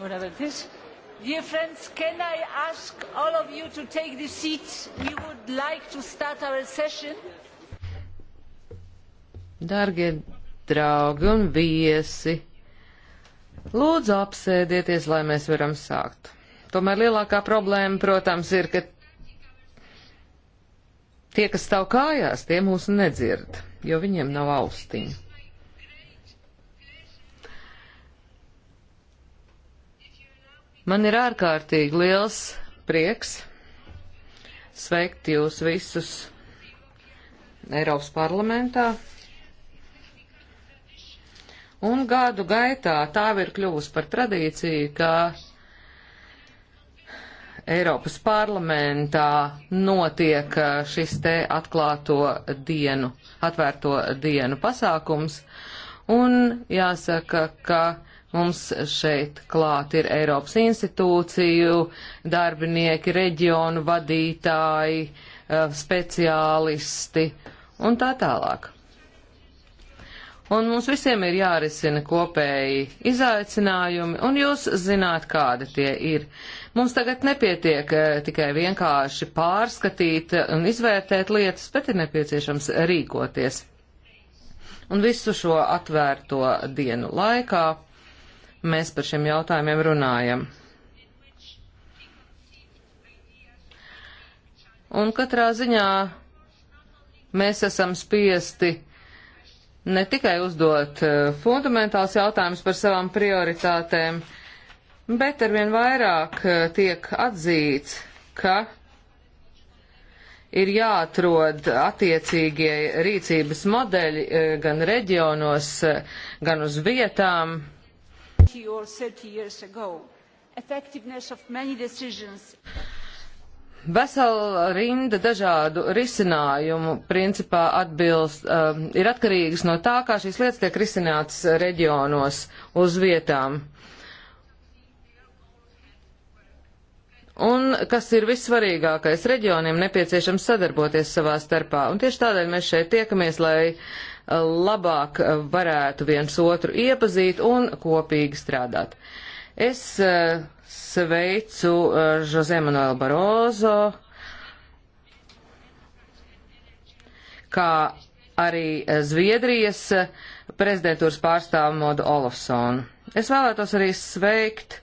whatever it is. Dear friends, can I ask all of you to take the seats? We would like to start our session. Dargie draugi un viesi, lūdzu apsēdieties, lai mēs varam sākt. Tomēr lielākā problēma, protams, ir, ka tie, kas stāv kājās, tie mūs nedzird, jo viņiem nav austiņu. Man ir ārkārtīgi liels prieks sveikt jūs visus Eiropas parlamentā. Un gadu gaitā tā ir kļuvusi par tradīciju, ka Eiropas parlamentā notiek eh, šis te atklāto dienu, atvērto dienu pasākums. Un jāsaka, ka Mums šeit klāt ir Eiropas institūciju, darbinieki, reģionu vadītāji, eh, speciālisti un tā tālāk. Un mums visiem ir jārisina kopēji izaicinājumi, un jūs zināt, kādi tie ir. Mums tagad nepietiek eh, tikai vienkārši pārskatīt un izvērtēt lietas, bet ir nepieciešams rīkoties. Un visu šo atvērto dienu laikā mēs par šiem jautājumiem runājam. Un katrā ziņā mēs esam spiesti ne tikai uzdot eh, fundamentāls jautājums par savām prioritātēm, bet arvien vairāk eh, tiek atzīts, ka ir jāatrod attiecīgie rīcības modeļi eh, gan reģionos, gan uz vietām. 20 or 30 years ago. Effectiveness of many decisions. Vesela rinda dažādu risinājumu principā atbilst, um, ir atkarīgas no tā, kā šīs lietas tiek risinātas reģionos uz vietām. Un kas ir vissvarīgākais, reģioniem nepieciešams sadarboties savā starpā. Un tieši tādēļ mēs šeit tiekamies, lai labāk varētu viens otru iepazīt un kopīgi strādāt. Es eh, sveicu eh, Jose Manuelu Barozo, kā arī eh, Zviedrijas prezidentūras pārstāvu Modu Olofsonu. Es vēlētos arī sveikt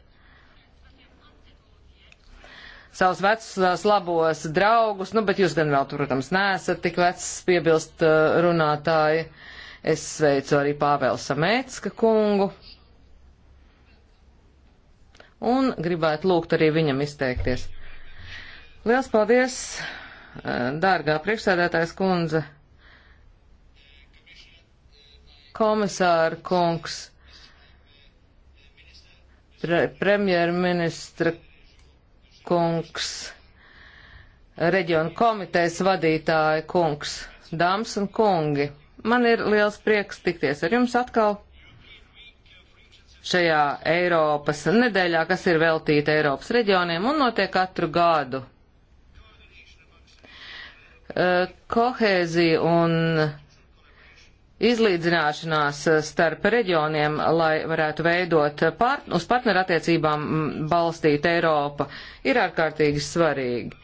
savus vecus labos draugus, nu, bet jūs gan vēl, protams, neesat tik vecs, piebilst uh, runātāji. Es sveicu arī Pāvēlu Samēcka kungu. Un gribētu lūgt arī viņam izteikties. Liels paldies, uh, dārgā priekšsēdētājs kundze, komisāra kungs, pre premjerministra kungs, reģionu komitejas vadītāja kungs, dāmas un kungi. Man ir liels prieks tikties ar jums atkal šajā Eiropas nedēļā, kas ir veltīta Eiropas reģioniem un notiek katru gadu. Eh, kohēzija un izlīdzināšanās eh, starp reģioniem, lai varētu veidot part, uz partnerattiecībām balstīt Eiropa, ir ārkārtīgi svarīgi.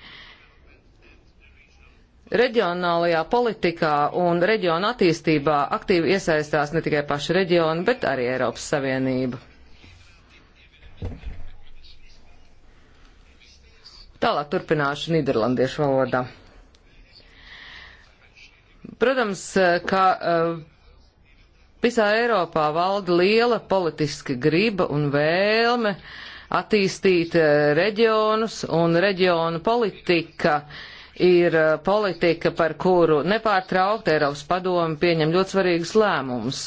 Reģionālajā politikā un reģiona attīstībā aktīvi iesaistās ne tikai paši reģioni, bet arī Eiropas Savienība. Tālāk turpināšu Nīderlandiešu valodā. Protams, eh, ka eh, visā Eiropā valda liela politiska griba un vēlme attīstīt eh, reģionus, un reģionu politika ir politika, par kuru nepārtraukt Eiropas padomu pieņem ļoti svarīgus lēmumus.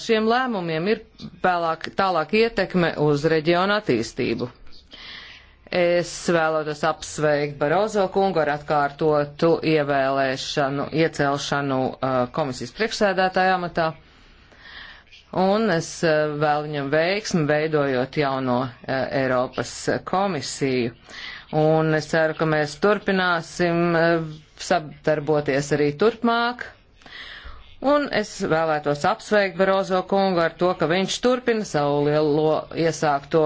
Šiem lēmumiem ir vēlāk, tālāk ietekme uz reģionu attīstību. Es vēlētos apsveikt Barozo kungu ar atkārtotu ievēlēšanu, iecelšanu uh, komisijas priekšsēdētāja amatā. Un es uh, vēlu viņam veiksmi veidojot jauno uh, Eiropas komisiju. Un es ceru, ka mēs turpināsim sadarboties arī turpmāk. Un es vēlētos apsveikt Barozo kungu ar to, ka viņš turpina savu lielo iesākto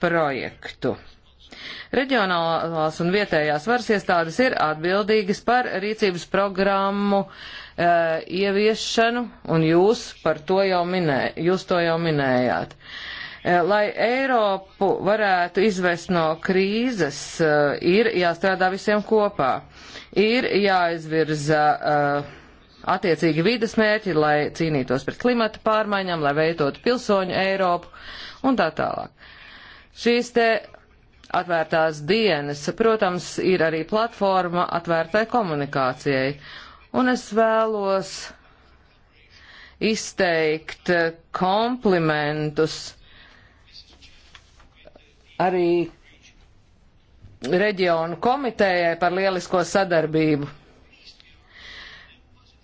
projektu. Reģionālās un vietējās varas iestādes ir atbildīgas par rīcības programmu e, ieviešanu, un jūs par to jau, minē, jūs to jau minējāt. E, lai Eiropu varētu izvest no krīzes, e, ir jāstrādā visiem kopā. Ir jāizvirza uh, attiecīgi vidas mērķi, lai cīnītos pret klimata pārmaiņām, lai veidotu pilsoņu Eiropu un tā tālāk. Šīs te atvērtās dienas. Protams, ir arī platforma atvērtai komunikācijai. Un es vēlos izteikt komplimentus arī reģionu komitējai par lielisko sadarbību.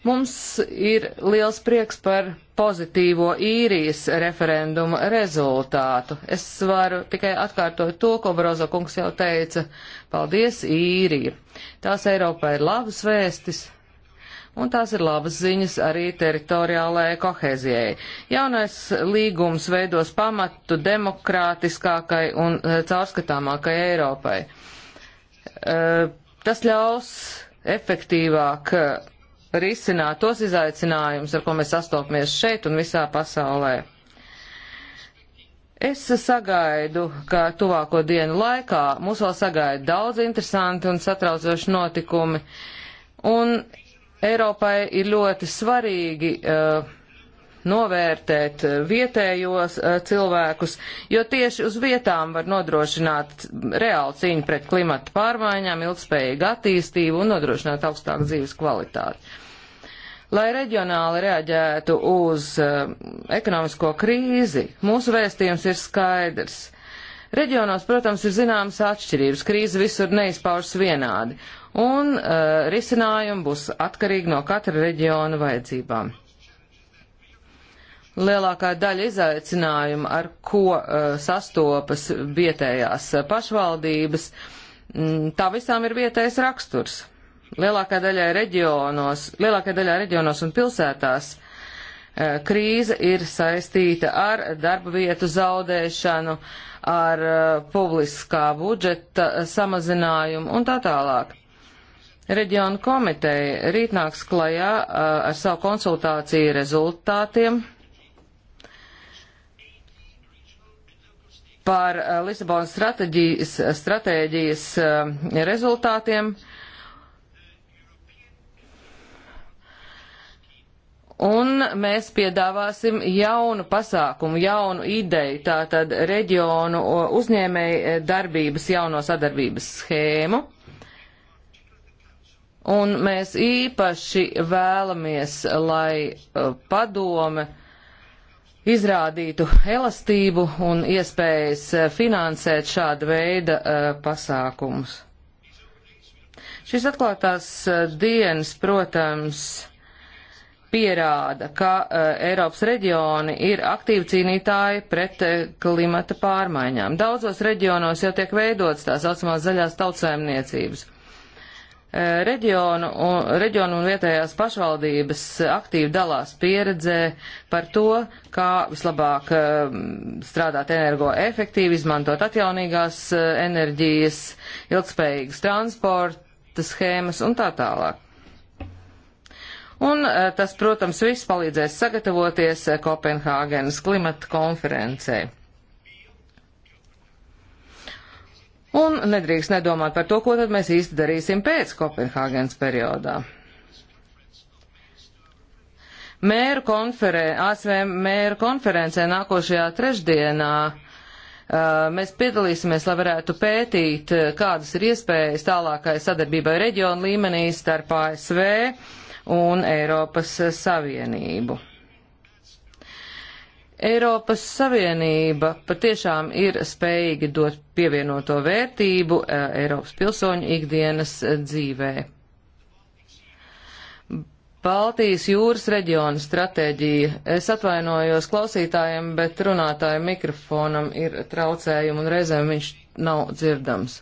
Mums ir liels prieks par pozitīvo īrijas referendumu rezultātu. Es varu tikai atkārtot to, ko Barozo kungs jau teica. Paldies, īrija! Tās Eiropā ir labas vēstis, un tās ir labas ziņas arī teritoriālajai kohēzijai. Jaunais līgums veidos pamatu demokrātiskākai un eh, caurskatāmākai Eiropai. Eh, tas ļaus efektīvāk eh, risināt tos izaicinājumus, ar ko mēs sastopamies šeit un visā pasaulē. Es sagaidu, ka tuvāko dienu laikā mūs vēl sagaida daudz interesanti un satraucoši notikumi, un Eiropai ir ļoti svarīgi uh, novērtēt eh, vietējos eh, cilvēkus, jo tieši uz vietām var nodrošināt reālu cīņu pret klimata pārmaiņām, ilgspējīgu attīstību un nodrošināt augstāku dzīves kvalitāti. Lai reģionāli reaģētu uz uh, ekonomisko krīzi, mūsu vēstījums ir skaidrs. Reģionos, protams, ir zināmas atšķirības, krīze visur neizpaužas vienādi, un uh, risinājumi būs atkarīgi no katra reģiona vajadzībām. Lielākā daļa izaicinājumu, ar ko uh, sastopas vietējās eh, pašvaldības, m, mm, tā visām ir vietējais raksturs. Lielākā daļā reģionos, lielākā daļā reģionos un pilsētās uh, krīze ir saistīta ar darba vietu zaudēšanu, ar uh, publiskā budžeta samazinājumu un tā tālāk. Reģionu komiteja rīt nāks klajā uh, ar savu konsultāciju rezultātiem par eh, Lisabonas stratēģijas, stratēģijas eh, rezultātiem. Un mēs piedāvāsim jaunu pasākumu, jaunu ideju, tātad reģionu uzņēmēju eh, darbības jauno sadarbības schēmu. Un mēs īpaši vēlamies, lai padome uh, izrādītu elastību un iespējas eh, finansēt šāda veida uh, pasākumus. Šis atklātās eh, dienas, protams, pierāda, ka uh, Eiropas reģioni ir aktīvi cīnītāji pret uh, klimata pārmaiņām. Daudzos reģionos jau tiek veidotas tā saucamās zaļās tautsēmniecības. Eh, reģionu un, reģionu un vietējās pašvaldības aktīvi dalās pieredzē par to, kā vislabāk eh, strādāt energoefektīvi, izmantot atjaunīgās eh, enerģijas, ilgspējīgas transporta schēmas un tā tālāk. Un tas, protams, viss palīdzēs sagatavoties Kopenhāgenes klimata konferencei. Un nedrīkst nedomāt par to, ko tad mēs īsti darīsim pēc Kopenhāgenes periodā. Mēru konferē, ASV mēru konferencē nākošajā trešdienā uh, mēs piedalīsimies, lai varētu pētīt, uh, kādas ir iespējas tālākai sadarbībai reģionu līmenī starp ASV un Eiropas Savienību. Eiropas Savienība patiešām ir spējīga dot pievienoto vērtību eh, Eiropas pilsoņu ikdienas eh, dzīvē. Baltijas jūras reģiona stratēģija. Es atvainojos klausītājiem, bet runātāja mikrofonam ir traucējumi un reizēm viņš nav dzirdams.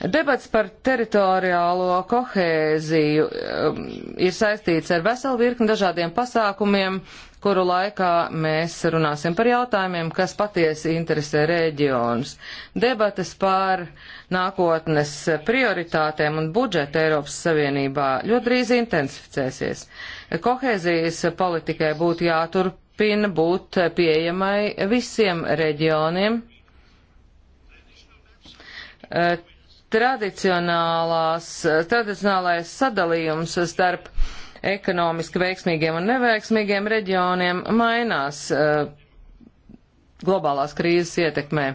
Debats par teritoriālo kohēziju um, ir saistīts ar veselu virkni dažādiem pasākumiem, kuru laikā mēs runāsim par jautājumiem, kas patiesi interesē reģionus. Debates par nākotnes prioritātēm un budžetu Eiropas Savienībā ļoti drīz intensificēsies. Kohēzijas politikai būtu jāturpina būt pieejamai visiem reģioniem tradicionālās, tradicionālais sadalījums starp ekonomiski veiksmīgiem un neveiksmīgiem reģioniem mainās uh, globālās krīzes ietekmē.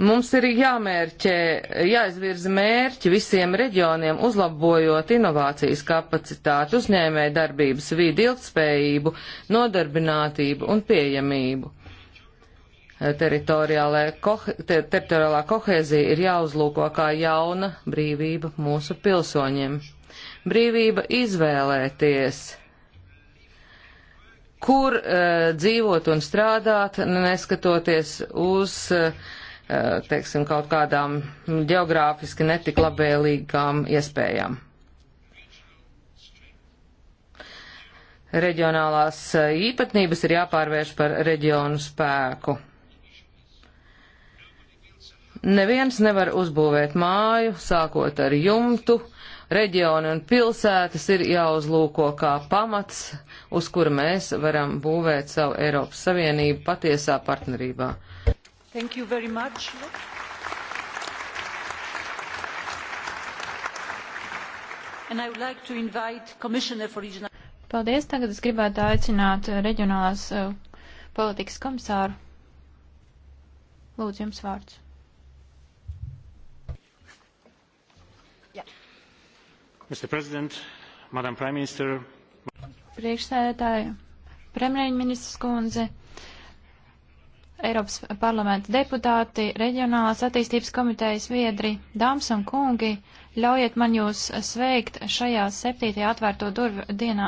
Mums ir jāmērķē, jāizvirza mērķi visiem reģioniem, uzlabojot inovācijas kapacitāti, uzņēmē darbības vidi, ilgtspējību, nodarbinātību un pieejamību kohe, ter, teritoriālā kohēzija ir jāuzlūko kā jauna brīvība mūsu pilsoņiem. Brīvība izvēlēties, kur uh, dzīvot un strādāt, neskatoties uz, uh, teiksim, kaut kādām geogrāfiski netik labvēlīgām iespējām. Reģionālās eh, īpatnības ir jāpārvērš par reģionu spēku. Neviens nevar uzbūvēt māju, sākot ar jumtu, reģioni un pilsētas ir jāuzlūko kā pamats, uz kura mēs varam būvēt savu Eiropas Savienību patiesā partnerībā. Thank you very much. And I would like to invite Commissioner for Regional... Paldies, tagad es gribētu aicināt reģionālās uh, politikas komisāru. Lūdzu, jums vārds. Mr. President, Madam Prime Minister. Priekšsēdētāji, premjerministrs kundze, Eiropas parlamenta deputāti, reģionālās attīstības komitejas viedri, dāmas un kungi, ļaujiet man jūs sveikt šajā septītajā atvērto durvju dienā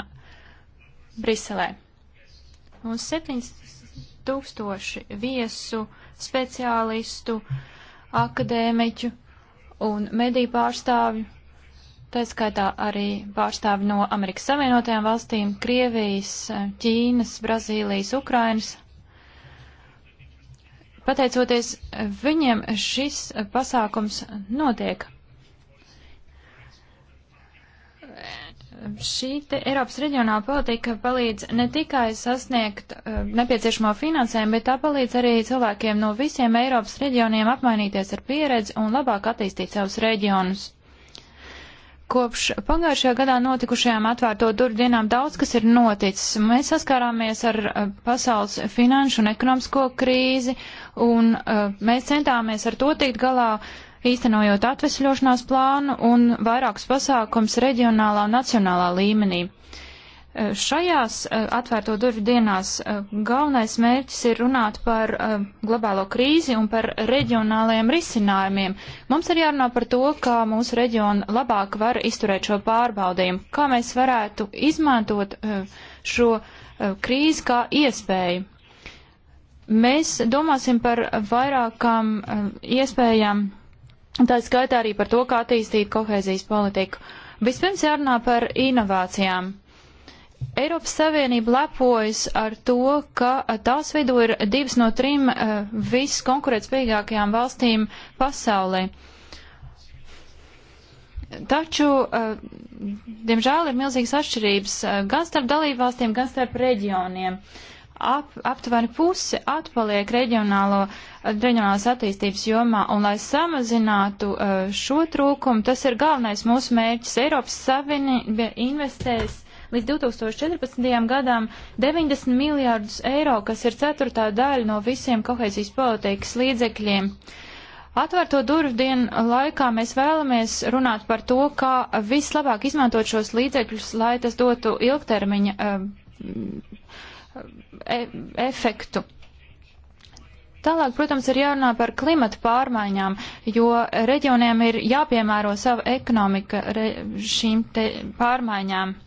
Briselē. Mums septiņas tūkstoši viesu, speciālistu, akadēmiķu un mediju pārstāvju Tā skaitā arī pārstāvi no Amerikas Savienotajām valstīm, Krievijas, Ķīnas, Brazīlijas, Ukrainas. Pateicoties viņiem, šis pasākums notiek. šī Eiropas reģionāla politika palīdz ne tikai sasniegt uh, nepieciešamo finansējumu, bet tā palīdz arī cilvēkiem no visiem Eiropas reģioniem apmainīties ar pieredzi un labāk attīstīt savus reģionus. Kopš pagājušajā gadā notikušajām atvērto durvju dienām daudz kas ir noticis. Mēs saskārāmies ar eh, pasaules finanšu un ekonomisko krīzi, un uh, mēs centāmies ar to tikt galā, īstenojot atvesļošanās plānu un vairākus pasākums reģionālā un nacionālā līmenī. Eh, šajās eh, atvērto durvju dienās eh, galvenais mērķis ir runāt par globālo krīzi un par reģionālajiem risinājumiem. Mums ir jārunā par to, kā mūsu reģiona labāk var izturēt šo pārbaudījumu, kā mēs varētu izmantot šo krīzi kā iespēju. Mēs domāsim par vairākām iespējām, tā skaitā arī par to, kā attīstīt kohēzijas politiku. Vispirms jārunā par inovācijām. Eiropas Savienība lepojas ar to, ka tās vidū ir divas no trim eh, viskonkurētspējīgākajām valstīm pasaulē. Taču, eh, diemžēl, ir milzīgas atšķirības eh, gan starp dalībvalstīm, gan starp reģioniem. Ap, aptuveni pusi atpaliek reģionālo, reģionālās attīstības jomā, un lai samazinātu šo trūkumu, tas ir galvenais mūsu mērķis. Eiropas Savienība investēs Līdz 2014. gadam 90 miljārdus eiro, kas ir ceturtā daļa no visiem kohēzijas politikas līdzekļiem. Atvērto durvju dienu laikā mēs vēlamies runāt par to, kā vislabāk izmantot šos līdzekļus, lai tas dotu ilgtermiņa e efektu. Tālāk, protams, ir jārunā par klimatu pārmaiņām, jo reģioniem ir jāpiemēro sava ekonomika šīm pārmaiņām.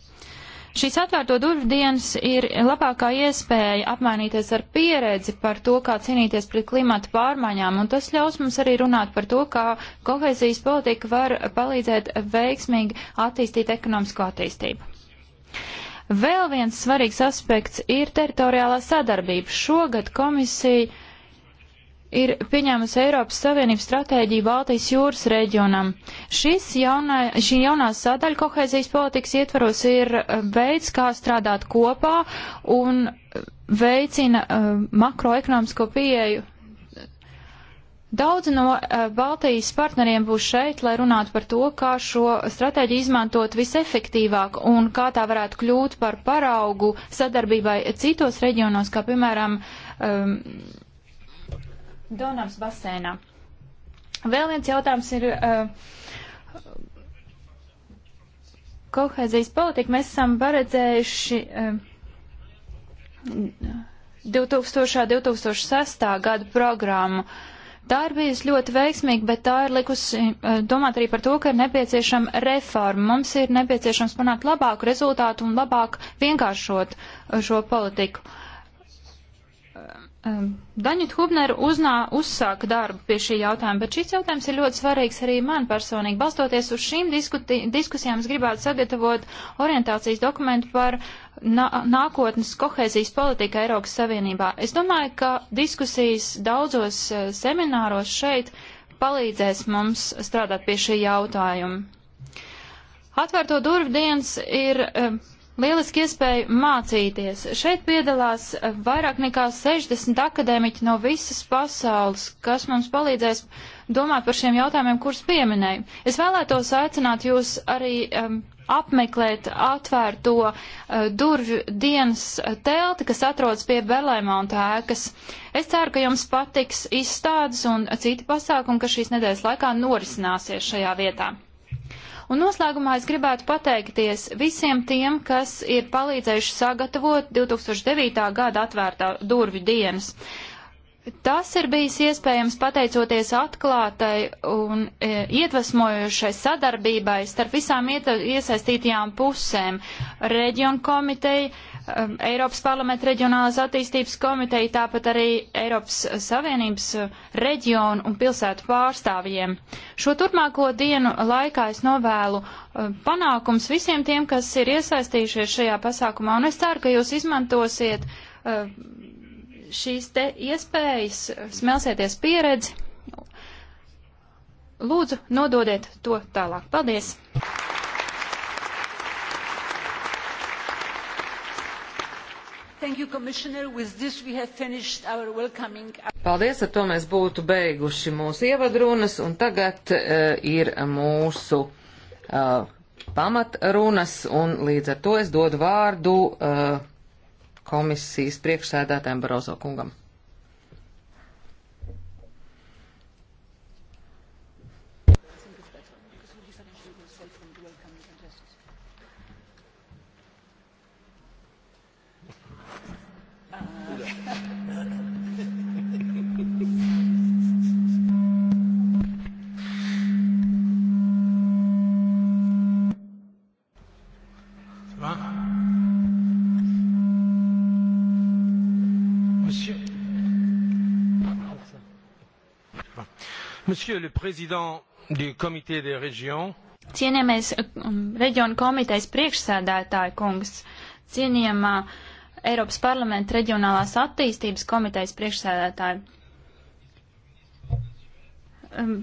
Šīs atvērto durvju dienas ir labākā iespēja apmainīties ar pieredzi par to, kā cīnīties pret klimata pārmaiņām, un tas ļaus mums arī runāt par to, kā kohēzijas politika var palīdzēt veiksmīgi attīstīt ekonomisko attīstību. Vēl viens svarīgs aspekts ir teritoriālā sadarbība. Šogad komisija ir pieņēmusi Eiropas Savienības stratēģiju Baltijas jūras reģionam. Šis jaunā, šī jaunā sadaļa kohēzijas politikas ietvaros ir eh, veids, kā strādāt kopā un veicina uh, makroekonomisko pieeju. Daudz no uh, Baltijas partneriem būs šeit, lai runātu par to, kā šo stratēģiju izmantot visefektīvāk un kā tā varētu kļūt par paraugu sadarbībai citos reģionos, kā piemēram um, Donavas basēnā. Vēl viens jautājums ir uh, kohēzijas politika. Mēs esam paredzējuši uh, 2000. 2006. gadu programmu. Tā ir bijusi ļoti veiksmīga, bet tā ir likusi uh, domāt arī par to, ka ir nepieciešama reforma. Mums ir nepieciešams panākt labāku rezultātu un labāk vienkāršot eh, šo politiku. Uh, Um, Daņut Hubner uznā, uzsāka darbu pie šī jautājuma, bet šis jautājums ir ļoti svarīgs arī man personīgi. Balstoties uz šīm diskuti, diskusijām, es gribētu sagatavot orientācijas dokumentu par nā, nākotnes kohēzijas politiku Eiropas Savienībā. Es domāju, ka diskusijas daudzos uh, semināros šeit palīdzēs mums strādāt pie šī jautājuma. Atvērto durvdienas ir um, lieliski iespēju mācīties. Šeit piedalās vairāk nekā 60 akadēmiķi no visas pasaules, kas mums palīdzēs domāt par šiem jautājumiem, kurus pieminēju. Es vēlētos aicināt jūs arī um, apmeklēt atvērto uh, durvju dienas telti, kas atrodas pie Berlaimonta ēkas. Es ceru, ka jums patiks izstādes un citi pasākumi, kas šīs nedēļas laikā norisināsies šajā vietā. Un noslēgumā es gribētu pateikties visiem tiem, kas ir palīdzējuši sagatavot 2009. gada atvērtā durvju dienas. Tas ir bijis iespējams pateicoties atklātai un e, iedvesmojošai sadarbībai starp visām iesaistītajām pusēm - reģionu komiteju, um, Eiropas parlamenta reģionālās attīstības komiteja, tāpat arī Eiropas Savienības uh, reģionu un pilsētu pārstāvjiem. Šo turpmāko dienu laikā es novēlu um, panākums visiem tiem, kas ir iesaistījušies šajā pasākumā, un es ceru, ka jūs izmantosiet um, šīs te iespējas, smelsieties pieredzi. Lūdzu, nododiet to tālāk. Paldies! You, welcoming... Paldies, ar to mēs būtu beiguši mūsu ievadrunas, un tagad uh, ir mūsu uh, pamatrunas, un līdz ar to es dodu vārdu uh, komisijas priekšsēdētājiem Barozo kungam. Monsieur le Président du Comité des Régions. Cienījamais um, reģionu komitejas priekšsēdētāja kungs, cienījamā Eiropas parlamenta reģionālās attīstības komitejas priekšsēdētāja. Um,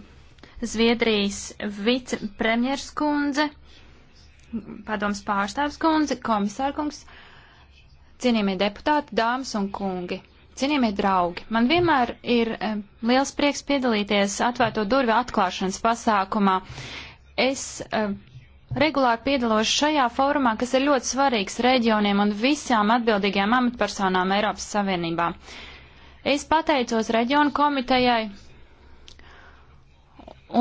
Zviedrijas vicepremjers kundze, padoms pārstāvs kundze, komisārkungs, cienījamie deputāti, dāmas un kungi. Cienījamie draugi, man vienmēr ir eh, liels prieks piedalīties atvērto durvju atklāšanas pasākumā. Es uh, regulāri piedalos šajā fórumā, kas ir ļoti svarīgs reģioniem un visām atbildīgajām amatpersonām Eiropas Savienībā. Es pateicos reģionu komitejai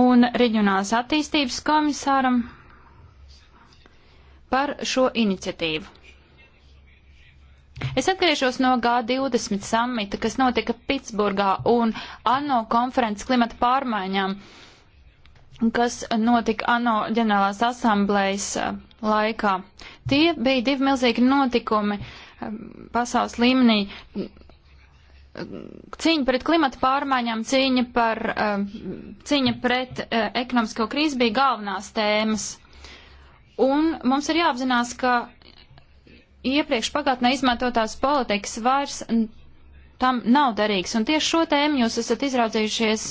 un reģionālās attīstības komisāram par šo iniciatīvu. Es atgriežos no G20 samita, kas notika Pitsburgā un ANO konferences klimata pārmaiņām, kas notika ANO ģenerālās asamblējas eh, laikā. Tie bija divi milzīgi notikumi eh, pasaules līmenī. Cīņa pret klimata pārmaiņām, cīņa, par, eh, cīņa pret ekonomisko krīzi bija galvenās tēmas. Un mums ir jāapzinās, ka iepriekš pagātnē izmantotās politikas vairs tam nav derīgs. Un tieši šo tēmu jūs esat izraudzījušies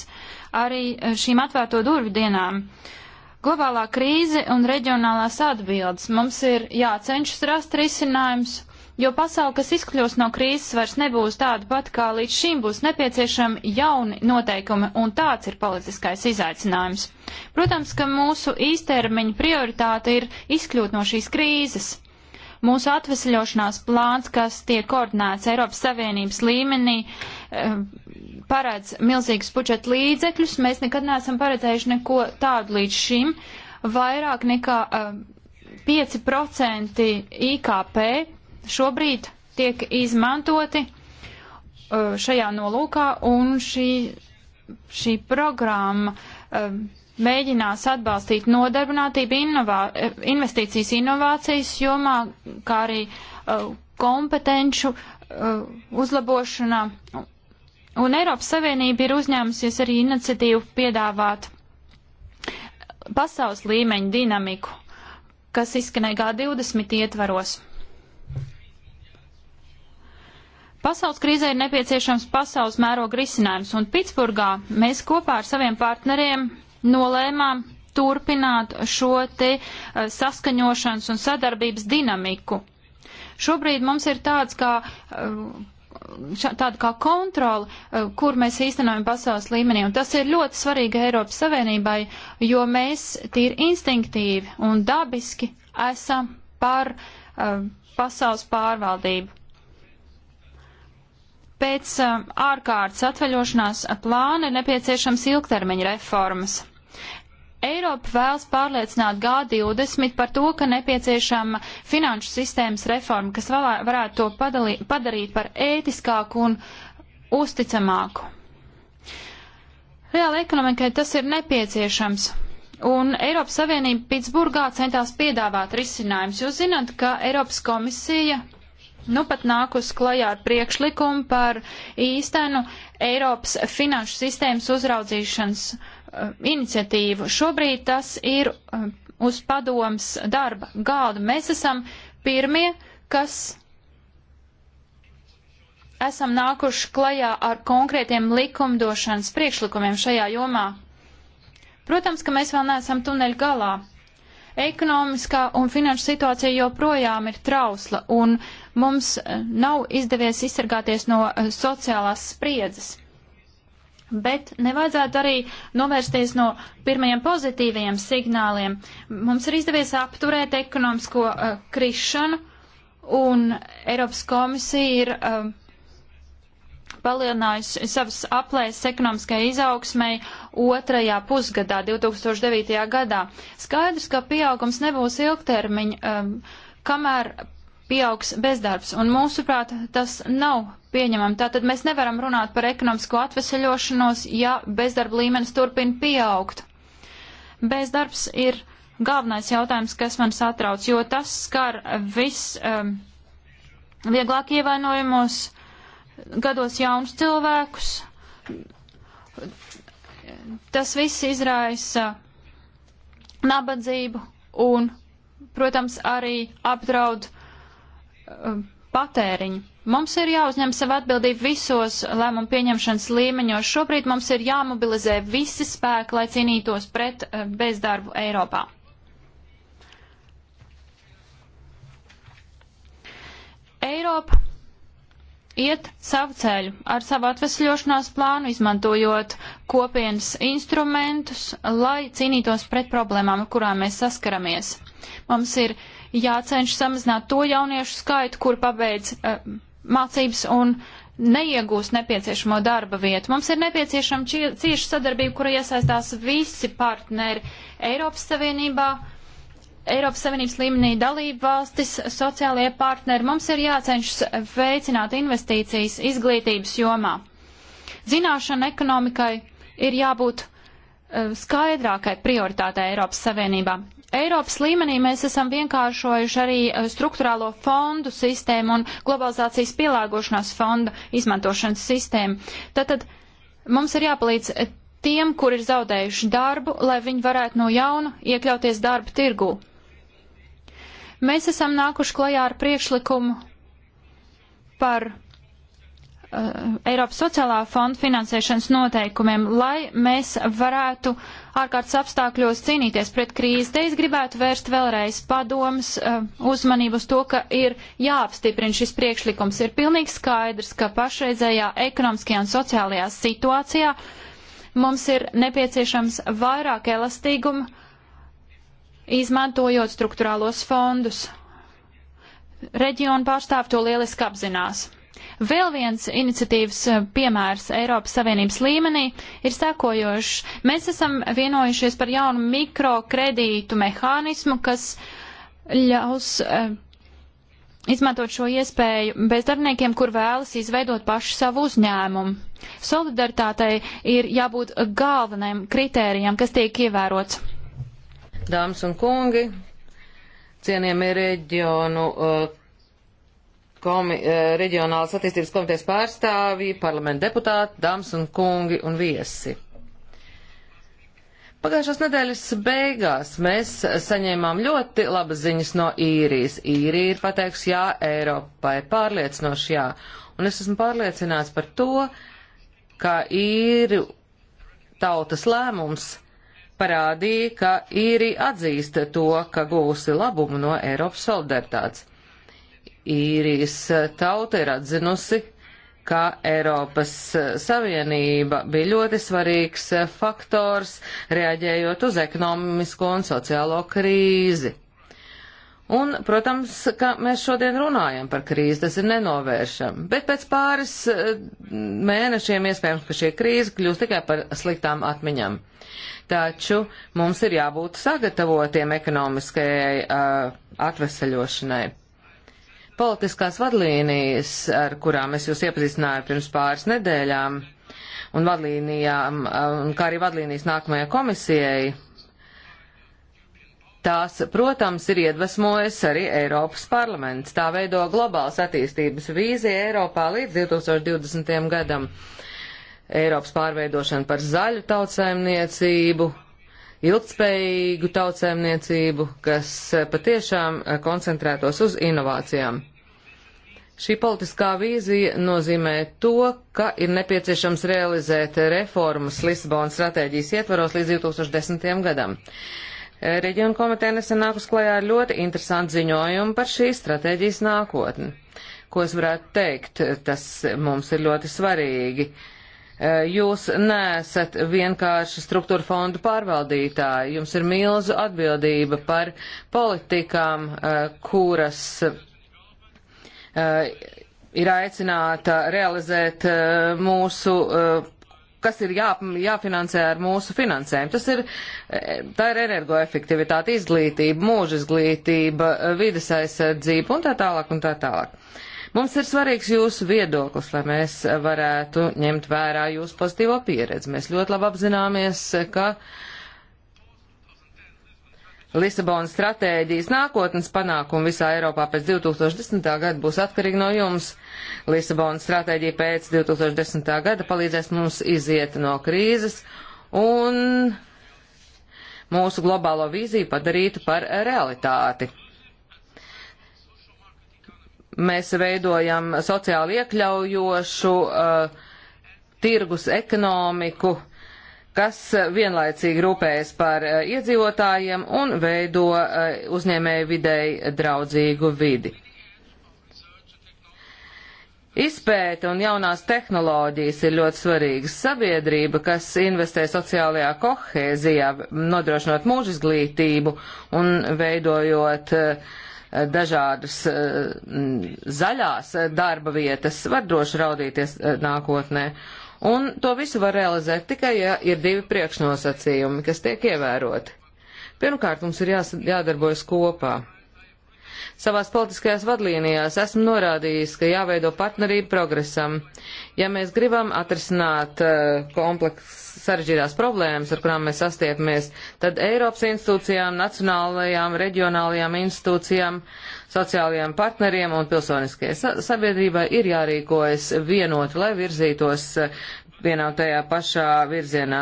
arī eh, šīm atvērto durvju dienām. Globālā krīze un reģionālās atbildes mums ir jācenšas rast risinājums, jo pasauli, kas izkļūs no krīzes, vairs nebūs tāda pat, kā līdz šim būs nepieciešami jauni noteikumi, un tāds ir politiskais izaicinājums. Protams, ka mūsu īstermiņa prioritāte ir izkļūt no šīs krīzes. Mūsu atvesļošanās plāns, kas tiek koordinēts Eiropas Savienības līmenī, eh, paredz milzīgas budžeta līdzekļus. Mēs nekad neesam paredzējuši neko tādu līdz šim. Vairāk nekā 5% eh, IKP šobrīd tiek izmantoti eh, šajā nolūkā, un šī, šī programma um, mēģinās atbalstīt nodarbinātību, inovā, investīcijas inovācijas jomā, kā arī uh, kompetenču uh, uzlabošanā. Un Eiropas Savienība ir uzņēmusies arī iniciatīvu piedāvāt pasaules līmeņa dinamiku, kas izskanēja G20 ietvaros. Pasaules krīzē ir nepieciešams pasaules mēroga risinājums, un Pitsburgā mēs kopā ar saviem partneriem nolēmām turpināt šo te eh, saskaņošanas un sadarbības dinamiku. Šobrīd mums ir tāds kā eh, tāda kā kontrola, eh, kur mēs īstenojam pasaules līmenī. Un tas ir ļoti svarīgi Eiropas Savienībai, jo mēs tīri instinktīvi un dabiski esam par uh, pasaules pārvaldību. Pēc uh, ārkārtas atvaļošanās plāna ir nepieciešams ilgtermiņa reformas. Eiropa vēlas pārliecināt G20 par to, ka nepieciešama finanšu sistēmas reforma, kas valā, varētu to padalī, padarīt par ētiskāku un uzticamāku. Reāli ekonomikai tas ir nepieciešams. Un Eiropas Savienība Pitsburgā centās piedāvāt risinājums. Jūs zināt, ka Eiropas komisija nu pat nākus klajā ar priekšlikumu par īstenu Eiropas finanšu sistēmas uzraudzīšanas uh, Eh, iniciatīvu. Šobrīd tas ir eh, uz padoms darba galdu. Mēs esam pirmie, kas esam nākuši klajā ar konkrētiem likumdošanas priekšlikumiem šajā jomā. Protams, ka mēs vēl neesam tuneļu galā. Ekonomiskā un finanšu situācija joprojām ir trausla, un mums eh, nav izdevies izsargāties no sociālās spriedzes. Bet nevajadzētu arī novērsties no pirmajiem pozitīvajiem signāliem. Mums ir izdevies apturēt ekonomisko uh, krišanu, un Eiropas komisija ir uh, palielinājusi savas aplēses ekonomiskajai izaugsmai otrajā pusgadā, 2009. gadā. Skaidrs, ka pieaugums nebūs ilgtermiņa, um, kamēr pieaugs bezdarbs, un mūsuprāt, tas nav pieņemami. Tātad mēs nevaram runāt par ekonomisko atveseļošanos, ja bezdarba līmenis turpina pieaugt. Bezdarbs ir galvenais jautājums, kas man satrauc, jo tas skar viss um, vieglāk ievainojumos gados jaunus cilvēkus. Tas viss izraisa nabadzību un, protams, arī apdraud uh, Um, patēriņu. Mums ir jāuzņem sava atbildība visos lēmumu pieņemšanas līmeņos. Šobrīd mums ir jāmobilizē visi spēki, lai cīnītos pret um, bezdarbu Eiropā. Eiropa iet savu ceļu ar savu atvesļošanās plānu, izmantojot kopienas instrumentus, lai cīnītos pret problēmām, ar kurām mēs saskaramies. Mums ir uh, jācenš samazināt to jauniešu skaitu, kur pabeidz uh, mācības un neiegūst nepieciešamo darba vietu. Mums ir nepieciešama cieša sadarbība, kura iesaistās visi partneri Eiropas Savienībā, Eiropas Savienības līmenī dalību valstis, sociālajie partneri. Mums ir jācenšas veicināt investīcijas izglītības jomā. Zināšana ekonomikai ir jābūt eh, skaidrākai prioritātei Eiropas Savienībā. Eiropas līmenī mēs esam vienkāršojuši arī eh, struktūrālo fondu sistēmu un globalizācijas pielāgošanās fonda izmantošanas sistēmu. Tātad mums ir jāpalīdz tiem, kur ir zaudējuši darbu, lai viņi varētu no jauna iekļauties darba tirgū. Mēs esam nākuši klajā ar priekšlikumu par eh, Eiropas sociālā fonda finansēšanas noteikumiem, lai mēs varētu uh, ārkārtas apstākļos cīnīties pret krīzi. Te es gribētu vērst vēlreiz padomas eh, uzmanību uz to, ka ir jāapstiprina šis priekšlikums. Ir pilnīgi skaidrs, ka pašreizējā ekonomiskajā un sociālajā situācijā mums ir nepieciešams vairāk elastīguma, izmantojot struktūrālos fondus. Reģionu pārstāv to lieliski apzinās. Vēl viens iniciatīvas eh, piemērs Eiropas Savienības līmenī ir sekojošs. Mēs esam vienojušies par jaunu mikrokredītu mehānismu, kas ļaus eh, izmantot šo iespēju bezdarbniekiem, kur vēlas izveidot pašu savu uzņēmumu. Solidaritātei ir jābūt galvenajam kritērijam, kas tiek ievērots. Dāmas un kungi, cienījamie reģionu eh, komi, eh, reģionālas attīstības komitejas pārstāvji, parlamenta deputāti, dāmas un kungi un viesi. Pagājušās nedēļas beigās mēs saņēmām ļoti labas ziņas no īrijas. Īrija ir pateikusi jā Eiropai, pārliecinoši jā. Un es esmu pārliecināts par to, ka īru tautas lēmums parādīja, ka īrija atzīst to, ka gūsi labumu no Eiropas solidaritātes īrijas eh, tauta ir atzinusi, ka Eiropas eh, Savienība bija ļoti svarīgs eh, faktors, reaģējot uz ekonomisko un sociālo krīzi. Un, protams, ka mēs šodien runājam par krīzi, tas ir nenovēršam. Bet pēc pāris mēnešiem iespējams, ka šī krīze kļūs tikai par sliktām atmiņām. Taču mums ir jābūt sagatavotiem ekonomiskajai uh, atveseļošanai. Politiskās vadlīnijas, ar kurām es jūs iepazīstināju pirms pāris nedēļām, un vadlīnijām, kā arī vadlīnijas nākamajai komisijai, Tās, protams, ir iedvesmojis arī Eiropas parlaments. Tā veido globālas attīstības vīzija Eiropā līdz 2020. gadam. Eiropas pārveidošana par zaļu tautsēmniecību, ilgspējīgu tautsēmniecību, kas eh, patiešām eh, koncentrētos uz inovācijām. Šī politiskā vīzija nozīmē to, ka ir nepieciešams realizēt reformas Lisabonas stratēģijas ietvaros līdz 2010. gadam. Eh, reģionu komiteja nesen nākus klajā ar ļoti interesantu ziņojumu par šīs stratēģijas nākotni. Ko es varētu teikt, tas mums ir ļoti svarīgi. Uh, Jūs nesat vienkārši struktūra fondu pārvaldītāji, jums ir milzu atbildība par politikām, eh, kuras eh, ir aicināta realizēt eh, mūsu kas ir jā, jāfinansē ar mūsu finansēm. Tas ir, tā ir energoefektivitāte, izglītība, mūža izglītība, vides aizsardzība un tā tālāk un tā tālāk. Mums ir svarīgs jūsu viedoklis, lai mēs varētu ņemt vērā jūsu pozitīvo pieredzi. Mēs ļoti labi apzināmies, ka Lisabonas stratēģijas nākotnes panākumi visā Eiropā pēc 2010. gada būs atkarīgi no jums. Lisabonas stratēģija pēc 2010. gada palīdzēs mums iziet no krīzes un mūsu globālo vīziju padarītu par realitāti mēs veidojam sociāli iekļaujošu uh, tirgus ekonomiku, kas vienlaicīgi rūpējas par uh, iedzīvotājiem un veido uh, uzņēmēju videi draudzīgu vidi. Izpēte un jaunās tehnoloģijas ir ļoti svarīgas. Sabiedrība, kas investē sociālajā kohēzijā, nodrošinot mūžizglītību un veidojot uh, dažādas eh, zaļās darba vietas, var droši raudīties eh, nākotnē. Un to visu var realizēt tikai, ja ir divi priekšnosacījumi, kas tiek ievēroti. Pirmkārt, mums ir jās, jādarbojas kopā. Savās politiskajās vadlīnijās esmu norādījis, ka jāveido partnerība progresam. Ja mēs gribam atrisināt uh, eh, kompleksu sarežģītās problēmas, ar kurām mēs sastiepamies, tad Eiropas institūcijām, nacionālajām, reģionālajām institūcijām, sociālajiem partneriem un pilsoniskajai sabiedrībai ir jārīkojas vienoti, lai virzītos vienā un tajā pašā virzienā.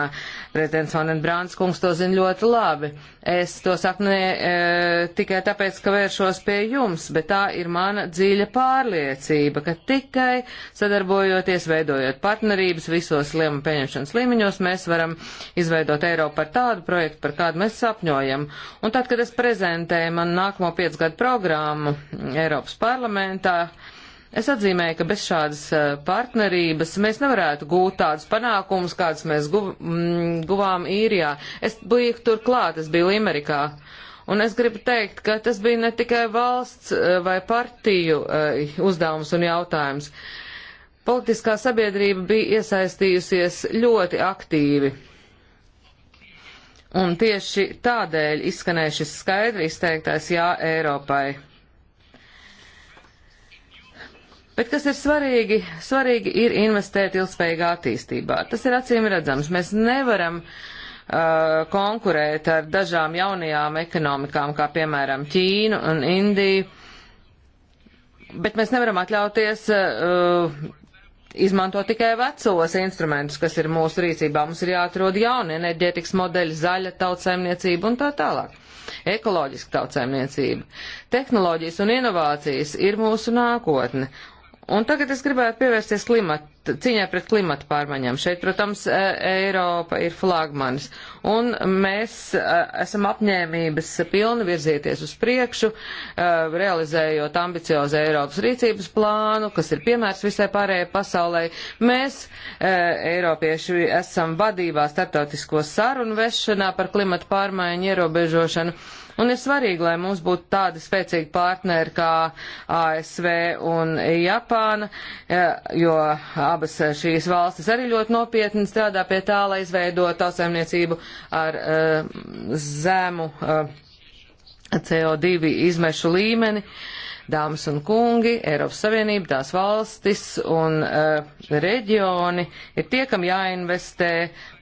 Prezidents Vanenbrāns kungs to zina ļoti labi. Es to saku ne e, tikai tāpēc, ka vēršos pie jums, bet tā ir mana dziļa pārliecība, ka tikai sadarbojoties, veidojot partnerības visos lēmumu pieņemšanas līmeņos, mēs varam izveidot Eiropu par tādu projektu, par kādu mēs sapņojam. Un tad, kad es prezentēju manu nākamo piecgadu programmu Eiropas parlamentā, Es atzīmēju, ka bez šādas eh, partnerības mēs nevarētu gūt tādus panākumus, kādus mēs guv, mm, guvām īrijā. Es biju tur klāt, es biju Limerikā. Un es gribu teikt, ka tas bija ne tikai valsts eh, vai partiju eh, uzdevums un jautājums. Politiskā sabiedrība bija iesaistījusies ļoti aktīvi. Un tieši tādēļ izskanēja šis skaidri izteiktais jā Eiropai. Bet kas ir svarīgi? Svarīgi ir investēt ilgspējīgā attīstībā. Tas ir acīm redzams. Mēs nevaram uh, konkurēt ar dažām jaunajām ekonomikām, kā piemēram Ķīnu un Indiju, bet mēs nevaram atļauties uh, izmanto tikai vecos instrumentus, kas ir mūsu rīcībā. Mums ir jāatrod jauni enerģētikas modeļi, zaļa tautsēmniecība un tā tālāk. Ekoloģiska tautsēmniecība. Tehnoloģijas un inovācijas ir mūsu nākotne, Un tagad es gribētu pievērsties klimata, cīņai pret klimata pārmaiņām. Šeit, protams, e, Eiropa ir flagmanis. Un mēs e, esam apņēmības pilni virzīties uz priekšu, e, realizējot ambiciozu Eiropas rīcības plānu, kas ir piemērs visai pārējai pasaulē. Mēs, Eiropieši, esam vadībā starptautisko sarunu vešanā par klimata pārmaiņu ierobežošanu Un ir svarīgi, lai mums būtu tādi spēcīgi partneri kā ASV un Japāna, jo abas šīs valstis arī ļoti nopietni strādā pie tā, lai izveidotu tautsēmniecību ar uh, zemu uh, eh, CO2 izmešu līmeni. Uh, Dāmas un kungi, Eiropas Savienība, tās valstis un uh, reģioni ir tie, kam jāinvestē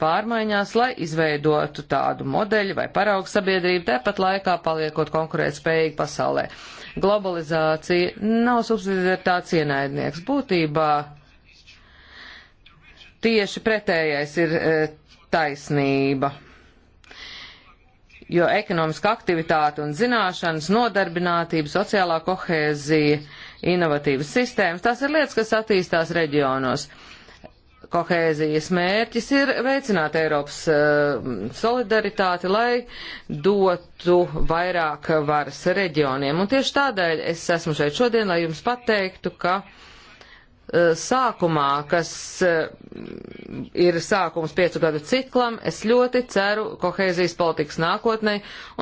pārmaiņās, lai izveidotu tādu modeļu vai paraugu sabiedrību, tepat laikā paliekot konkurētspējīgi pasaulē. Globalizācija nav subsidiaritāts ienaidnieks. Būtībā tieši pretējais ir uh, taisnība jo ekonomiska aktivitāte un zināšanas, nodarbinātība, sociālā kohēzija, inovatīvas sistēmas, tās ir lietas, kas attīstās reģionos. Kohēzijas mērķis ir veicināt Eiropas uh, solidaritāti, lai dotu vairāk varas reģioniem. Un tieši tādēļ es esmu šeit šodien, lai jums pateiktu, ka uh, Eh, sākumā, kas eh, ir sākums piecu gadu ciklam, es ļoti ceru kohēzijas politikas nākotnē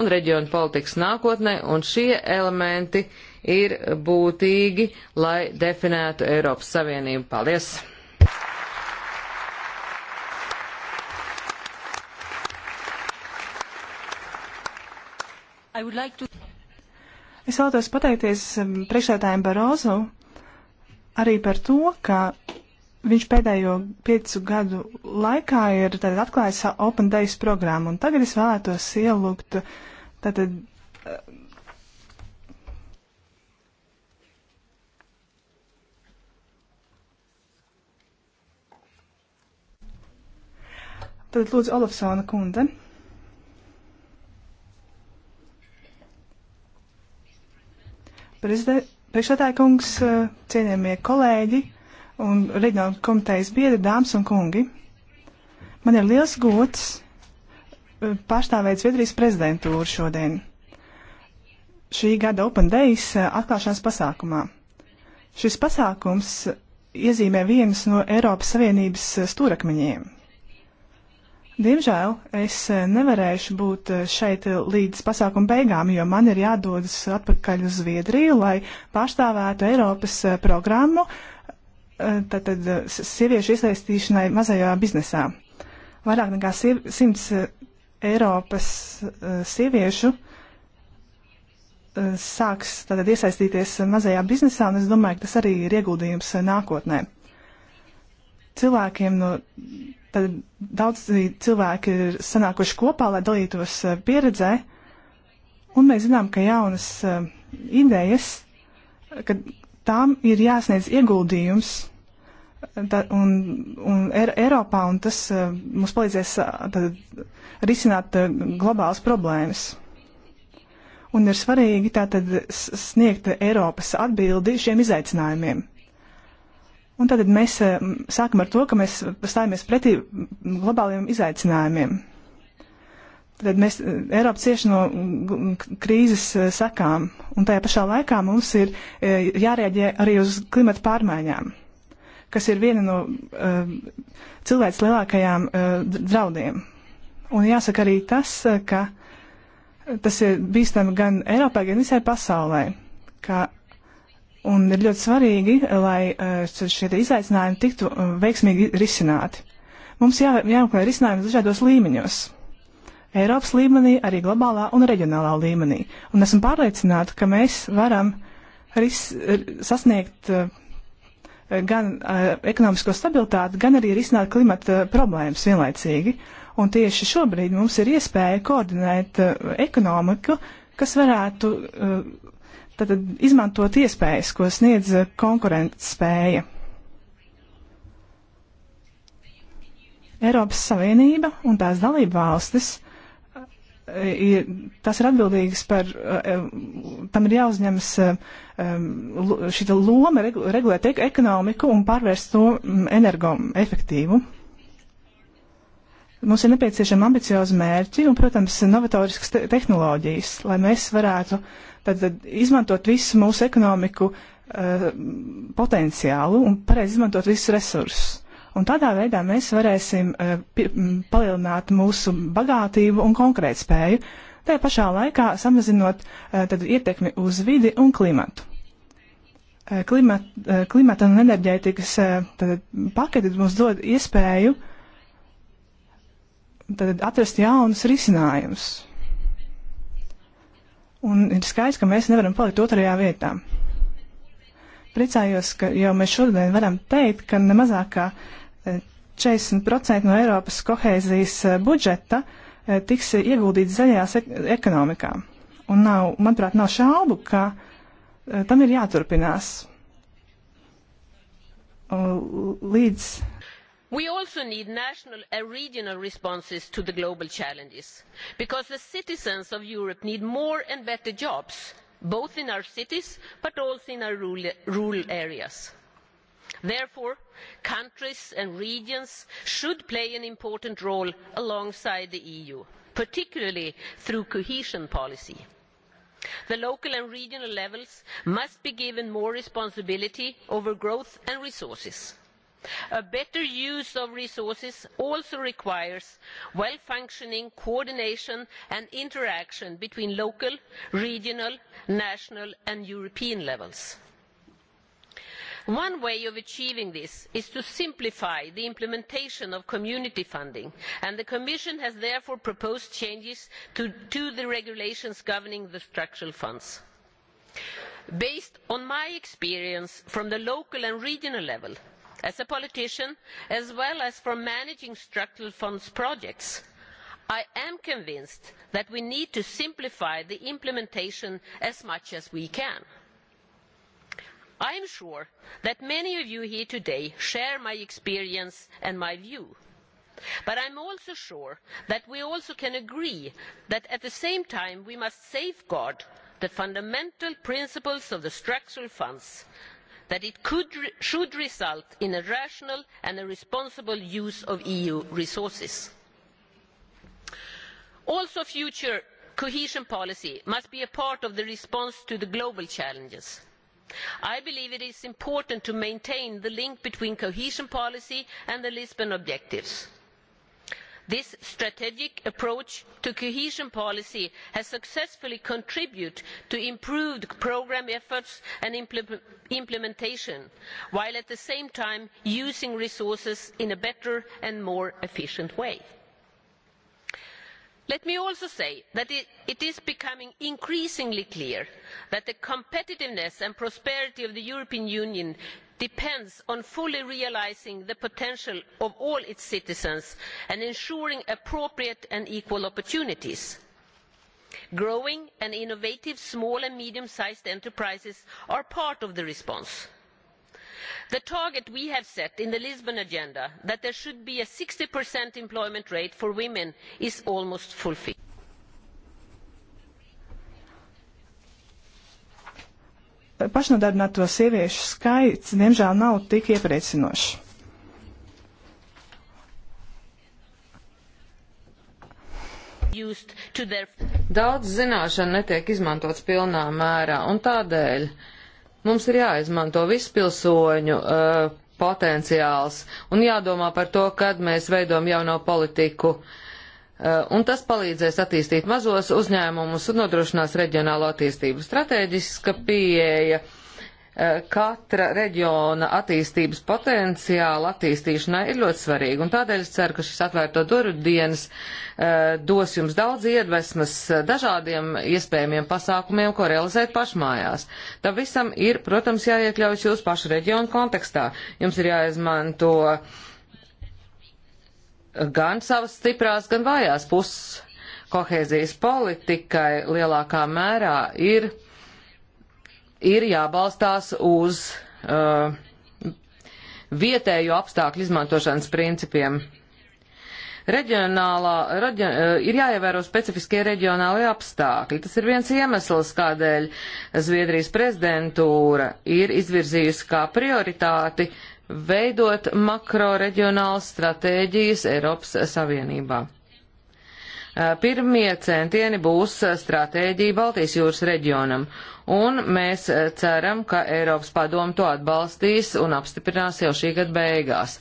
un reģionu politikas nākotnē, un šie elementi ir būtīgi, lai definētu Eiropas Savienību. Paldies! Like to... Es vēlētos pateikties mm, priekšsēdājiem Barozu arī par to, ka viņš pēdējo piecu gadu laikā ir tātad, atklājis Open Days programmu, un tagad es vēlētos ielūgt tātad, Tad lūdzu Olofsona kundze. Prezide, Priekšsēdētāja kungs, eh, cienījamie kolēģi un reģionāla komitejas biedri, dāmas un kungi. Man ir liels gods eh, pārstāvēt Zviedrijas prezidentūru šodien. Šī gada Open Days eh, atklāšanas pasākumā. Šis pasākums iezīmē vienas no Eiropas Savienības stūrakmeņiem. Diemžēl es eh, nevarēšu būt eh, šeit eh, līdz pasākuma beigām, jo man ir jādodas atpakaļ uz Zviedriju, lai pārstāvētu Eiropas programmu tātad, sieviešu iesaistīšanai mazajā biznesā. Vairāk nekā simts Eiropas sieviešu sāks tātad, iesaistīties mazajā biznesā, un es domāju, ka tas arī ir ieguldījums nākotnē cilvēkiem no. Tad daudz cilvēki ir sanākuši kopā, lai dalītos eh, pieredzē, un mēs zinām, ka jaunas eh, idejas, ka tām ir jāsniedz ieguldījums eh, tā, un, un er, Eiropā, un tas mums palīdzēs tad, risināt globālas problēmas. Un ir svarīgi tātad sniegt Eiropas atbildi šiem izaicinājumiem. Un tātad mēs eh, sākam ar to, ka mēs stājamies pretī globāliem izaicinājumiem. Tad mēs eh, Eiropa cieši no mm, mm, krīzes eh, sekām, un tajā pašā laikā mums ir jārēģē arī uz klimata pārmaiņām, kas ir viena no uh, cilvēks lielākajām uh, draudiem. Un jāsaka arī tas, ka tas ir bīstami gan Eiropai, gan visai pasaulē, ka Un ir ļoti svarīgi, lai eh, šie izaicinājumi tiktu eh, veiksmīgi risināti. Mums jā, jāmeklē risinājumi dažādos līmeņos. Eiropas līmenī, arī globālā un reģionālā līmenī. Un esmu pārliecināta, ka mēs varam ris, eh, sasniegt gan ekonomisko stabilitāti, gan arī risināt klimata problēmas vienlaicīgi. Un tieši šobrīd mums ir iespēja koordinēt ekonomiku, kas varētu uh, tad izmantot iespējas, ko sniedz konkurence spēja. Eiropas Savienība un tās dalība valstis, e, ir, tas ir atbildīgs par, e, tam ir jāuzņemas e, šī loma regulēt ekonomiku un pārvērst to energoefektīvu. Mums ir nepieciešama ambicioza mērķi un, protams, novatoriskas te tehnoloģijas, lai mēs varētu uh, Tad, tad izmantot visu mūsu ekonomiku uh, potenciālu un pareizi izmantot visus resursus. Un tādā veidā mēs varēsim uh, palielināt mūsu bagātību un konkurētspēju, tajā pašā laikā samazinot uh, ietekmi uz vidi un klimatu. Uh, klimat, uh, klimata un enerģētikas uh, paketi mums dod iespēju uh, tad atrast jaunus risinājumus. Un ir skaidrs, ka mēs nevaram palikt otrajā vietā. Priecājos, ka jau mēs šodien varam teikt, ka nemazākā 40% e, no Eiropas kohēzijas e, budžeta e, tiks ieguldīts zaļajās ek ekonomikā. Un nav, manuprāt, nav šaubu, ka tam ir jāturpinās. Līdz we also need national and regional responses to the global challenges because the citizens of europe need more and better jobs both in our cities but also in our rural areas. therefore countries and regions should play an important role alongside the eu particularly through cohesion policy. the local and regional levels must be given more responsibility over growth and resources a better use of resources also requires well functioning coordination and interaction between local regional national and european levels. one way of achieving this is to simplify the implementation of community funding and the commission has therefore proposed changes to the regulations governing the structural funds. based on my experience from the local and regional level as a politician as well as from managing structural funds projects i am convinced that we need to simplify the implementation as much as we can. i am sure that many of you here today share my experience and my view but i am also sure that we can agree that at the same time we must safeguard the fundamental principles of the structural funds that it should result in a rational and responsible use of eu resources. also future cohesion policy must be a part of the response to the global challenges. i believe it is important to maintain the link between cohesion policy and the lisbon objectives this strategic approach to cohesion policy has successfully contributed to improved programme efforts and implementation while at the same time using resources in a better and more efficient way. let me also say that it is becoming increasingly clear that the competitiveness and prosperity of the european union depends on fully realising the potential of all its citizens and ensuring appropriate and equal opportunities. growing and innovative small and medium sized enterprises are part of the response. the target we have set in the lisbon agenda that there should be a sixty employment rate for women is almost fulfilled. pašnodarbināto sieviešu skaits, diemžēl, nav tik iepriecinošs. Daudz zināšanu netiek izmantots pilnā mērā, un tādēļ mums ir jāizmanto visu pilsoņu uh, eh, potenciāls un jādomā par to, kad mēs veidojam jauno politiku uh, Eh, un tas palīdzēs attīstīt mazos uzņēmumus un nodrošinās reģionālo attīstību. Strateģiska pieeja eh, katra reģiona attīstības potenciāla attīstīšanai ir ļoti svarīga, un tādēļ es ceru, ka šis atvērto durvju dienas eh, dos jums daudz iedvesmas dažādiem iespējamiem pasākumiem, ko realizēt pašmājās. Tam visam ir, protams, jāiekļaujas jūsu pašu reģionu kontekstā. Jums ir jāizmanto uh, gan savas stiprās, gan vājās puses kohēzijas politikai lielākā mērā ir, ir jābalstās uz uh, vietēju apstākļu izmantošanas principiem. Reģionālā, reģi, uh, ir jāievēro specifiskie reģionāli apstākļi. Tas ir viens iemesls, kādēļ Zviedrijas prezidentūra ir izvirzījusi kā prioritāti uh, veidot makroreģionālas stratēģijas Eiropas Savienībā. Pirmie centieni būs stratēģija Baltijas jūras reģionam, un mēs ceram, ka Eiropas padomu to atbalstīs un apstiprinās jau šī gada beigās.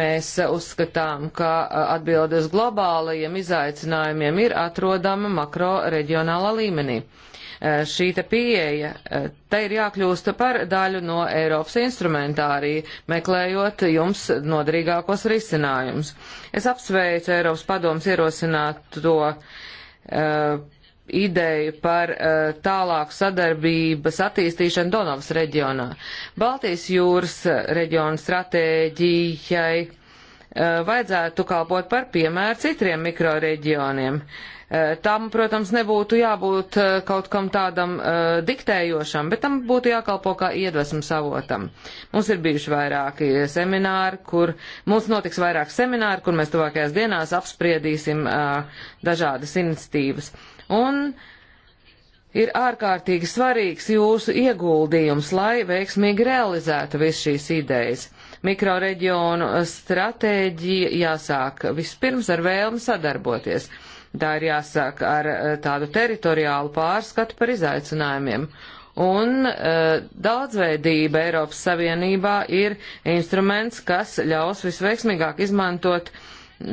Mēs uzskatām, ka atbildes globālajiem izaicinājumiem ir atrodama makro reģionālā līmenī. Eh, šī te pieeja, eh, tai ir jākļūst par daļu no Eiropas instrumentārija, meklējot jums noderīgākos risinājumus. Es apsveicu Eiropas padomus ierosināt to uh, eh, ideju par uh, tālāku sadarbības attīstīšanu Donavas reģionā. Baltijas jūras reģiona stratēģijai Eh, vajadzētu kalpot par piemēru citiem mikroreģioniem. Eh, tam, protams, nebūtu jābūt eh, kaut kam tādam uh, diktējošam, bet tam būtu jākalpo kā iedvesmas avotam. Mums ir bijuši vairāki semināri, kur mums notiks vairāk semināri, kur mēs tuvākajās dienās apspriedīsim uh, dažādas iniciatīvas. Un ir ārkārtīgi svarīgs jūsu ieguldījums, lai veiksmīgi realizētu visu šīs idejas mikroreģionu stratēģija jāsāk vispirms ar vēlmu sadarboties. Tā ir jāsāk ar eh, tādu teritoriālu pārskatu par izaicinājumiem. Un e, daudzveidība Eiropas Savienībā ir instruments, kas ļaus visveiksmīgāk izmantot e,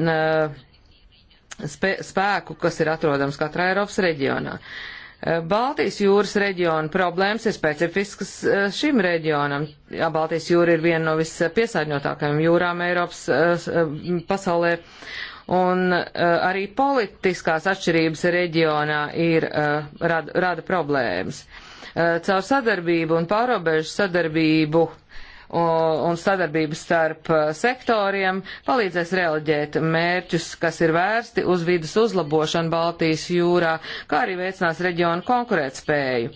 eh, spē, spēku, kas ir atrodams katrā Eiropas reģionā. E, Eh, Baltijas jūras reģiona problēmas ir specifiskas eh, šim reģionam. Jā, Baltijas jūra ir viena no vispiesārņotākajām jūrām Eiropas eh, pasaulē. Un arī politiskās atšķirības reģionā ir, rada, rada problēmas. Caur sadarbību un pārobežu sadarbību un sadarbības starp e, sektoriem palīdzēs realiģēt mērķus, kas ir vērsti uz vidas uzlabošanu Baltijas jūrā, kā arī veicinās reģionu konkurētspēju.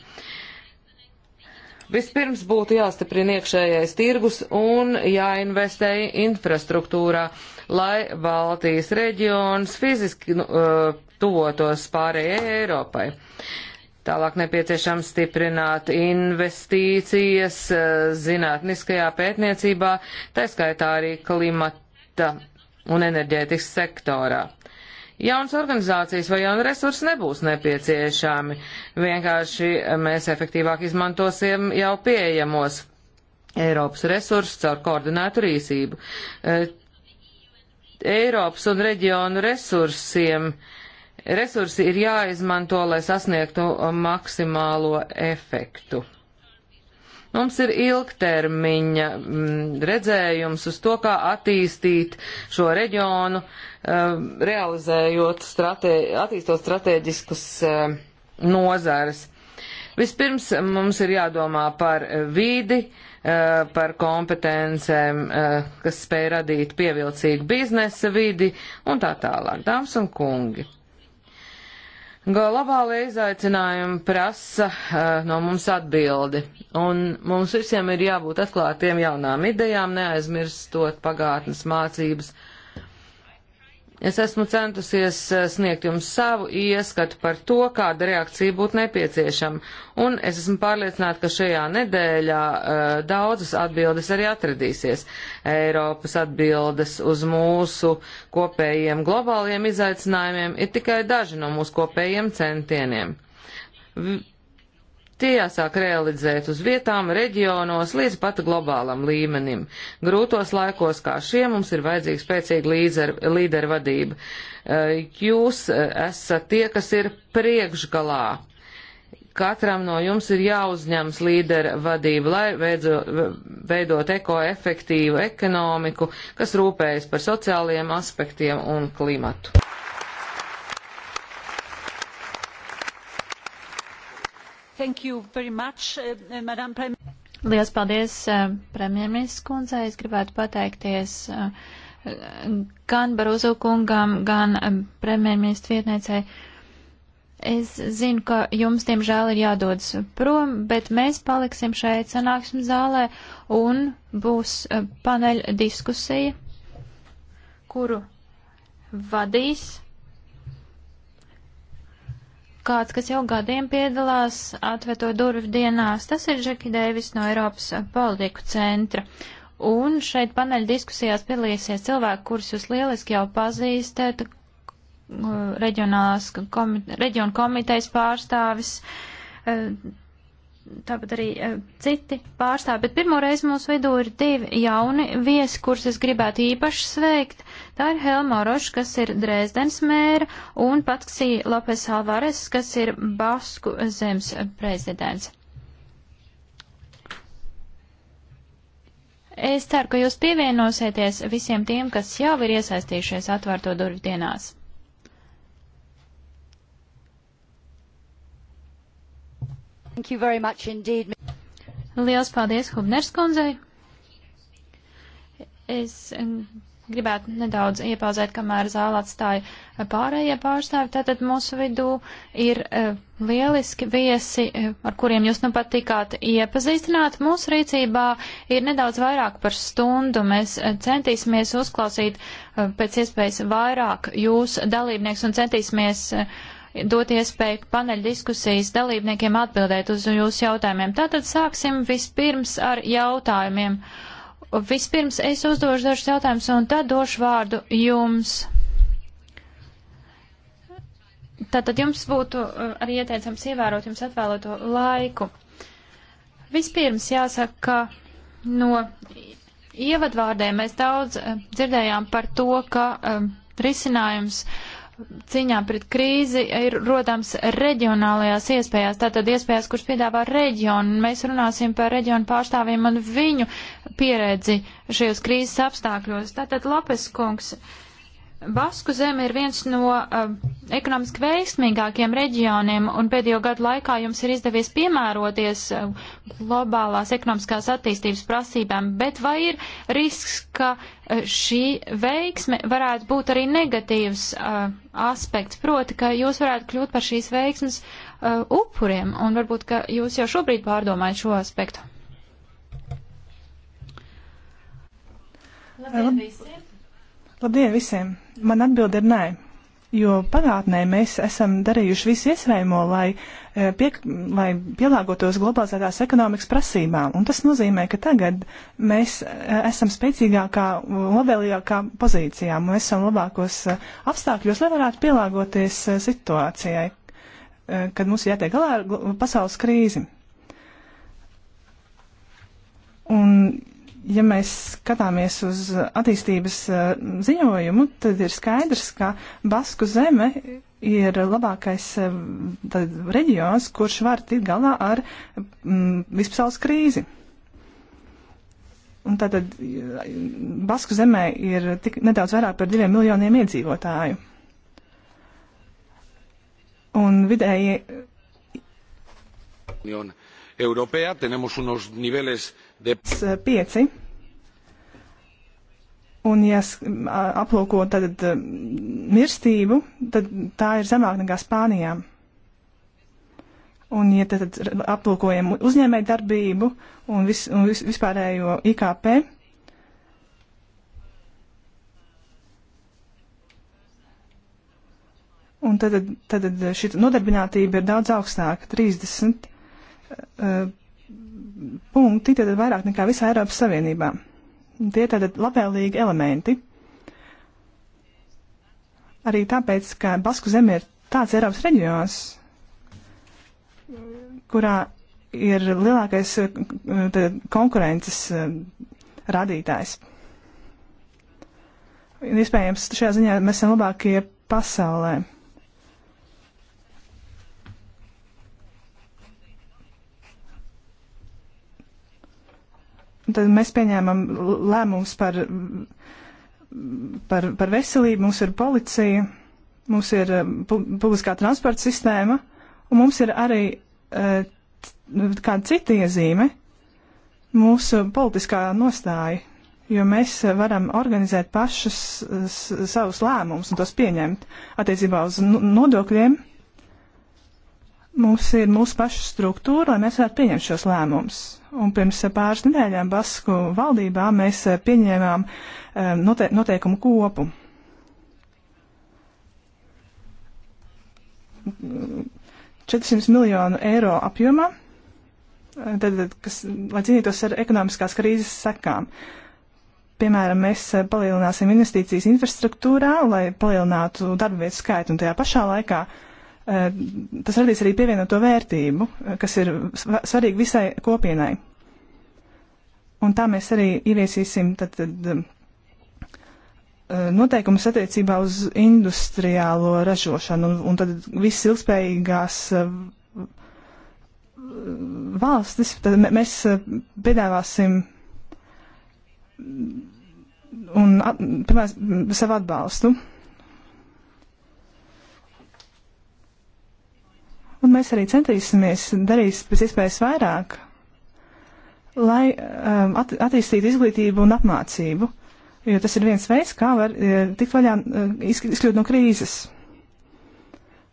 Vispirms būtu jāstiprina iekšējais tirgus un jāinvestē infrastruktūrā, lai Baltijas reģions fiziski nu, e, tuvotos pārējai Eiropai. Uh, Tālāk nepieciešams stiprināt investīcijas eh, zinātniskajā pētniecībā, taiskaitā arī klimata un enerģētikas sektorā. Jaunas organizācijas vai jauni resursi nebūs nepieciešami, vienkārši eh, mēs efektīvāk izmantosim jau pieejamos Eiropas resursus caur koordinētu rīcību. Eh, Eiropas un reģionu resursiem uh, Resursi ir jāizmanto, lai sasniegtu maksimālo efektu. Mums ir ilgtermiņa mm, redzējums uz to, kā attīstīt šo reģionu, eh, realizējot stratē, attīstot strateģiskus eh, nozares. Vispirms mums ir jādomā par eh, vīdi, par kompetencēm, kas spēj radīt pievilcīgu biznesa vidi un tā tālāk. Dāmas un kungi! Globālie izaicinājumi prasa uh, no mums atbildi, un mums visiem ir jābūt atklātiem jaunām idejām, neaizmirstot pagātnes mācības, uh, Es esmu centusies e, sniegt jums savu ieskatu par to, kāda reakcija būtu nepieciešama, un es esmu pārliecināta, ka šajā nedēļā uh, daudzas atbildes arī atradīsies. Eiropas atbildes uz mūsu kopējiem globāliem izaicinājumiem ir tikai daži no mūsu kopējiem centieniem. V Tie jāsāk realizēt uz vietām, reģionos, līdz pat globālam līmenim. Grūtos laikos kā šie mums ir vajadzīga spēcīga līderu vadība. Eh, jūs eh, esat tie, kas ir priekšgalā. Katram no jums ir jāuzņems līdera vadība, lai veidzo, veidot ekoefektīvu ekonomiku, kas rūpējas par sociālajiem aspektiem un klimatu. Much, uh, Lielas paldies, uh, premjerministrs kundze. Es gribētu pateikties uh, gan Barozo kungam, gan um, premjerministra vietniecei. Es zinu, ka jums, diemžēl, ir jādodas prom, bet mēs paliksim šeit sanāksmes zālē un būs uh, paneļa diskusija, kuru vadīs kāds, kas jau gadiem piedalās atveto durvju dienās. Tas ir Žeki Dēvis no Eiropas politiku centra. Un šeit paneļa diskusijās piedalīsies cilvēki, kurus jūs lieliski jau pazīstat, reģionālās komite, reģionu komitejas pārstāvis, e, tāpat arī e, citi pārstāvi. Bet pirmo reizi mūsu vidū ir divi jauni viesi, kurus es gribētu īpaši sveikt. Tā ir Helma Roša, kas ir Dresdens mēra, un Patsī Lopes Alvares, kas ir Basku zemes prezidents. Es ceru, ka jūs pievienosieties visiem tiem, kas jau ir iesaistījušies atvērto durvju dienās. Thank you very much indeed. Liels paldies Hubners kundzei. Es gribētu nedaudz iepauzēt, kamēr zālē atstāja pārējie pārstāvi. Tātad mūsu vidū ir eh, lieliski viesi, eh, ar kuriem jūs nu pat tikāt iepazīstināt. Mūsu rīcībā ir nedaudz vairāk par stundu. Mēs eh, centīsimies uzklausīt pēc iespējas vairāk jūs dalībnieks un centīsimies dot iespēju paneļa diskusijas dalībniekiem atbildēt uz jūsu jautājumiem. Tātad sāksim vispirms ar jautājumiem. Uh, Vispirms es uzdošu dažus jautājumus un tad došu vārdu jums. Tātad jums būtu uh, arī ieteicams ievērot jums atvēlēto laiku. Vispirms jāsaka, ka no ievadvārdēm mēs daudz uh, dzirdējām par to, ka um, risinājums uh, cīņā pret krīzi ir rodams reģionālajās iespējās, tātad iespējās, kuras piedāvā reģionu. Mēs runāsim par reģionu pārstāvjiem un viņu pieredzi šajos krīzes apstākļos. Tātad Lopes kungs, uh, Basku zeme ir viens no uh, ekonomiski veiksmīgākiem reģioniem, un pēdējo gadu laikā jums ir izdevies piemēroties uh, globālās ekonomiskās attīstības prasībām, bet vai ir risks, ka uh, šī veiksme varētu būt arī negatīvs uh, aspekts, proti, ka jūs varētu kļūt par šīs veiksmes uh, upuriem, un varbūt, ka jūs jau šobrīd pārdomājat šo aspektu? Labdien visiem! Labdien visiem! Man atbild ir nē, jo pagātnē mēs esam darījuši visu iespējamo, lai, eh, pie, lai pielāgotos globalizētās ekonomikas prasībām. Un tas nozīmē, ka tagad mēs eh, esam spēcīgākā, labvēlīgākā pozīcijā, mēs esam labākos eh, apstākļos, lai varētu pielāgoties situācijai, kad mums ir jātiek galā ar pasaules krīzi. Un ja mēs skatāmies uz attīstības eh, ziņojumu, tad ir skaidrs, ka Basku zeme ir labākais eh, tad, reģions, kurš var tikt galā ar mm, vispasaules krīzi. Un tātad eh, Basku zemē ir tik nedaudz vairāk par diviem miljoniem iedzīvotāju. Un vidēji. Unión Europea tenemos unos niveles de... 5. Un, ja aplūko tad mirstību, tad tā ir zemāk nekā Spānijā. Un, ja tad, tad aplūkojam uzņēmēju darbību un, vis, un vis, vispārējo IKP, un tad, tad šī nodarbinātība ir daudz augstāka - 30 uh, e, punkti, tad vairāk nekā visā Eiropas Savienībā. Tie tātad labvēlīgi elementi. Arī tāpēc, ka Basku zeme ir tāds Eiropas reģions, kurā ir lielākais eh, tā, konkurences eh, radītājs. Iespējams, šajā ziņā mēs esam labākie pasaulē. tad mēs pieņēmām lēmumus par, par, par veselību, mums ir policija, mums ir eh, pu, publiskā transporta sistēma, un mums ir arī uh, kāda cita iezīme - mūsu politiskā nostāja, jo mēs varam organizēt pašus savus lēmumus un tos pieņemt attiecībā uz nodokļiem mums ir mūsu paša struktūra, lai mēs varētu pieņemt šos lēmumus. Un pirms pāris nedēļām Basku valdībā mēs eh, pieņēmām eh, note noteikumu kopu. Mm. 400 miljonu eiro apjomā, eh, tad, kas, lai cīnītos ar ekonomiskās krīzes sekām. Piemēram, mēs palielināsim investīcijas infrastruktūrā, lai palielinātu darba vietu skaitu un tajā pašā laikā uh, Eh, tas radīs arī pievienoto vērtību, eh, kas ir svarīgi visai kopienai. Un tā mēs arī ieviesīsim tad, tad eh, noteikumus attiecībā uz industriālo ražošanu, un, un tad viss ilgspējīgās valstis, tad mēs piedāvāsim un, at, piemēram, savu atbalstu. mēs arī centīsimies darīt pēc iespējas vairāk, lai um, at attīstītu izglītību un apmācību, jo tas ir viens veids, kā var uh, tikt vaļā, uh, izkļūt no krīzes.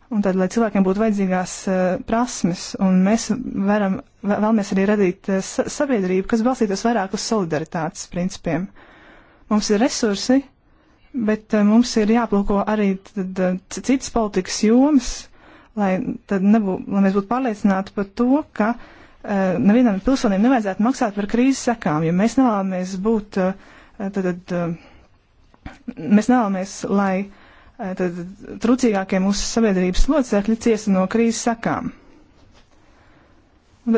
Un tad, lai cilvēkiem būtu vajadzīgās uh, prasmes, un mēs varam, vēlamies arī radīt uh, sabiedrību, kas balstītos vairāk uz solidaritātes principiem. Mums ir resursi, bet uh, mums ir jāplūko arī tad, uh, citas politikas jomas, lai, nebū, lai mēs būtu pārliecināti par to, ka uh, nevienam pilsonim nevajadzētu maksāt par krīzes sekām, jo mēs nevēlamies būt, uh, tad, uh, mēs nevēlamies, lai uh, tad, trūcīgākie mūsu sabiedrības locekļi ciesta no krīzes sekām.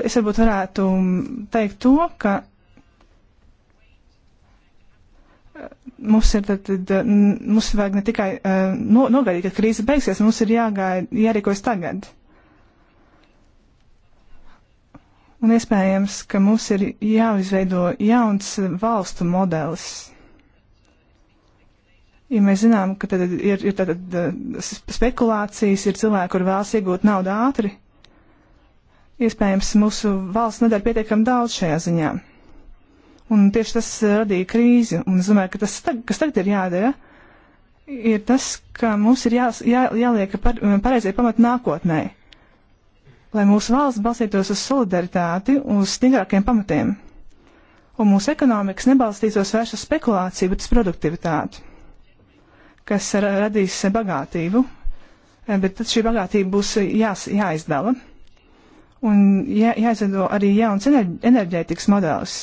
Es varbūt varētu teikt to, ka mums ir tad, tad mums vajag ne tikai eh, no, nogaidīt, ka krīze beigsies, mums ir jāgaida, jārīkojas tagad. Un iespējams, ka mums ir jāizveido jauns valstu modelis. Ja mēs zinām, ka tad ir, ir tad eh, spekulācijas, ir cilvēki, kur vēlas iegūt naudu ātri, iespējams, mūsu valsts nedara pietiekam daudz šajā ziņā. Un tieši tas eh, radīja krīzi. Un es domāju, ka tas, kas tagad ir jādara, ir tas, ka mums ir jā, jā, jāliek par, eh, pareizie pamati nākotnē. Lai mūsu valsts balstītos uz solidaritāti, uz stingrākiem pamatiem. Un mūsu ekonomikas nebalstītos vairs uz spekulāciju, bet uz produktivitāti, kas radīs bagātību. Eh, bet tad šī bagātība būs jās, jāizdala. Un jā, jāizveido arī jauns enerģētikas modelis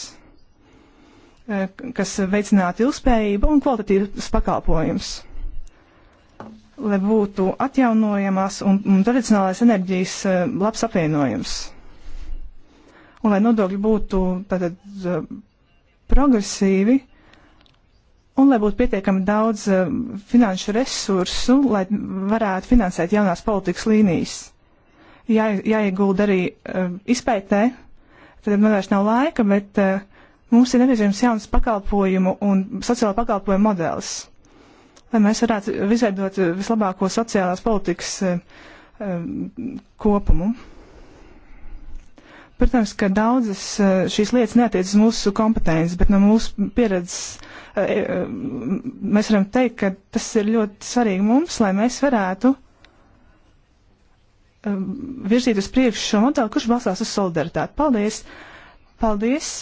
Eh, kas veicinātu ilgspējību un kvalitatīvas pakalpojumus. Lai būtu atjaunojamās un, un tradicionālais enerģijas eh, labs apvienojums. Un lai nodokļi būtu tātad eh, progresīvi un lai būtu pietiekami daudz finanšu resursu, lai varētu finansēt jaunās politikas līnijas. Jā, jāiegulda arī izpētē, tad man vairs nav laika, bet uh, Mums ir nepieciešams jauns pakalpojumu un sociālo pakalpojumu modelis, lai mēs varētu izveidot vislabāko sociālās politikas eh, eh, kopumu. Protams, ka daudzas eh, šīs lietas neatiecas mūsu kompetences, bet no mūsu pieredzes mēs varam teikt, ka tas ir ļoti svarīgi mums, lai mēs varētu virzīt uz priekšu šo modeli, kurš balstās uz solidaritāti. Paldies! Paldies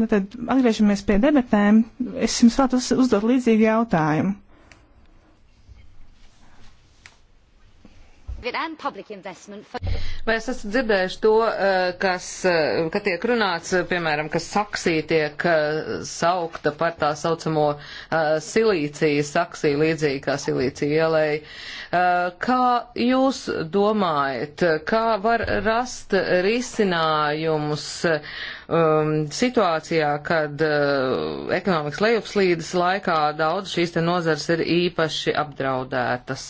Nu, tad atgriežamies pie debatēm. Es jums vēlos uzdot līdzīgu jautājumu. Vai es esmu dzirdējuši to, eh, kas, eh, ka tiek runāts, eh, piemēram, ka saksija tiek saukta par tā saucamo silīciju, saksija līdzīgi kā silīcija ielai. Kā jūs domājat, kā var rast risinājumus um, situācijā, kad ekonomikas lejupslīdes laikā daudz šīs te nozars ir īpaši apdraudētas?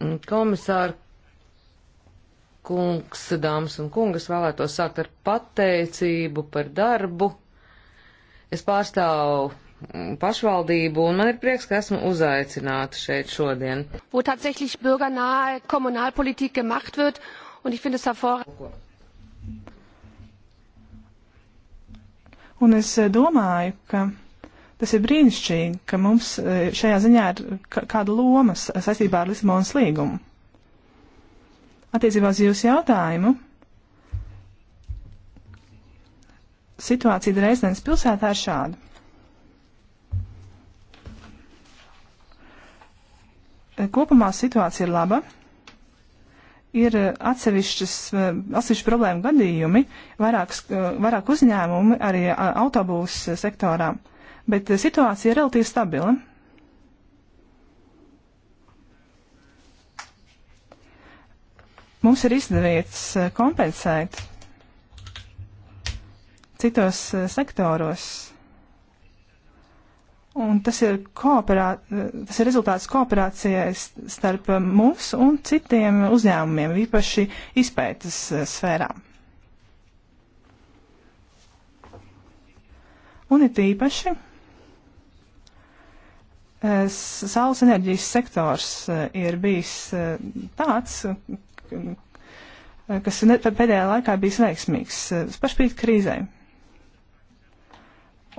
Mm, Komisāra kungs, dāmas un kungas, vēlētos sākt ar pateicību par darbu. Es pārstāvu mm, pašvaldību, un man ir prieks, ka esmu uzaicināta šeit šodien. Wo tatsächlich bürgernahe Kommunalpolitik gemacht wird, un ich finde es hervorragend. Un es eh, domāju, ka Tas ir brīnišķīgi, ka mums e, šajā ziņā ir kāda loma saistībā ar Lisabonas līgumu. Attiecībā uz jūsu jautājumu. Situācija Dresdenes pilsētā ir šāda. E, kopumā situācija ir laba. Ir e, atsevišķas, atsevišķi problēmu gadījumi, vairākas, vairāk uzņēmumi arī autobūs sektorā. Uh, bet eh, situācija ir relatīvi stabila. Mums ir izdevies eh, kompensēt citos eh, sektoros. Un tas ir, kooperā, tas ir rezultāts kooperācijai starp mums un citiem uzņēmumiem, īpaši izpētes sfērā. Un it īpaši Saules enerģijas sektors eh, ir bijis eh, tāds, eh, kas pēdējā laikā bijis veiksmīgs, pašpīt krīzē.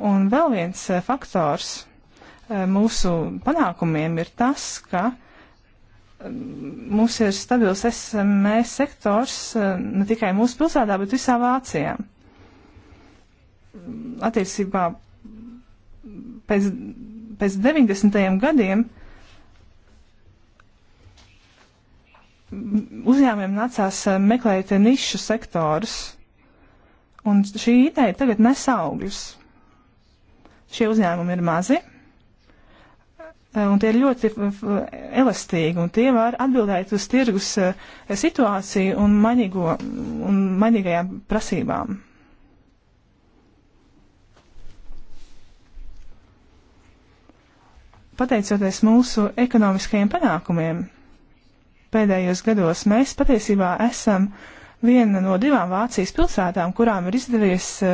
Un vēl viens faktors mūsu panākumiem ir tas, ka mm, mums ir stabils SME sektors ne tikai mūsu pilsētā, bet visā Vācijā. Mm, attiecībā pēc pēc 90. gadiem uzņēmumiem nācās eh, meklēt nišu sektorus, un šī ideja tagad nes augļus. Šie uzņēmumi ir mazi, eh, un tie ir ļoti eh, elastīgi, un tie var atbildēt uz tirgus situāciju un, maņīgo, un maņīgajām prasībām. pateicoties mūsu ekonomiskajiem panākumiem, pēdējos gados mēs patiesībā esam viena no divām Vācijas pilsētām, kurām ir izdevies uh,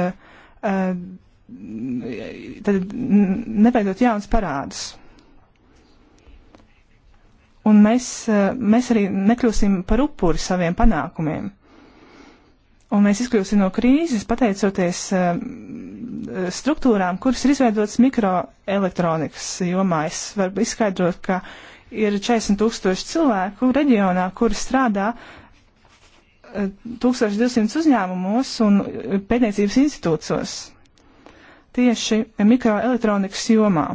uh, neveidot jaunas parādus. Un mēs, uh, mēs arī nekļūsim par upuri saviem panākumiem. Un mēs izkļūsim no krīzes pateicoties uh, struktūrām, kuras ir izveidotas mikroelektronikas jomā. Es varu izskaidrot, ka ir 40 tūkstoši cilvēku reģionā, kuri strādā uh, eh, 1200 uzņēmumos un eh, pētniecības institūtos tieši mikroelektronikas jomā.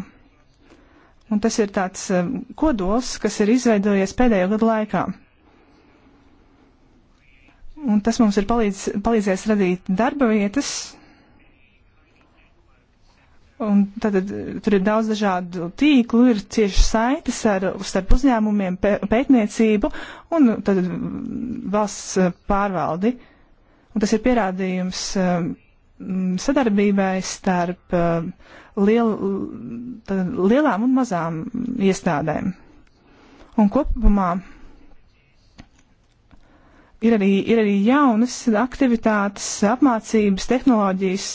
Un tas ir tāds uh, kodols, kas ir izveidojies pēdējo gadu laikā. Un tas mums ir palīdz, palīdzējis radīt darba vietas. Un tad tur ir daudz dažādu tīklu, ir cieši saites ar, starp uzņēmumiem, pē, pētniecību un tad valsts pārvaldi. Un tas ir pierādījums um, sadarbībai starp um, liel, lielām un mazām iestādēm. Un kopumā ir arī, ir arī jaunas aktivitātes, apmācības, tehnoloģijas.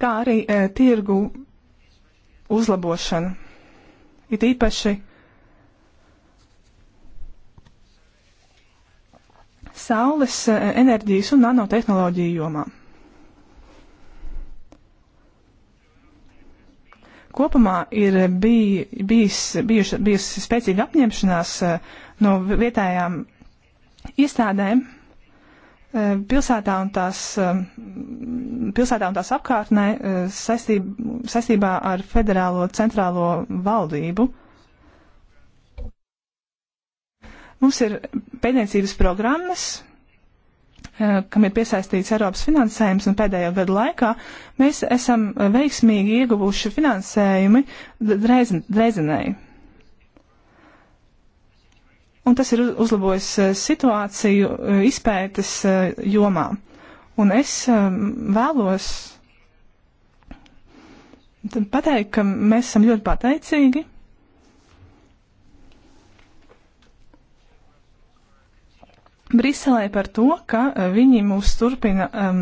Kā arī e, tirgu uzlabošana. It īpaši saules e, enerģijas un nanotehnoloģiju jomām. Kopumā ir bij, bijis, bijuši, bijusi spēcīga apņemšanās eh, no vietējām iestādēm eh, pilsētā un tās, eh, pilsētā un tās apkārtnē saistīb, saistībā ar federālo centrālo valdību. Mums ir pētniecības programmas, kam ir piesaistīts Eiropas finansējums, un pēdējo gadu laikā mēs esam veiksmīgi ieguvuši finansējumi dreizin, dreizinēji. Un tas ir uzlabojis eh, situāciju eh, izpētes eh, jomā. Un es vēlos pateikt, ka mēs esam ļoti pateicīgi Briselē par to, ka eh, viņi mūs turpina um,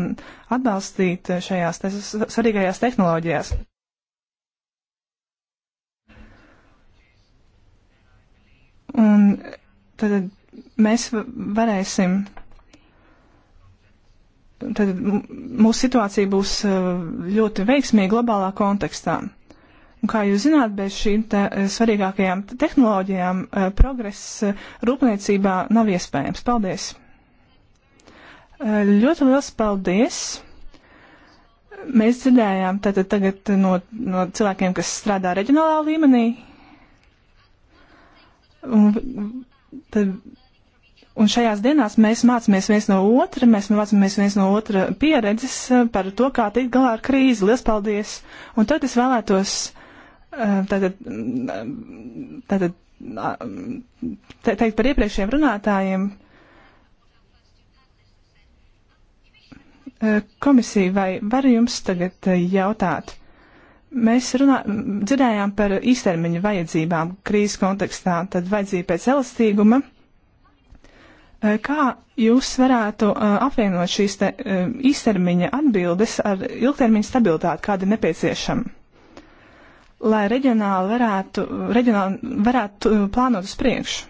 atbalstīt šajās te svarīgajās tehnoloģijās. Un tad mēs varēsim tad mūsu situācija būs eh, ļoti veiksmīga globālā kontekstā. Un kā jūs zināt, bez šīm te, eh, svarīgākajām tehnoloģijām eh, progress eh, rūpniecībā nav iespējams. Paldies! Ļoti liels paldies! Mēs dzirdējām tātad tagad no, no cilvēkiem, kas strādā reģionālā līmenī. Un, tad, un šajās dienās mēs mācāmies viens no otra, mēs mācāmies viens no otra pieredzes par to, kā tikt galā ar krīzi. Liels paldies! Un tad es vēlētos tātad, tātad te, teikt par iepriekšējiem runātājiem. Komisija, vai var jums tagad jautāt? Mēs runā, dzirdējām par īstermiņa vajadzībām krīzes kontekstā, tad vajadzīja pēc elastīguma. Kā jūs varētu apvienot šīs te, īstermiņa atbildes ar ilgtermiņa stabilitāti, kāda ir nepieciešama? lai reģionāli varētu, reģionāli varētu eh, plānot uz priekšu.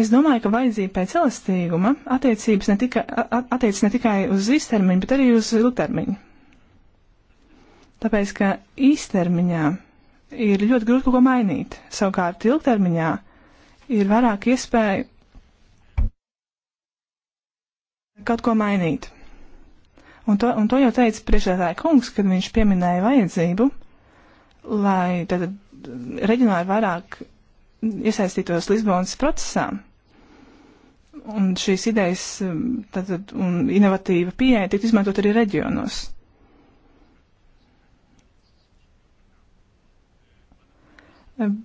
Es domāju, ka vajadzība pēc elastīguma attiecības ne tikai, attiec ne tikai uz īstermiņu, bet arī uz ilgtermiņu. Tāpēc, ka īstermiņā ir ļoti grūti kaut ko mainīt. Savukārt ilgtermiņā ir vairāk iespēju kaut ko mainīt. Un to, un to jau teica priekšētāja kungs, kad viņš pieminēja vajadzību, lai tad reģionāli vairāk iesaistītos Lisbonas procesā. Un šīs idejas tātad, um, un inovatīva pieeja tiktu izmantot arī reģionos. Um,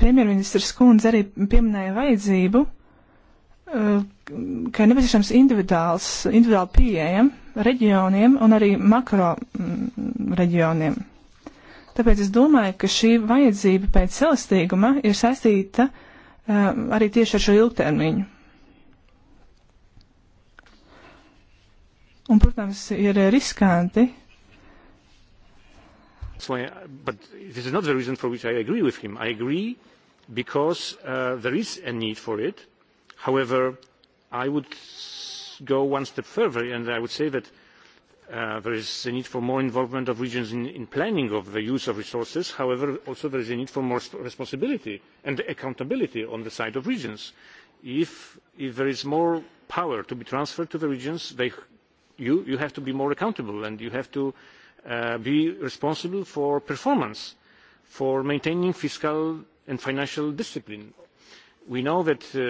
premjerministrs Kunz arī pieminēja vajadzību uh, ka ir nepieciešams individuāls, individuāli pieejam reģioniem un arī makro mm, reģioniem. Tāpēc es domāju, ka šī vajadzība pēc elastīguma ir saistīta eh, arī tieši ar šo ilgtermiņu. Un, protams, ir riskanti. So, but this is not the reason for which I agree with him. I agree because uh, there is a need for it however i would go one step further and i would say that uh, there is a need for more involvement of regions in, in planning of the use of resources. however also there is a need for more responsibility and accountability on the side of regions. if, if there is more power to be transferred to the regions they, you, you have to be more accountable and you have to uh, be responsible for performance for maintaining fiscal and financial discipline. we know that uh,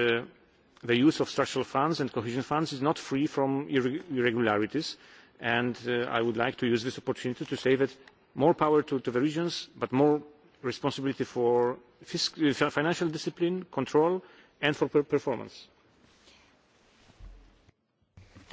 the use of structural funds and cohesion funds is not free from irregularities and uh, i would like to use this opportunity to say that more power to, to the regions but more responsibility for fiscal, uh, financial discipline control and for performance.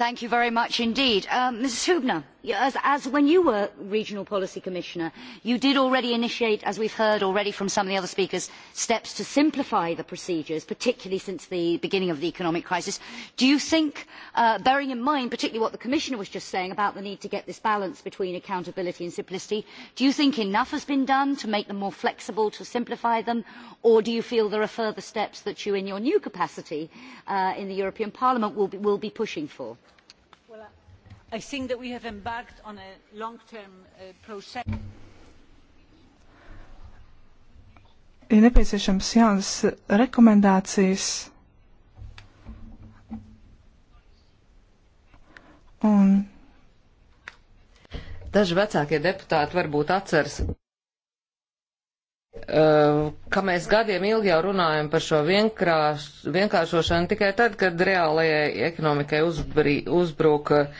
Thank you very much indeed. Um, Mrs Hubner, as, as when you were Regional Policy Commissioner, you did already initiate, as we've heard already from some of the other speakers, steps to simplify the procedures, particularly since the beginning of the economic crisis. Do you think, uh, bearing in mind particularly what the Commissioner was just saying about the need to get this balance between accountability and simplicity, do you think enough has been done to make them more flexible, to simplify them, or do you feel there are further steps that you, in your new capacity uh, in the European Parliament, will be, will be pushing for? I think that we have embarked on a long-term uh, process. Ir nepieciešams jaunas rekomendācijas un Daži vecākie deputāti varbūt atceras, Eh, ka mēs gadiem ilgi jau runājam par šo vienkrāš, vienkāršošanu tikai tad, kad reālajai ekonomikai uzbrī, uzbruka eh,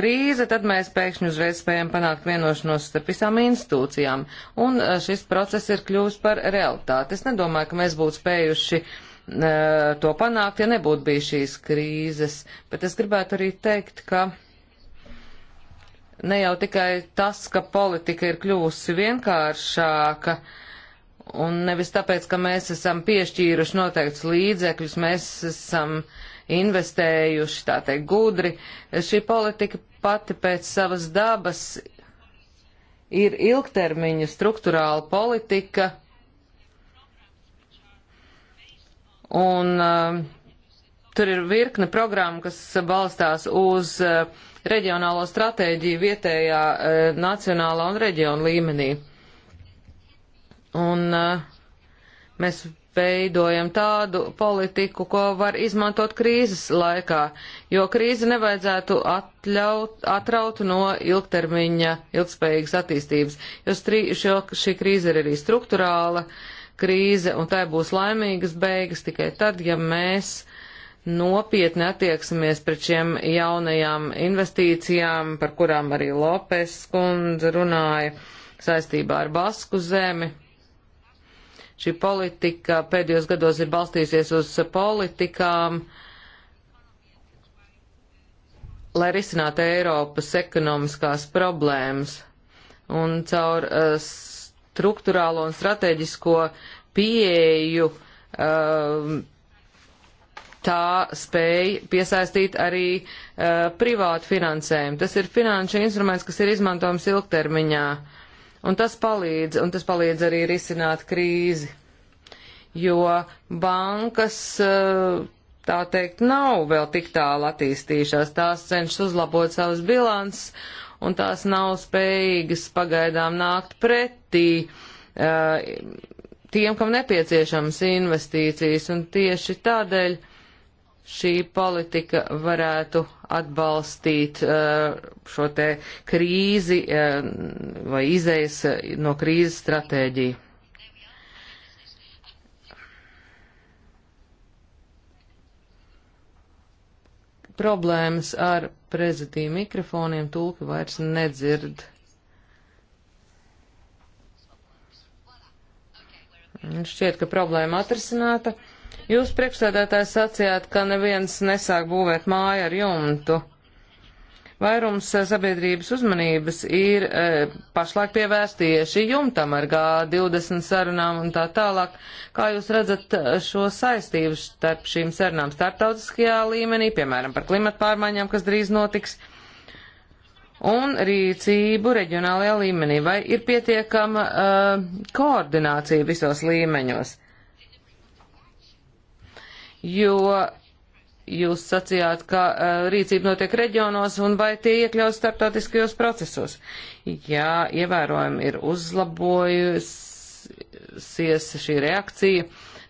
krīze, tad mēs pēkšņi uzreiz spējam panākt vienošanos starp visām institūcijām. Un eh, šis process ir kļuvis par realitāti. Es nedomāju, ka mēs būtu spējuši uh, to panākt, ja nebūtu bijis šīs krīzes. Bet es gribētu arī teikt, ka ne jau tikai tas, ka politika ir kļuvusi vienkāršāka, uh, Un nevis tāpēc, ka mēs esam piešķīruši noteikts līdzekļus, mēs esam investējuši, tā teikt, gudri. Šī politika pati pēc savas dabas ir ilgtermiņa struktūrāla politika. Un uh, tur ir virkne programmu, kas balstās uz uh, reģionālo stratēģiju vietējā, uh, nacionālā un reģiona līmenī. Un uh, mēs veidojam tādu politiku, ko var izmantot krīzes laikā, jo krīze nevajadzētu atļaut, atraut no ilgtermiņa ilgspējīgas attīstības, jo strī, šo, šī krīze ir arī struktūrāla krīze, un tai būs laimīgas beigas tikai tad, ja mēs nopietni attieksimies pret šiem jaunajām investīcijām, par kurām arī Lopes kundze runāja saistībā ar Basku zemi Šī politika pēdējos gados ir balstījusies uz politikām, lai risinātu Eiropas ekonomiskās problēmas. Un caur uh, struktūrālo un strateģisko pieeju uh, tā spēja piesaistīt arī uh, privātu finansējumu. Tas ir finanšu instruments, kas ir izmantojams ilgtermiņā. Uh, Un tas palīdz, un tas palīdz arī risināt krīzi, jo bankas, eh, tā teikt, nav vēl tik tālu attīstījušās, tās cenšas uzlabot savus bilants, un tās nav spējīgas pagaidām nākt pretī eh, tiem, kam nepieciešams investīcijas, un tieši tādēļ šī politika varētu atbalstīt uh, šo te krīzi uh, vai izējas uh, no krīzes stratēģiju. Problēmas ar prezidiju mikrofoniem tulki vairs nedzird. Šķiet, ka problēma atrisināta. Jūs priekšsēdētājs sacījāt, ka neviens nesāk būvēt māju ar jumtu. Vairums eh, sabiedrības uzmanības ir e, pašlaik pievērst tieši jumtam ar G20 sarunām un tā tālāk. Kā jūs redzat eh, šo saistību starp šīm sarunām starptautiskajā līmenī, piemēram, par klimatu pārmaiņām, kas drīz notiks, un rīcību reģionālajā līmenī? Vai ir pietiekama e, koordinācija visos līmeņos? jo jūs sacījāt, ka uh, rīcība notiek reģionos un vai tie iekļaus starptautiskajos procesos. Jā, ievērojami ir uzlabojusies šī reakcija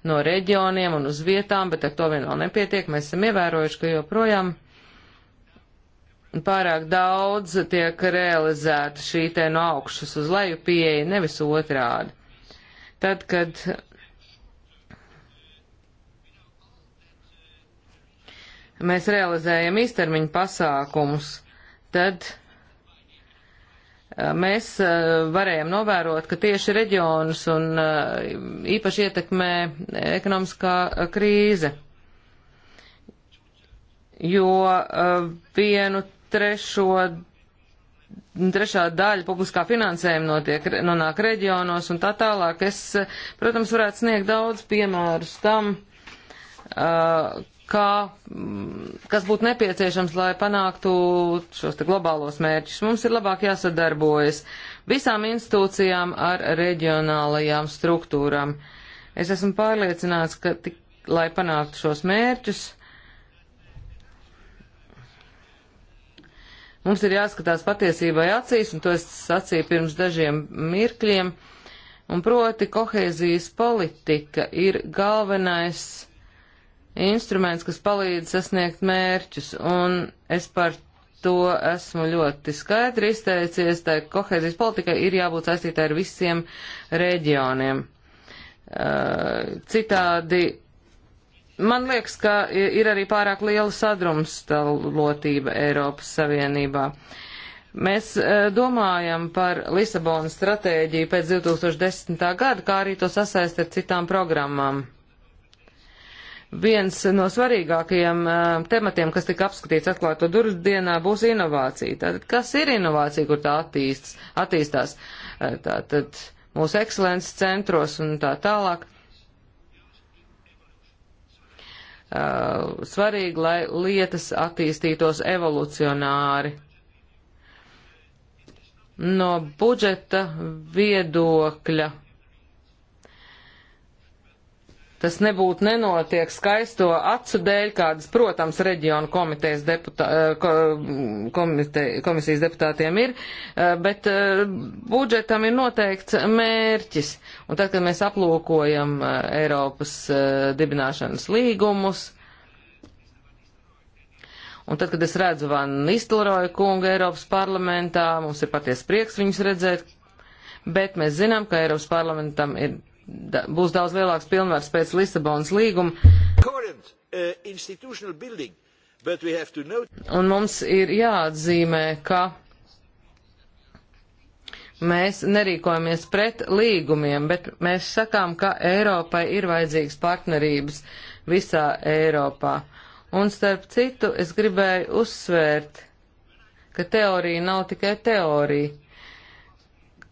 no reģioniem un uz vietām, bet ar to vien vēl nepietiek. Mēs esam ievērojuši, ka joprojām pārāk daudz tiek realizēta šī te no augšas uz leju pieeja, nevis otrādi. Tad, kad mēs realizējam īstermiņu pasākumus, tad eh, mēs eh, varējām novērot, ka tieši reģionus un eh, īpaši ietekmē ekonomiskā krīze, jo vienu trešo trešā daļa publiskā finansējuma notiek, nonāk reģionos un tā tālāk. Es, protams, varētu sniegt daudz piemērus tam, uh, kā, mm, kas būtu nepieciešams, lai panāktu šos te globālos mērķus. Mums ir labāk jāsadarbojas visām institūcijām ar reģionālajām struktūrām. Es esmu pārliecināts, ka, tik, lai panāktu šos mērķus, mums ir jāskatās patiesībai acīs, un to es sacīju pirms dažiem mirkļiem, un proti kohēzijas politika ir galvenais instruments, kas palīdz sasniegt mērķus, un es par to esmu ļoti skaidri izteicies, tā kohēzijas politika ir jābūt saistītā ar visiem reģioniem. Uh, citādi, man liekas, ka ir arī pārāk liela sadrumstalotība Eiropas Savienībā. Mēs uh, domājam par Lisabonas stratēģiju pēc 2010. gada, kā arī to sasaist ar citām programmām. Viens no svarīgākajiem uh, tematiem, kas tika apskatīts atklāto durvis dienā, būs inovācija. Tātad, kas ir inovācija, kur tā attīsts, attīstās? Uh, tātad, mūsu ekscelences centros un tā tālāk. Uh, svarīgi, lai lietas attīstītos evolucionāri. No budžeta viedokļa tas nebūtu nenotiek skaisto acu dēļ, kādas, protams, reģionu komitejas deputā, eh, mm, komite, komisijas deputātiem ir, eh, bet eh, budžetam ir noteikts mērķis. Un tad, kad mēs aplūkojam Eiropas dibināšanas līgumus, Un tad, kad es redzu Van Nistelroju kungu Eiropas parlamentā, mums ir paties prieks viņus redzēt, bet mēs zinām, ka Eiropas parlamentam ir da, būs daudz lielāks pilnvars pēc Lisabonas līguma. Current, uh, building, note... Un mums ir jāatzīmē, ka mēs nerīkojamies pret līgumiem, bet mēs sakām, ka Eiropai ir vajadzīgas partnerības visā Eiropā. Un starp citu, es gribēju uzsvērt, ka teorija nav tikai teorija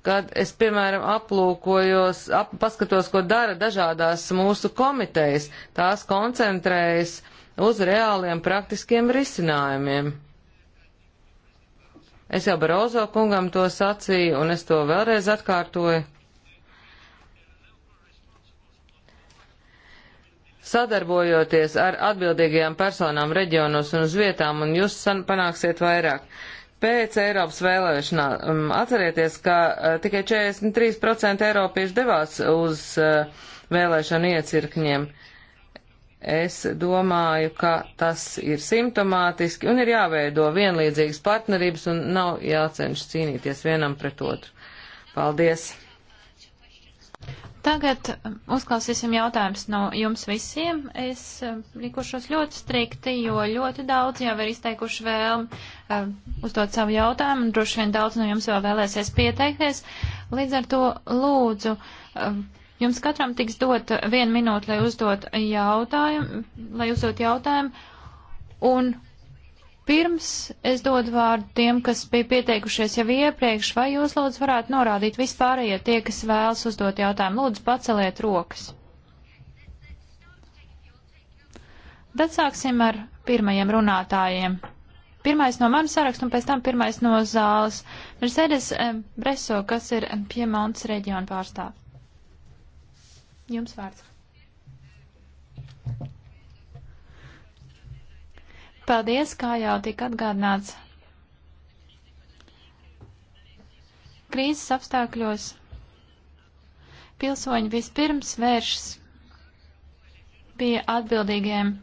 kad es, piemēram, aplūkojos, ap, paskatos, ko dara dažādās mūsu komitejas, tās koncentrējas uz reāliem praktiskiem risinājumiem. Es jau Barozo kungam to sacīju, un es to vēlreiz atkārtoju. Sadarbojoties ar atbildīgajām personām reģionos un uz vietām, un jūs panāksiet vairāk. Uh, Pēc Eiropas vēlēšanām um, atcerieties, ka uh, tikai 43% Eiropiešu devās uz uh, vēlēšanu iecirkņiem. Es domāju, ka tas ir simptomātiski un ir jāveido vienlīdzīgas partnerības un nav jācenšas cīnīties vienam pret otru. Paldies! Tagad um, uzklausīsim jautājumus no jums visiem. Es um, rīkošos ļoti strikti, jo ļoti daudz jau ir izteikuši vēlmi uh, uzdot savu jautājumu, un droši vien daudz no jums vēl vēlēsies pieteikties. Līdz ar to lūdzu, uh, jums katram tiks dot vienu minūti, lai uzdot jautājumu, lai uzdot jautājumu, un pirms es dodu vārdu tiem, kas bija pieteikušies jau iepriekš, vai jūs lūdzu varētu norādīt vispārējie ja tie, kas vēlas uzdot jautājumu, lūdzu paceliet rokas. Tad sāksim ar pirmajiem runātājiem. Pirmais no manas sarakstu un pēc tam pirmais no zāles. Mercedes Breso, kas ir Piemontes reģiona pārstāv. Jums vārds. Paldies, kā jau tika atgādināts. Krīzes apstākļos pilsoņi vispirms vēršas pie atbildīgiem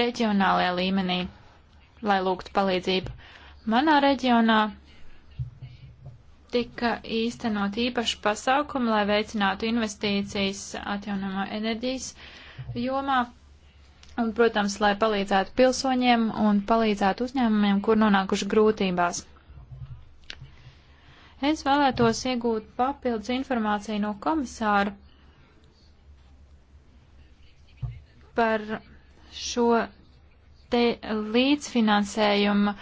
reģionālajā līmenī lai lūgtu palīdzību. Manā reģionā tika īstenot īpašu pasaukumu, lai veicinātu investīcijas atjaunamo enerģijas jomā. Un, protams, lai palīdzētu pilsoņiem un palīdzētu uzņēmumiem, kur nonākuši grūtībās. Es vēlētos iegūt papildus informāciju no komisāra par šo te līdzfinansējuma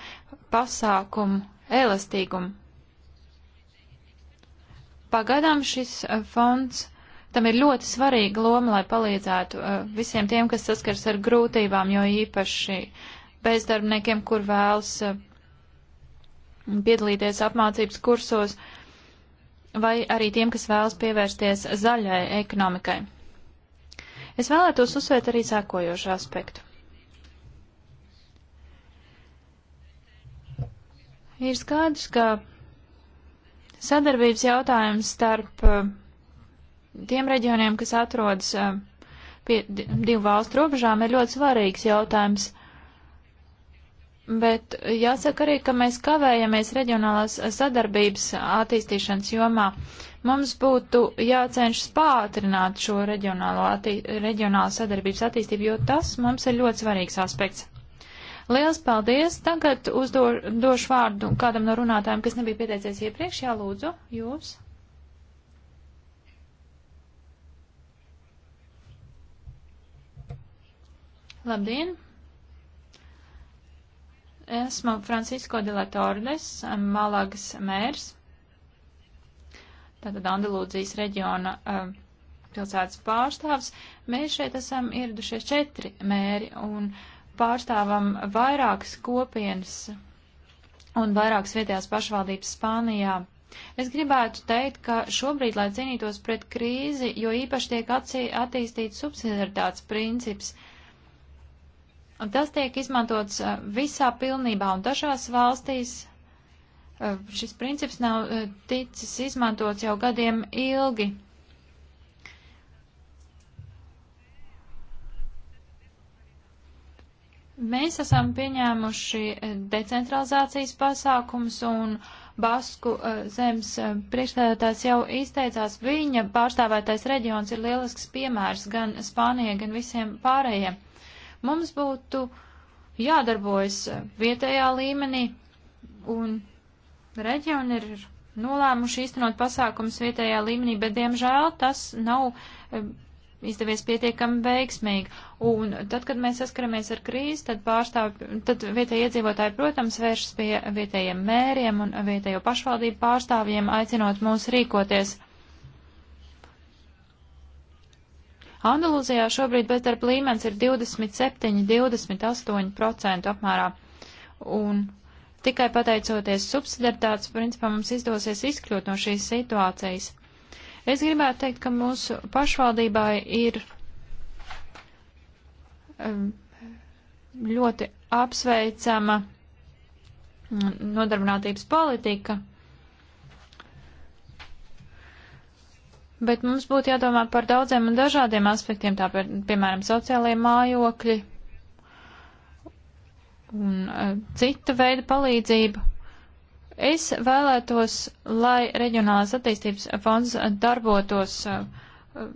pasākumu elastīgumu. Pagadām šis eh, fonds, tam ir ļoti svarīga loma, lai palīdzētu eh, visiem tiem, kas saskars ar grūtībām, jo īpaši bezdarbniekiem, kur vēlas eh, piedalīties apmācības kursos, vai arī tiem, kas vēlas pievērsties zaļai ekonomikai. Es vēlētos uzsvērt arī sēkojošu aspektu. Ir skaidrs, ka sadarbības jautājums starp uh, tiem reģioniem, kas atrodas uh, pie divu valstu robežām, ir ļoti svarīgs jautājums. Bet jāsaka arī, ka mēs kavējamies reģionālās uh, sadarbības attīstīšanas jomā. Mums būtu jācenšas pātrināt šo reģionālo, attī, reģionālo sadarbības attīstību, jo tas mums ir ļoti svarīgs aspekts. Liels paldies! Tagad uzdošu vārdu kādam no runātājiem, kas nebija pieteicies iepriekš. Jā, lūdzu, jūs. Labdien! Esmu Francisko de la Tordes, Malagas mērs, tātad Andalūdzijas reģiona uh, pilsētas pārstāvs. Mēs šeit esam ieradušies četri mēri, un pārstāvam vairākas kopienas un vairākas vietējās pašvaldības Spānijā. Es gribētu teikt, ka šobrīd, lai cīnītos pret krīzi, jo īpaši tiek atcī, attīstīts subsidiaritātes princips, un tas tiek izmantots uh, visā pilnībā, un dažās valstīs uh, šis princips nav uh, ticis izmantots jau gadiem ilgi. Mēs esam pieņēmuši eh, decentralizācijas pasākums un Basku eh, zemes eh, priekšstādātājs jau izteicās, viņa pārstāvētais reģions ir lielisks piemērs gan Spānijai, gan visiem pārējiem. Mums būtu jādarbojas vietējā līmenī un reģioni ir nolēmuši īstenot pasākums vietējā līmenī, bet diemžēl tas nav izdevies pietiekami veiksmīgi. Un tad, kad mēs saskaramies ar krīzi, tad pārstāv, tad vietējie iedzīvotāji, protams, vēršas pie vietējiem mēriem un vietējo pašvaldību pārstāvjiem, aicinot mūs rīkoties. Andalūzijā šobrīd bezdarba līmenis ir 27-28% apmērā. Un tikai pateicoties subsidiaritātes principam mums izdosies izkļūt no šīs situācijas. Es gribētu teikt, ka mūsu pašvaldībai ir um, ļoti apsveicama nodarbinātības politika, bet mums būtu jādomā par daudziem un dažādiem aspektiem, tā par, piemēram, sociālajie mājokļi un uh, cita veida palīdzība. Es vēlētos, lai reģionālās attīstības fonds darbotos uh, uh,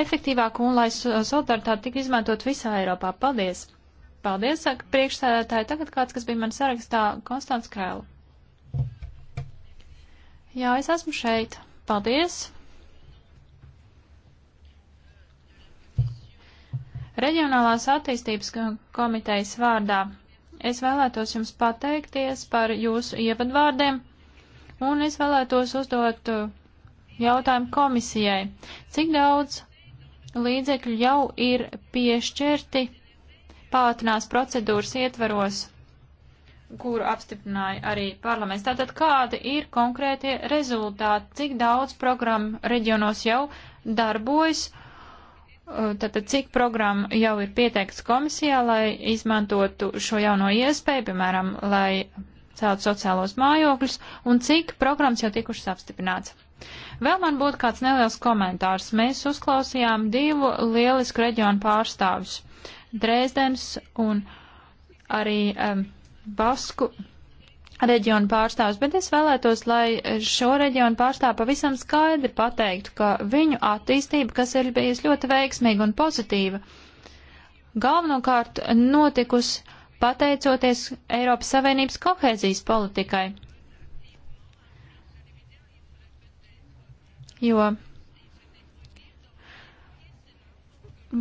efektīvāk un lai solidaritāte tik izmantot visā Eiropā. Paldies! Paldies, saka priekšsēdētāji. Tagad kāds, kas bija man sarakstā, Konstants Krēlu. Jā, es esmu šeit. Paldies. Reģionālās attīstības komitejas vārdā Es vēlētos jums pateikties par jūsu ievadvārdiem, un es vēlētos uzdot uh, jautājumu komisijai. Cik daudz līdzekļu jau ir piešķirti pātrinās procedūras ietveros, kuru apstiprināja arī parlaments? Tātad kādi ir konkrētie rezultāti, cik daudz programmu reģionos jau darbojas? Uh, tātad, cik programma jau ir pieteikts komisijā, lai izmantotu šo jauno iespēju, piemēram, lai celt sociālos mājokļus, un cik programmas jau tikušas apstiprināts. Vēl man būtu kāds neliels komentārs. Mēs uzklausījām divu lielisku reģionu pārstāvjus - Dresdens un arī um, Basku reģionu pārstāvs, bet es vēlētos, lai šo reģionu pārstāvu pavisam skaidri pateiktu, ka viņu attīstība, kas ir bijusi ļoti veiksmīga un pozitīva, galvenokārt notikusi pateicoties Eiropas Savienības kohēzijas politikai. Jo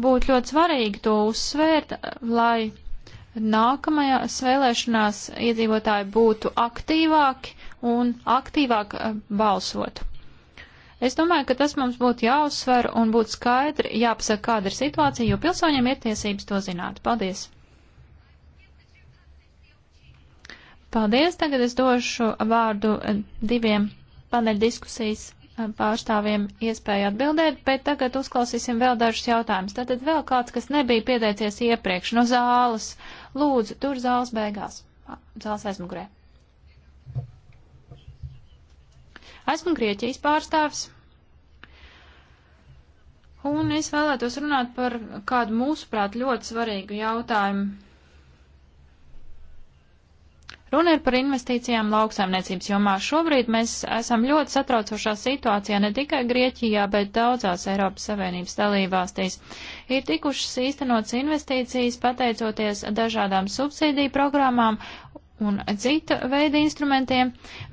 būtu ļoti svarīgi to uzsvērt, lai nākamajās vēlēšanās iedzīvotāji būtu aktīvāki un aktīvāk eh, balsotu. Es domāju, ka tas mums būtu jāuzsver un būtu skaidri jāpasaka, kāda ir situācija, jo pilsoņiem ir tiesības to zināt. Paldies! Paldies! Tagad es došu vārdu eh, diviem paneļdiskusijas pārstāvjiem iespēju atbildēt, bet tagad uzklausīsim vēl dažus jautājumus. Tātad vēl kāds, kas nebija pieteicies iepriekš no zāles, lūdzu, tur zāles beigās, ah, zāles aizmugurē. Esmu Grieķijas pārstāvs, un es vēlētos runāt par kādu mūsuprāt ļoti svarīgu jautājumu Runa ir par investīcijām lauksaimniecības jomā. Šobrīd mēs esam ļoti satraucošā situācijā ne tikai Grieķijā, bet daudzās Eiropas Savienības dalībvalstīs. Ir tikušas īstenots investīcijas pateicoties dažādām subsīdiju programmām un cita veida instrumentiem,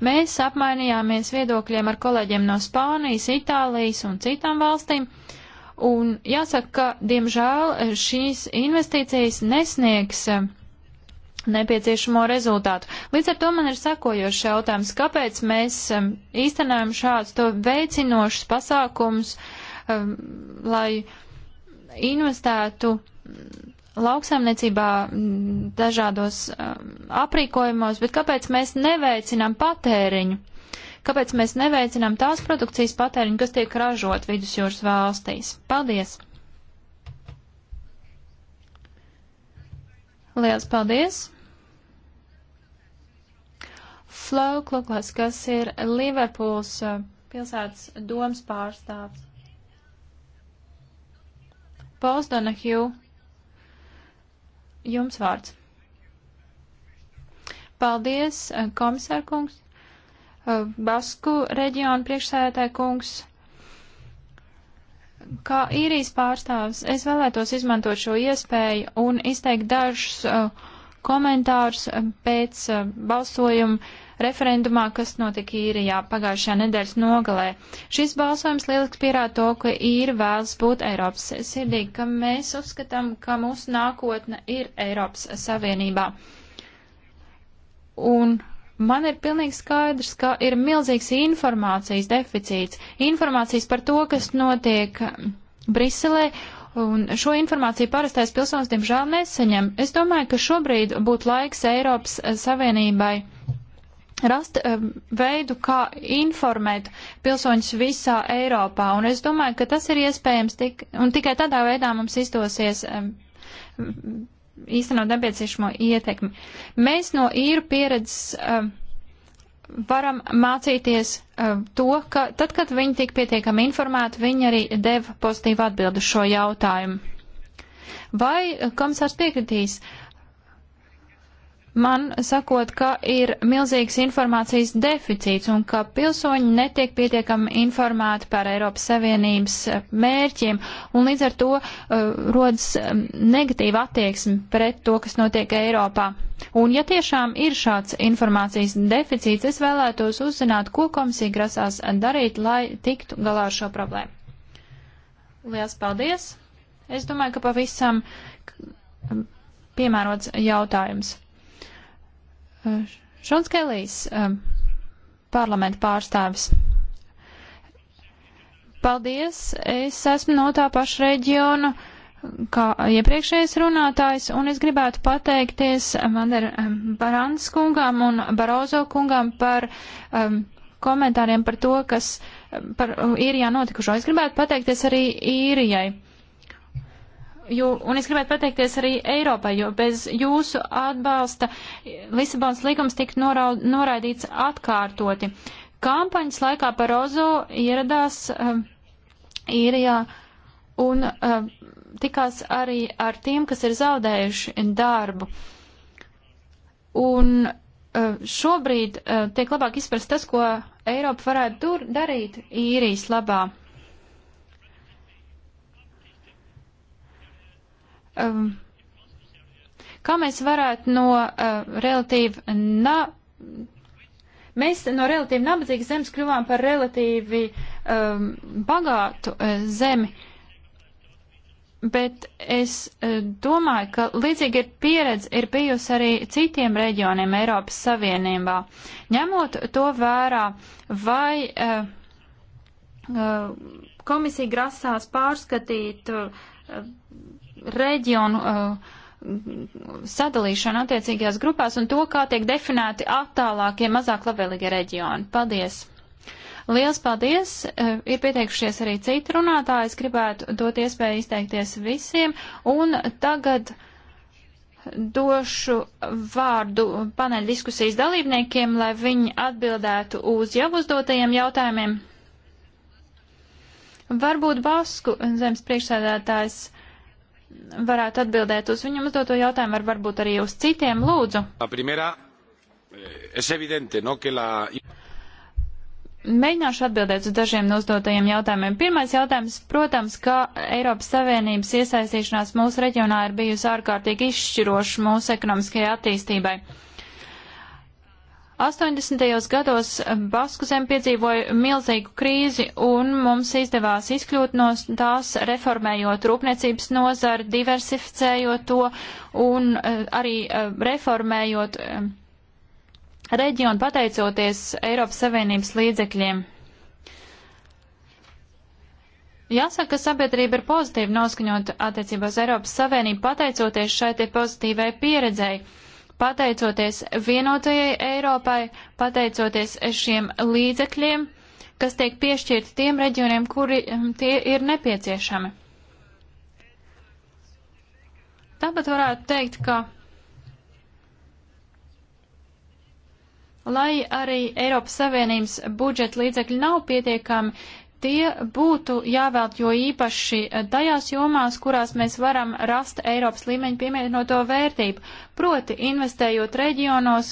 mēs apmainījāmies viedokļiem ar kolēģiem no Spānijas, Itālijas un citām valstīm. Un jāsaka, ka, diemžēl, šīs investīcijas nesniegs uh, nepieciešamo rezultātu. Līdz ar to man ir sakojošs jautājums, kāpēc mēs um, īstenojam šādus to veicinošus pasākums, um, lai investētu lauksaimniecībā mm, dažādos um, aprīkojumos, bet kāpēc mēs neveicinām patēriņu? Kāpēc mēs neveicinām tās produkcijas patēriņu, kas tiek ražot vidusjūras valstīs? Paldies! Liels paldies! Flo Kluklas, kas ir Liverpools uh, pilsētas domas pārstāvs. Pauls Donahju, jums vārds. Paldies, uh, komisārkungs, uh, Basku reģionu priekšsēdētāja kungs. Kā īrijas pārstāvis, es vēlētos izmantot šo iespēju un izteikt dažus uh, komentārus uh, pēc uh, balsojuma referendumā, kas notika īrijā pagājušajā nedēļas nogalē. Šis balsojums lieliski pierāda to, ka īri vēlas būt Eiropas sirdī, ka mēs uzskatām, ka mūsu nākotne ir Eiropas Savienībā. Un Man ir pilnīgi skaidrs, ka ir milzīgs informācijas deficīts, informācijas par to, kas notiek Briselē, un šo informāciju parastais pilsonis, diemžēl, nesaņem. Es domāju, ka šobrīd būtu laiks Eiropas Savienībai rast eh, veidu, kā informēt pilsoņus visā Eiropā, un es domāju, ka tas ir iespējams tik, un tikai tādā veidā mums izdosies eh, īstenot nepieciešamo ietekmi. Mēs no īru pieredzes uh, varam mācīties uh, to, ka tad, kad viņi tika pietiekami informēti, viņi arī deva pozitīvu atbildu šo jautājumu. Vai eh, komisārs piekritīs? Uh, man sakot, ka ir milzīgs informācijas deficīts un ka pilsoņi netiek pietiekami informēti par Eiropas Savienības eh, mērķiem, un līdz ar to uh, rodas eh, negatīva attieksme pret to, kas notiek Eiropā. Un ja tiešām ir šāds informācijas deficīts, es vēlētos uzzināt, ko komisija grasās darīt, lai tiktu galā ar šo problēmu. Lielas paldies! Es domāju, ka pavisam mm, piemērots jautājums. Šons Kelijs, um, parlamenta pārstāvis. Paldies, es esmu no tā paša reģiona kā iepriekšējais runātājs, un es gribētu pateikties Vander um, Barants kungām un Barozo kungām par um, komentāriem par to, kas um, par uh, Īrijā notikušo. Es gribētu pateikties arī Īrijai. Jū, un es gribētu pateikties arī Eiropai, jo bez jūsu atbalsta Lisabons līgums tika noraud, noraidīts atkārtoti. Kampaņas laikā Parozo ieradās uh, īrijā un uh, tikās arī ar tiem, kas ir zaudējuši darbu. Un uh, šobrīd uh, tiek labāk izprast tas, ko Eiropa varētu tur darīt īrijas labā. um, kā mēs varētu no uh, relatīvi na. Mēs no relatīvi nabadzīgas zemes kļuvām par relatīvi um, bagātu uh, zemi, bet es uh, domāju, ka līdzīga ir pieredze ir bijusi arī citiem reģioniem Eiropas Savienībā. Ņemot to vērā, vai uh, uh, komisija grasās pārskatīt uh, reģionu uh, sadalīšanu attiecīgajās grupās un to, kā tiek definēti attālākie, mazāk labvēlīgie reģioni. Paldies! Liels paldies! Uh, ir pieteikušies arī citi runātāji. Es gribētu dot iespēju izteikties visiem. Un tagad došu vārdu paneļa diskusijas dalībniekiem, lai viņi atbildētu uz jau uzdotajiem jautājumiem. Varbūt Basku zemes priekšsēdētājs varētu atbildēt uz viņam uzdoto jautājumu, var varbūt arī uz citiem, lūdzu. Primera, eh, evidente, no, la... Mēģināšu atbildēt uz dažiem no uzdotajiem jautājumiem. Pirmais jautājums, protams, ka Eiropas Savienības iesaistīšanās mūsu reģionā ir bijusi ārkārtīgi izšķiroša mūsu ekonomiskajai attīstībai. Uh, 80. gados Basku zem piedzīvoja milzīgu krīzi un mums izdevās izkļūt no tās, reformējot rūpniecības nozari, diversificējot to un eh, arī eh, reformējot eh, reģionu pateicoties Eiropas Savienības līdzekļiem. Jāsaka, ka sabiedrība ir pozitīvi noskaņota attiecībās Eiropas Savienību pateicoties šai te pozitīvai pieredzēji pateicoties vienotajai Eiropai, pateicoties šiem līdzekļiem, kas tiek piešķirti tiem reģioniem, kuri mm, tie ir nepieciešami. Tāpat varētu teikt, ka lai arī Eiropas Savienības budžeta līdzekļi nav pietiekami tie būtu jāvēlt jo īpaši tajās jomās, kurās mēs varam rast Eiropas līmeņa piemērinoto vērtību, proti investējot reģionos,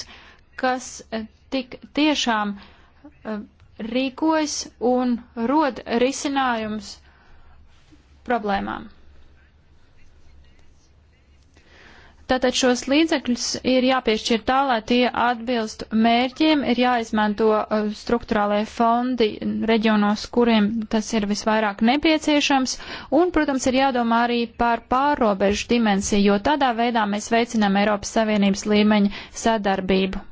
kas eh, tik tiešām eh, rīkojas un rod risinājums problēmām. Tātad šos līdzekļus ir jāpiešķir tā, lai tie atbilst mērķiem, ir jāizmanto uh, struktūrālajie fondi reģionos, kuriem tas ir visvairāk nepieciešams, un, protams, ir jādomā arī par pārobežu dimensiju, jo tādā veidā mēs veicinām Eiropas Savienības līmeņa sadarbību.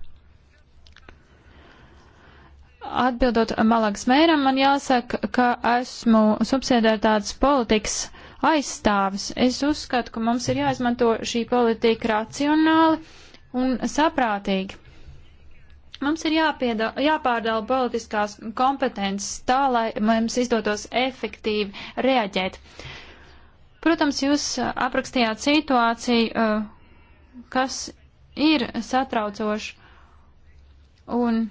Atbildot Malagas mēram, man jāsaka, ka esmu subsidiaritātes politikas aizstāvis. Es uzskatu, ka mums ir jāizmanto šī politika racionāli un saprātīgi. Mums ir jāpiedā, jāpārdala politiskās kompetences tā, lai mums izdotos efektīvi reaģēt. Protams, jūs aprakstījāt situāciju, eh, kas ir satraucoša, un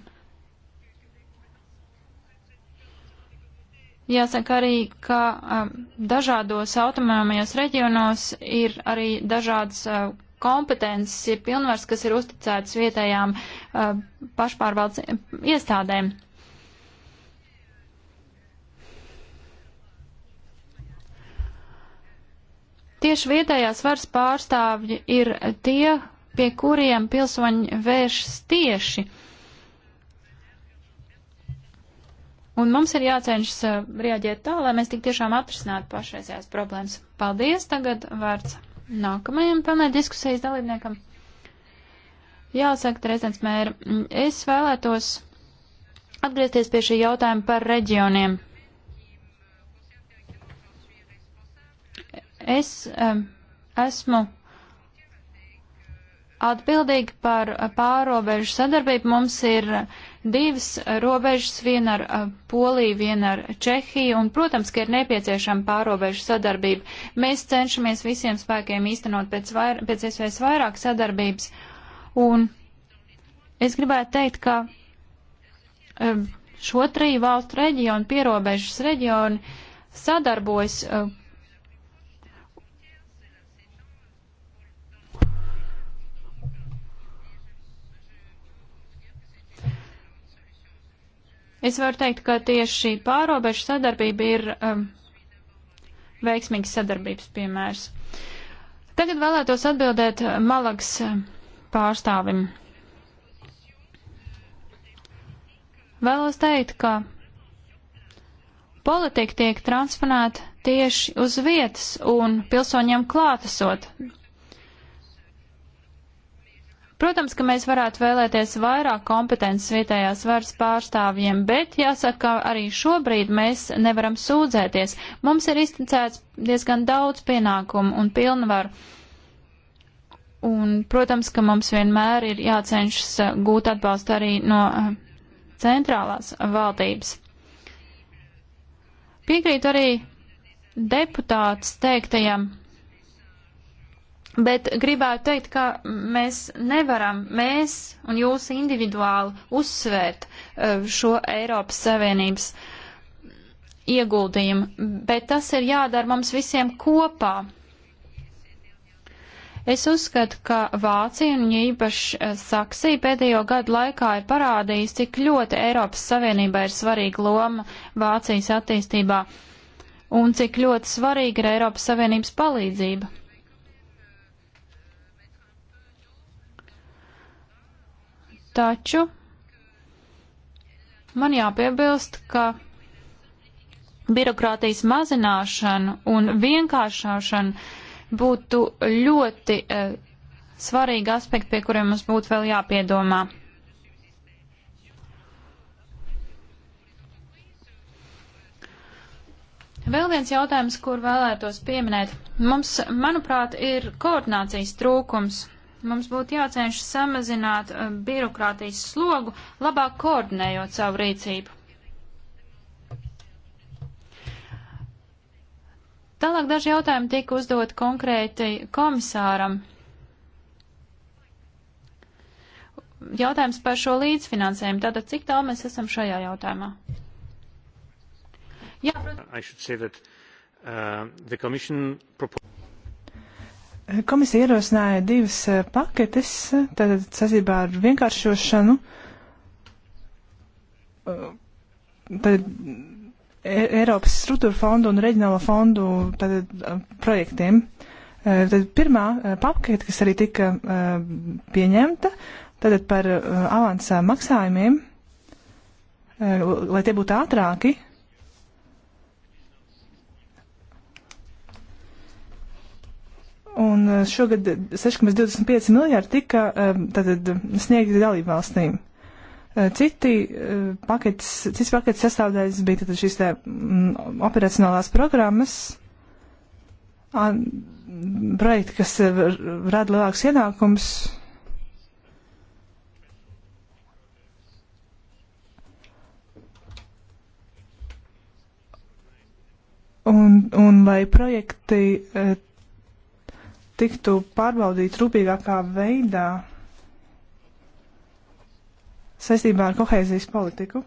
Jāsaka arī, ka um, dažādos autonomajos reģionos ir arī dažādas uh, kompetences, ir pilnvars, kas ir uzticētas vietējām uh, pašpārvaldes iestādēm. Tieši vietējās varas pārstāvji ir tie, pie kuriem pilsoņi vēršas tieši. Un mums ir jācenšas eh, rieģēt tā, lai mēs tik tiešām atrisinātu pašreizējās problēmas. Paldies, tagad vārds nākamajam panel diskusijas dalībniekam. Jāsaka, Trezens mēra, es vēlētos atgriezties pie šī jautājuma par reģioniem. Es um, esmu atbildīgi par pārobežu sadarbību. Mums ir divas robežas, viena ar Poliju, viena ar Čehiju, un, protams, ka ir nepieciešama pārobežu sadarbība. Mēs cenšamies visiem spēkiem īstenot pēc, vair pēc iespējas vairāk sadarbības, un es gribētu teikt, ka šo triju valstu reģionu, pierobežas reģioni sadarbojas Es varu teikt, ka tieši šī pārobežu sadarbība ir um, veiksmīgs sadarbības piemērs. Tagad vēlētos atbildēt uh, Malagas uh, pārstāvim. Vēlos teikt, ka politika tiek transponēta tieši uz vietas un pilsoņiem klātesot. Protams, ka mēs varētu vēlēties vairāk kompetences vietējās varas pārstāvjiem, bet jāsaka, ka arī šobrīd mēs nevaram sūdzēties. Mums ir izticēts diezgan daudz pienākumu un pilnvaru. Un, protams, ka mums vienmēr ir jācenšas gūt atbalstu arī no eh, centrālās valdības. Piekrītu arī deputāts teiktajam Bet gribētu teikt, ka mēs nevaram, mēs un jūs individuāli uzsvērt eh, šo Eiropas Savienības ieguldījumu, bet tas ir jādara mums visiem kopā. Es uzskatu, ka Vācija un īpaši eh, Saksija pēdējo gadu laikā ir parādījis, cik ļoti Eiropas Savienībā ir svarīga loma Vācijas attīstībā un cik ļoti svarīga ir Eiropas Savienības palīdzība. Taču man jāpiebilst, ka birokrātijas mazināšana un vienkāršošana būtu ļoti eh, svarīgi aspekti, pie kuriem mums būtu vēl jāpiedomā. Vēl viens jautājums, kur vēlētos pieminēt. Mums, manuprāt, ir koordinācijas trūkums Mums būtu jācenšas samazināt eh, birokrātijas slogu, labāk koordinējot savu rīcību. Tālāk daži jautājumi tika uzdot konkrēti komisāram. Jautājums par šo līdzfinansējumu. Tātad, cik tālu mēs esam šajā jautājumā? Jā, protams. Komisija ierosināja divas eh, paketes, eh, tātad sazībā ar vienkāršošanu. Eh, Tad e, Eiropas struktūra fondu un reģionālo fondu tātad, projektiem. Tad pirmā pakete, kas arī tika pieņemta, tātad par avansā maksājumiem, lai tie būtu ātrāki, un eh, šogad 6,25 miljārdi tika eh, tātad, sniegti dalību valstīm. Eh, citi paketes, cits paketes sastāvdaļas bija tātad šīs tā mm, operacionālās programmas, projekti, kas rada lielākus ienākumus. Un, un lai projekti tiktu pārbaudīt rūpīgākā veidā saistībā ar kohēzijas politiku.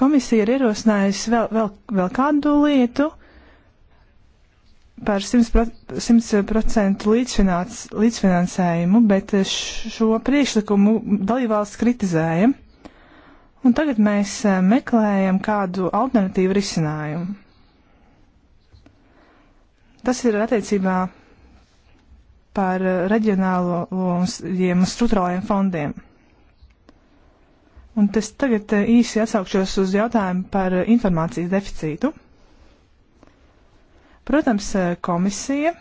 Komisija ir ierosinājusi vēl, vēl, vēl kādu lietu par 100% līdzfinans, līdzfinansējumu, bet šo priekšlikumu dalībvalsts kritizēja. Un tagad mēs eh, meklējam kādu alternatīvu risinājumu. Tas ir attiecībā par reģionālo un struktūrālajiem fondiem. Un es tagad īsi atsaukšos uz jautājumu par informācijas deficītu. Protams, komisija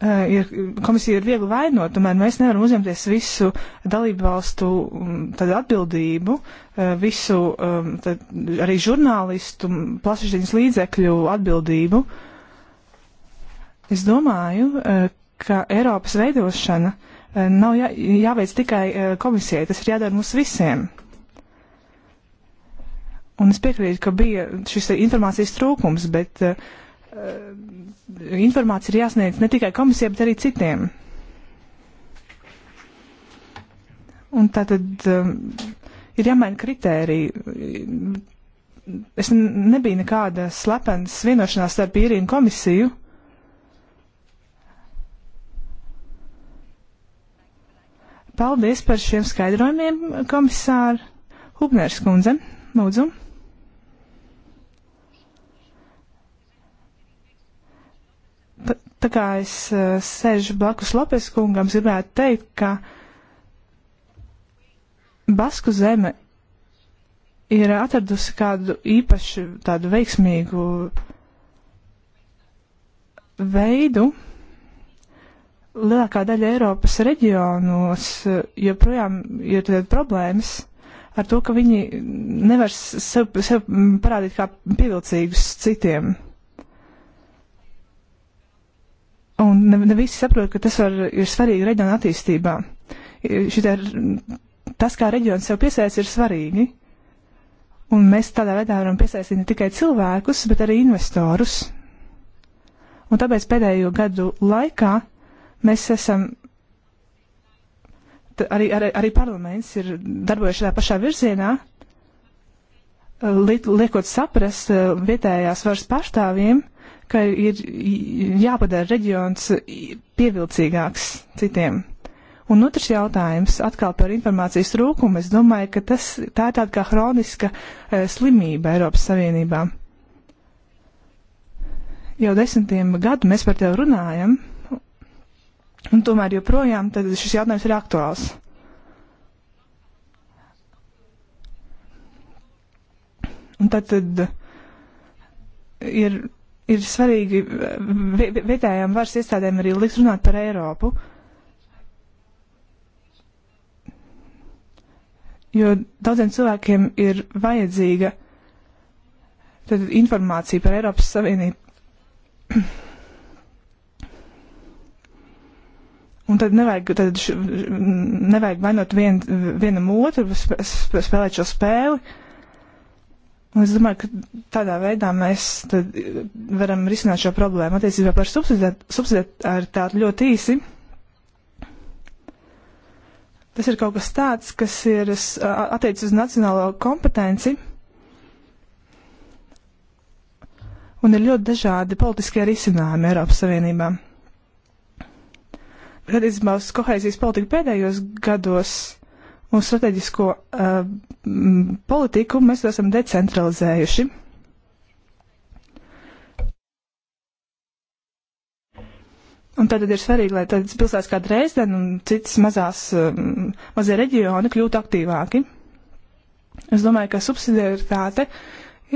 eh, ir, komisija ir viegli vainot, tomēr mēs nevaram uzņemties visu dalību valstu mm, atbildību, eh, visu eh, tad, arī žurnālistu, plašsaziņas līdzekļu atbildību. Uh, Es domāju, eh, ka Eiropas veidošana eh, nav jā, jāveic tikai eh, komisijai, tas ir jādara mums visiem. Un es piekrītu, ka bija šis informācijas trūkums, bet uh, informācija ir jāsniedz ne tikai komisijai, bet arī citiem. Un tā tad um, ir jāmaina kritērija. Es nebija nekāda slepens vienošanās starp īriju un komisiju. Paldies par šiem skaidrojumiem, komisāra Hubners kundze. Lūdzu. T tā kā es uh, sēžu blakus Lopes kungam, gribētu teikt, ka Basku zeme ir atradusi kādu īpašu, tādu veiksmīgu veidu, lielākā daļa Eiropas reģionos eh, joprojām ir problēmas ar to, ka viņi nevar sev, sev parādīt kā pievilcīgus citiem. Un ne, ne visi saprot, ka tas var, ir svarīgi reģiona attīstībā. Šitā, tas, kā reģions sev piesaist, ir svarīgi. Un mēs tādā veidā varam piesaistīt ne tikai cilvēkus, bet arī investorus. Un tāpēc pēdējo gadu laikā Mēs esam. Arī, arī, arī parlaments ir darbojies šajā pašā virzienā, li, liekot saprast eh, vietējās varas pārstāvjiem, ka ir jāpadara reģions pievilcīgāks citiem. Un otrs jautājums atkal par informācijas trūkumu. Es domāju, ka tas, tā ir tāda kā hroniska e, slimība Eiropas Savienībā. Jau desmitiem gadu mēs par tevi runājam, Un tomēr joprojām šis jautājums ir aktuāls. Un tad, tad ir, ir svarīgi vietējām varas iestādēm arī likt runāt par Eiropu. Jo daudziem cilvēkiem ir vajadzīga tad, informācija par Eiropas Savienību. Un tad nevajag, tad š, nevajag vainot vien, vienam otru, sp, sp, spēlēt šo spēli. Un es domāju, ka tādā veidā mēs varam risināt šo problēmu. Attiecībā par subsidiaritāti ļoti īsi. Tas ir kaut kas tāds, kas ir attiecis uz nacionālo kompetenci. Un ir ļoti dažādi politiskie risinājumi Eiropas Savienībā. Redzībā uz kohēzijas politiku pēdējos gados un strateģisko uh, politiku mēs esam decentralizējuši. Un tad ir svarīgi, lai tādas pilsētas kā Dresden un citas mazās, um, mazie reģioni kļūtu aktīvāki. Es domāju, ka subsidiaritāte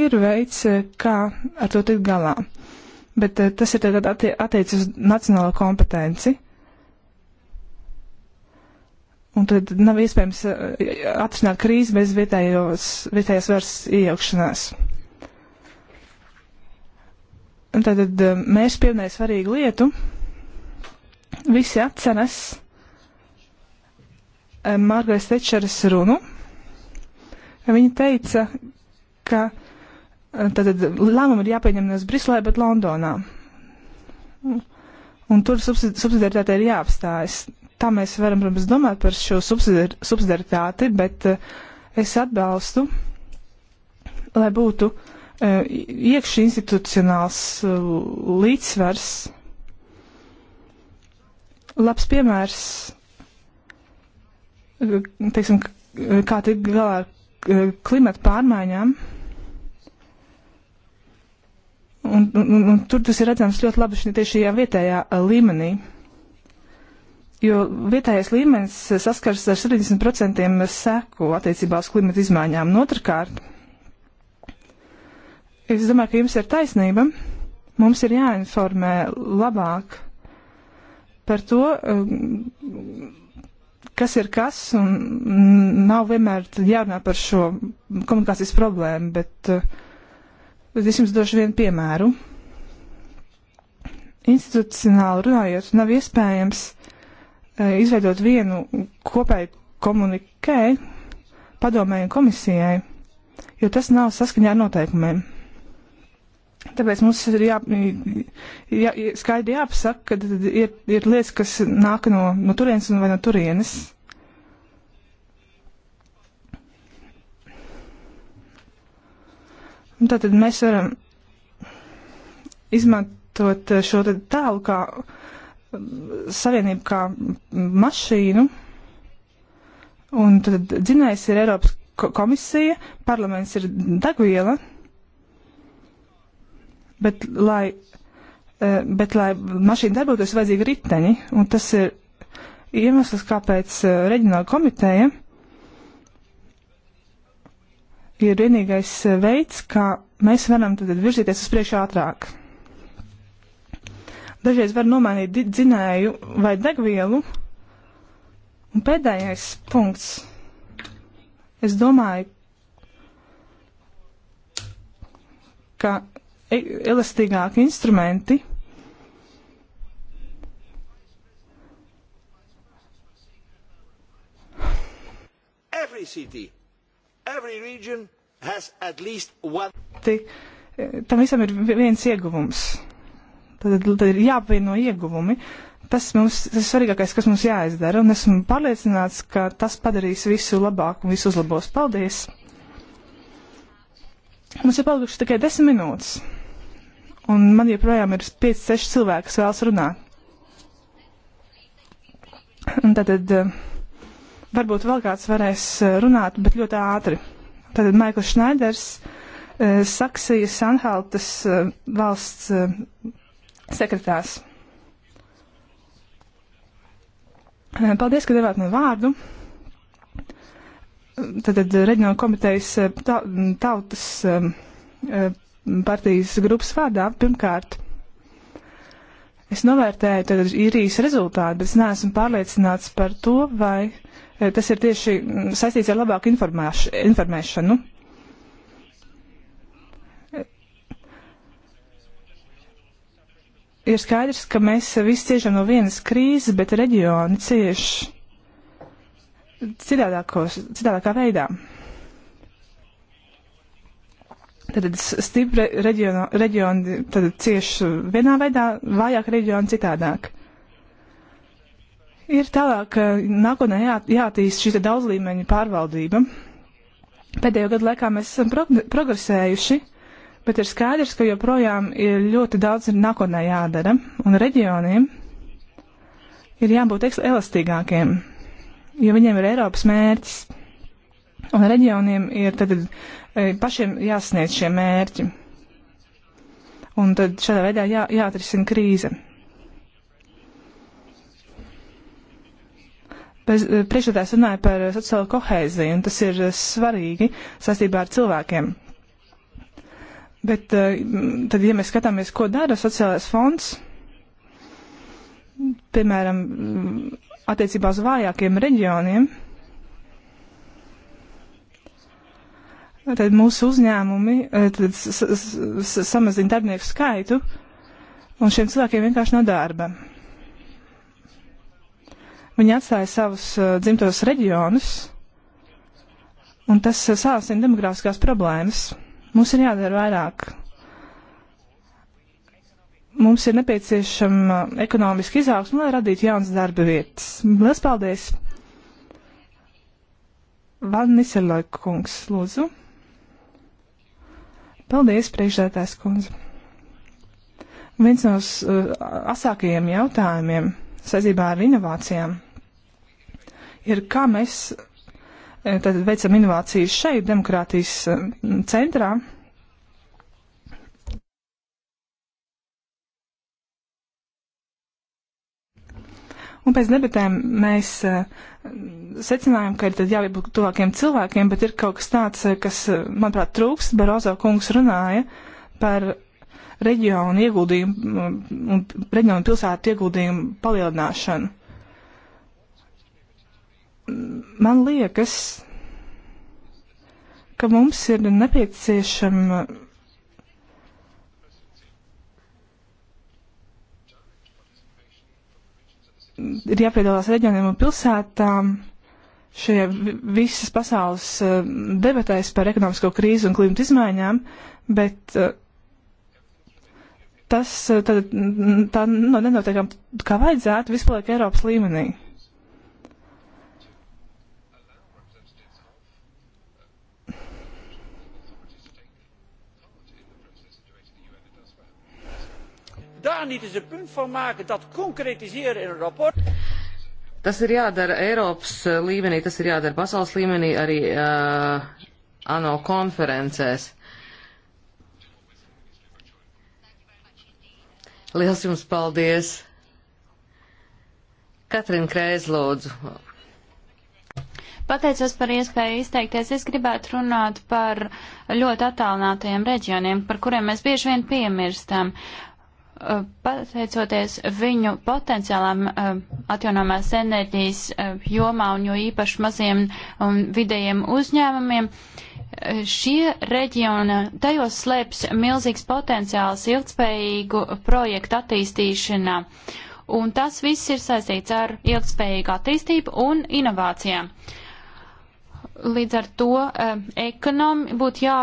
ir veids, eh, kā ar to tikt galā. Bet eh, tas ir attiecas uz nacionālo kompetenci. Un tad nav iespējams uh, atrisināt krīzi bez vietējos, vietējās varas iejaukšanās. Un tad uh, mēs pieminējam svarīgu lietu. Visi atceras uh, Margaret Tečeras runu. Viņa teica, ka tad lēmumi ir jāpieņem nevis Briselē, bet Londonā. Un tur subsidiaritāte ir jāapstājas. Tā mēs varam, protams, domāt par šo subsidiaritāti, bet eh, es atbalstu, lai būtu eh, iekšķi institucionāls eh, līdzsvars. Labs piemērs, teiksim, kā tikt galā ar klimata pārmaiņām. Un, un, un tur tas ir redzams ļoti labi šajā vietējā līmenī jo vietējais līmenis saskars ar 70% seku attiecībā uz klimata izmaiņām. Otrakārt, es domāju, ka jums ir taisnība. Mums ir jāinformē labāk par to, um, kas ir kas, un nav vienmēr jārunā par šo komunikācijas problēmu, bet uh, es jums došu vienu piemēru. Institucionāli runājot, nav iespējams uh, Eh, izveidot vienu kopēju komunikē padomēju komisijai, jo tas nav saskaņā ar noteikumiem. Tāpēc mums ir jā, jā, skaidri jāpasaka, ka ir, ir lietas, kas nāk no, no turienes vai no turienes. Un tātad mēs varam izmantot šo tālu kā Savienību kā mašīnu, un tad dzinējs ir Eiropas komisija, parlaments ir degviela, bet lai, eh, bet, lai mašīna darbotos, vajadzīgi riteņi, un tas ir iemesls, kāpēc eh, reģionāla komiteja ir vienīgais eh, veids, kā mēs varam tad virzīties uz priekšu ātrāk. Dažreiz var nomainīt dzinēju vai degvielu. Un pēdējais punkts. Es domāju, ka elastīgāki instrumenti Every city, every region has at least one. Tam visam ir viens ieguvums Tad, tad ir jāapvieno ieguvumi. Tas mums tas ir svarīgākais, kas mums jāizdara, un esmu pārliecināts, ka tas padarīs visu labāk un visu uzlabos. Paldies! Mums ir palikuši tikai desmit minūtes, un man joprojām ir 5-6 cilvēki, kas vēlas runāt. Un tātad eh, varbūt vēl kāds varēs eh, runāt, bet ļoti ātri. Tātad Maikls Šnaiders, eh, Saksijas Anhaltas valsts sekretārs. Paldies, ka devāt man vārdu. Tātad reģionāla komitejas eh, tautas eh, eh, partijas grupas vārdā pirmkārt. Es novērtēju tātad īrijas rezultātu, bet es neesmu pārliecināts par to, vai tas ir tieši saistīts ar labāku informēšanu. ir skaidrs, ka mēs visi ciešam no vienas krīzes, bet reģioni cieš citādākā veidā. Tad stipri reģiona, reģioni tad cieš vienā veidā, vājāk reģioni citādāk. Ir tālāk, ka nākotnē jā, jātīst šī daudzlīmeņa pārvaldība. Pēdējo gadu laikā mēs esam prog progresējuši. Uh, bet ir skaidrs, ka joprojām ir ļoti daudz nākotnē jādara, un reģioniem ir jābūt elastīgākiem, jo viņiem ir Eiropas mērķis, un reģioniem ir tad e, pašiem jāsniedz šie mērķi. Un tad šādā veidā jā, jāatrisina krīze. E, Priekšredēs runāja par sociālo kohēziju, un tas ir svarīgi saistībā ar cilvēkiem. Bet eh, tad, ja mēs skatāmies, ko dara sociālais fonds, piemēram, attiecībā uz vājākiem reģioniem, tad mūsu uzņēmumi eh, tad samazina darbinieku skaitu, un šiem cilvēkiem vienkārši nav darba. Viņi atstāja savus eh, dzimtos reģionus, un tas sāsina demografiskās problēmas. Mums ir jādara vairāk. Mums ir nepieciešama ekonomiska izaugsme, lai radītu jaunas darba vietas. Lielas paldies! Van Niseloj kungs, lūdzu. Paldies, priekšsētājs kundze. Viens no uh, asākajiem jautājumiem saistībā ar inovācijām ir, kā mēs Eh, tad veicam inovācijas šeit, demokrātijas eh, centrā. Un pēc debatēm mēs uh, secinājām, ka ir jābūt tuvākiem cilvēkiem, bet ir kaut kas tāds, kas, manuprāt, trūkst. Barozo kungs runāja par reģionu ieguldījumu mm, un reģionu pilsētu ieguldījumu palielināšanu. Man liekas, ka mums ir nepieciešama ir jāpiedalās reģioniem un pilsētām šajā visas pasaules eh, debatēs par ekonomisko krīzi un klimatu izmaiņām, bet eh, tas eh, tad, tā no, nu, nenotiekam kā vajadzētu vispār Eiropas līmenī. daar niet eens een punt van maken, dat concretiseren in een rapport. Tas ir jādara Eiropas eh, līmenī, tas ir jādara pasaules līmenī, arī uh, ANO konferencēs. Liels jums paldies! Katrina Krēz, lūdzu. Pateicos par iespēju izteikties. Es gribētu runāt par ļoti attālinātajiem reģioniem, par kuriem mēs bieži vien piemirstam. Eh, pateicoties viņu potenciālām eh, atjaunāmās enerģijas eh, jomā un jo īpaši maziem un vidējiem uzņēmumiem, šie reģiona, tajos slēps milzīgs potenciāls ilgspējīgu projektu attīstīšanā. Un tas viss ir saistīts ar ilgspējīgu attīstību un inovācijām. Uh, Līdz ar to e, ekonomi, būtu jā,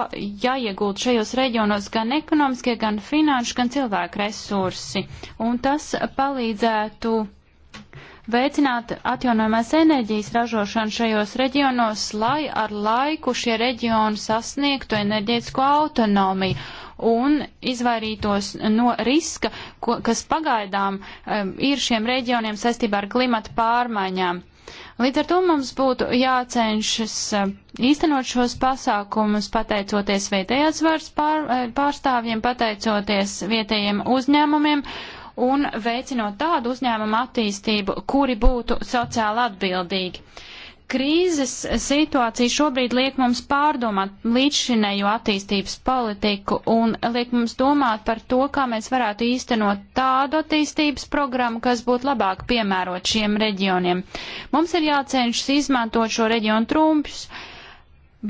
jāiegūt šajos reģionos gan ekonomiskie, gan finanšu, gan cilvēku resursi. Un tas palīdzētu veicināt atjaunojamās enerģijas ražošanu šajos reģionos, lai ar laiku šie reģioni sasniegtu enerģētisko autonomiju un izvairītos no riska, ko, kas pagaidām um, ir šiem reģioniem saistībā ar klimata pārmaiņām. Līdz ar to mums būtu jācenšas eh, īstenot šos pasākumus pateicoties vietējās varas pār, eh, pārstāvjiem, pateicoties vietējiem uzņēmumiem un veicinot tādu uzņēmumu attīstību, kuri būtu sociāli atbildīgi krīzes situācija šobrīd liek mums pārdomāt līdzšinējo attīstības politiku un liek mums domāt par to, kā mēs varētu īstenot tādu attīstības programmu, kas būtu labāk piemērot šiem reģioniem. Mums ir jācenšas izmantot šo reģionu trumpjus,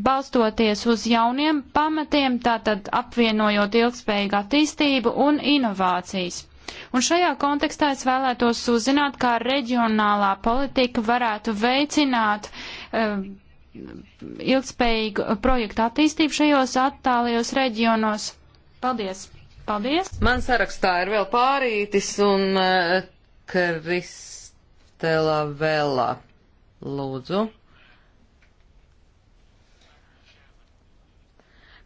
balstoties uz jauniem pamatiem, tātad apvienojot ilgspējīgu attīstību un inovācijas. Un šajā kontekstā es vēlētos uzzināt, kā reģionālā politika varētu veicināt uh, ilgspējīgu projektu attīstību šajos attālajos reģionos. Paldies! Paldies! Man sarakstā ir vēl pārītis un uh, Kristela Vela. Lūdzu.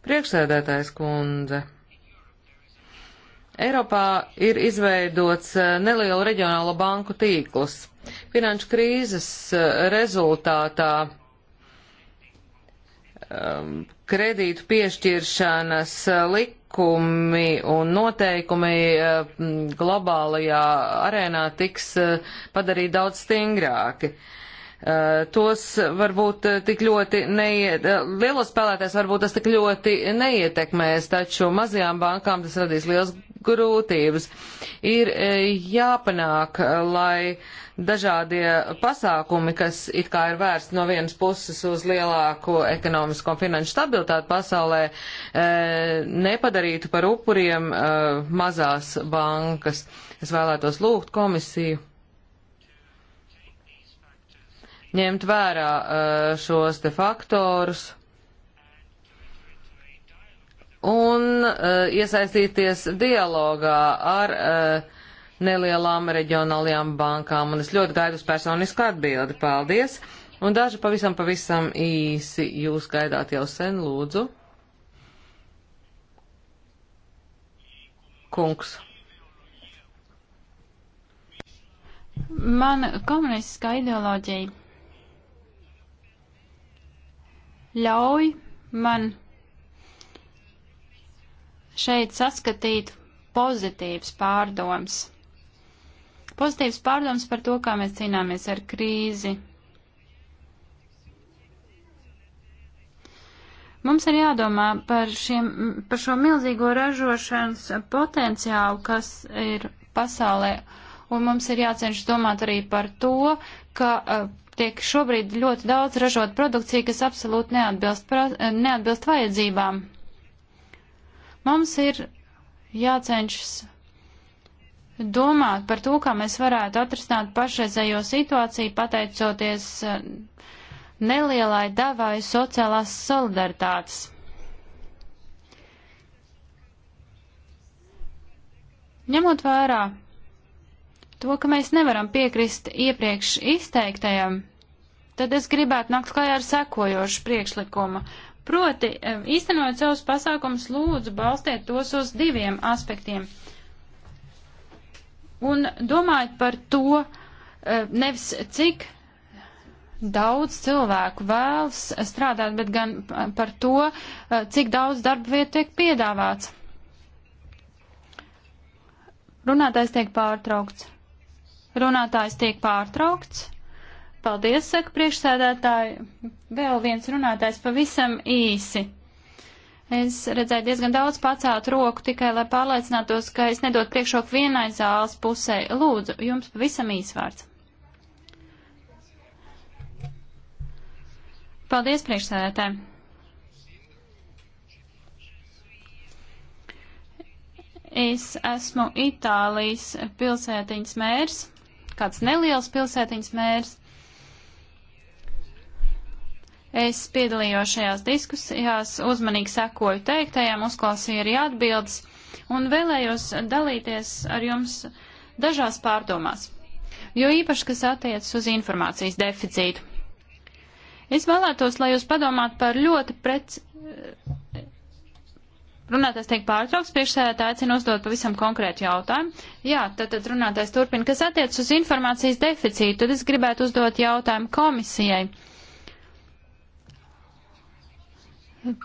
Priekšsēdētājs kundze. Eiropā ir izveidots eh, nelielu reģionālo banku tīklus. Finanšu krīzes eh, rezultātā ehm, kredītu piešķiršanas eh, likumi un noteikumi globālajā arēnā tiks padarīti daudz stingrāki. Tos varbūt tik ļoti neiet, lielo spēlētājs varbūt tas tik ļoti neietekmēs, taču mazajām bankām tas radīs liels grūtības. Ir e, jāpanāk, e, lai dažādie pasākumi, kas it kā ir vērsti no vienas puses uz lielāku ekonomisko un finanšu stabilitāti pasaulē, e, nepadarītu par upuriem mazās bankas. Es vēlētos lūgt komisiju ņemt vērā šos te faktorus un uh, iesaistīties dialogā ar uh, nelielām reģionālajām bankām, un es ļoti gaidu uz personisku atbildi. Paldies! Un daži pavisam, pavisam īsi jūs gaidāt jau sen, lūdzu. Kungs. Man komunistiskā ideoloģija ļauj man šeit saskatīt pozitīvs pārdoms. Pozitīvs pārdoms par to, kā mēs cīnāmies ar krīzi. Mums ir jādomā par, šiem, par šo milzīgo ražošanas potenciālu, kas ir pasaulē, un mums ir jācenšas domāt arī par to, ka uh, tiek šobrīd ļoti daudz ražot produkcija, kas absolūti neatbilst, pra, neatbilst vajadzībām. Mums ir jācenšas domāt par to, kā mēs varētu atrisināt pašreizējo situāciju, pateicoties eh, nelielai davai sociālās solidaritātes. Ņemot vērā to, ka mēs nevaram piekrist iepriekš izteiktajam, tad es gribētu nākt klajā ar sekojošu priekšlikumu. Proti, eh, īstenojot savus pasākumus, lūdzu balstiet tos uz diviem aspektiem. Un domājot par to, eh, nevis cik daudz cilvēku vēlas strādāt, bet gan par to, eh, cik daudz darba vietu tiek piedāvāts. Runātājs tiek pārtraukts. Runātājs tiek pārtraukts. Paldies, saka priekšsēdētāji. Vēl viens runātājs pavisam īsi. Es redzēju diezgan daudz pacelt roku tikai, lai pārliecinātos, ka es nedod priekšroku vienai zāles pusē. Lūdzu, jums pavisam īsi vārds. Paldies, priekšsēdētāji. Es esmu Itālijas pilsētiņas mērs, kāds neliels pilsētiņas mērs. Es piedalījos šajās diskusijās, uzmanīgi sekoju teiktajām, uzklausīju arī atbildes un vēlējos dalīties ar jums dažās pārdomās, jo īpaši, kas attiecas uz informācijas deficītu. Es vēlētos, lai jūs padomātu par ļoti prec... Runātais tiek pārtraukts, priekšsēdētāji aicina uzdot pavisam konkrētu jautājumu. Jā, tad, tad runātais turpina, kas attiec uz informācijas deficītu, tad es gribētu uzdot jautājumu komisijai.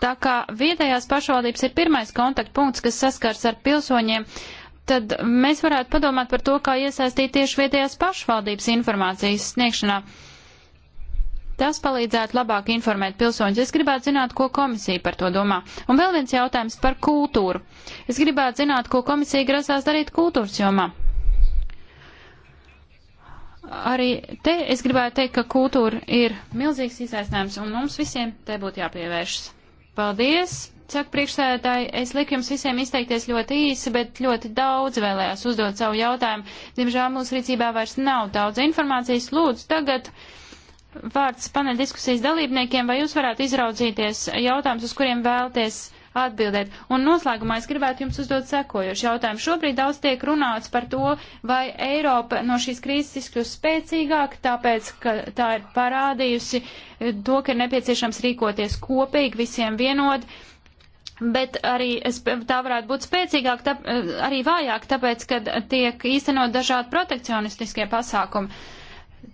Tā kā vietējās pašvaldības ir pirmais kontaktpunkts, kas saskars ar pilsoņiem, tad mēs varētu padomāt par to, kā iesaistīt tieši vietējās pašvaldības informācijas sniegšanā. Tas palīdzētu labāk informēt pilsoņus. Es gribētu zināt, ko komisija par to domā. Un vēl viens jautājums par kultūru. Es gribētu zināt, ko komisija grasās darīt kultūras jomā. Arī te es gribētu teikt, ka kultūra ir milzīgs izaicinājums, un mums visiem te būtu jāpievēršas. Paldies! Saka priekšsēdētāji, es liku jums visiem izteikties ļoti īsi, bet ļoti daudz vēlējās uzdot savu jautājumu. Diemžēl mūsu rīcībā vairs nav daudz informācijas. Lūdzu, tagad vārds paneļdiskusijas dalībniekiem, vai jūs varētu izraudzīties jautājumus, uz kuriem vēlties atbildēt. Un noslēgumā es gribētu jums uzdot sekojošu jautājumu. Šobrīd daudz tiek runāts par to, vai Eiropa no šīs krīzes izkļūst spēcīgāk, tāpēc, ka tā ir parādījusi to, ka ir nepieciešams rīkoties kopīgi, visiem vienot. Bet arī tā varētu būt spēcīgāk, tā, eh, arī vājāk, tāpēc, ka tiek īstenot dažādi protekcionistiskie pasākumi. Uh,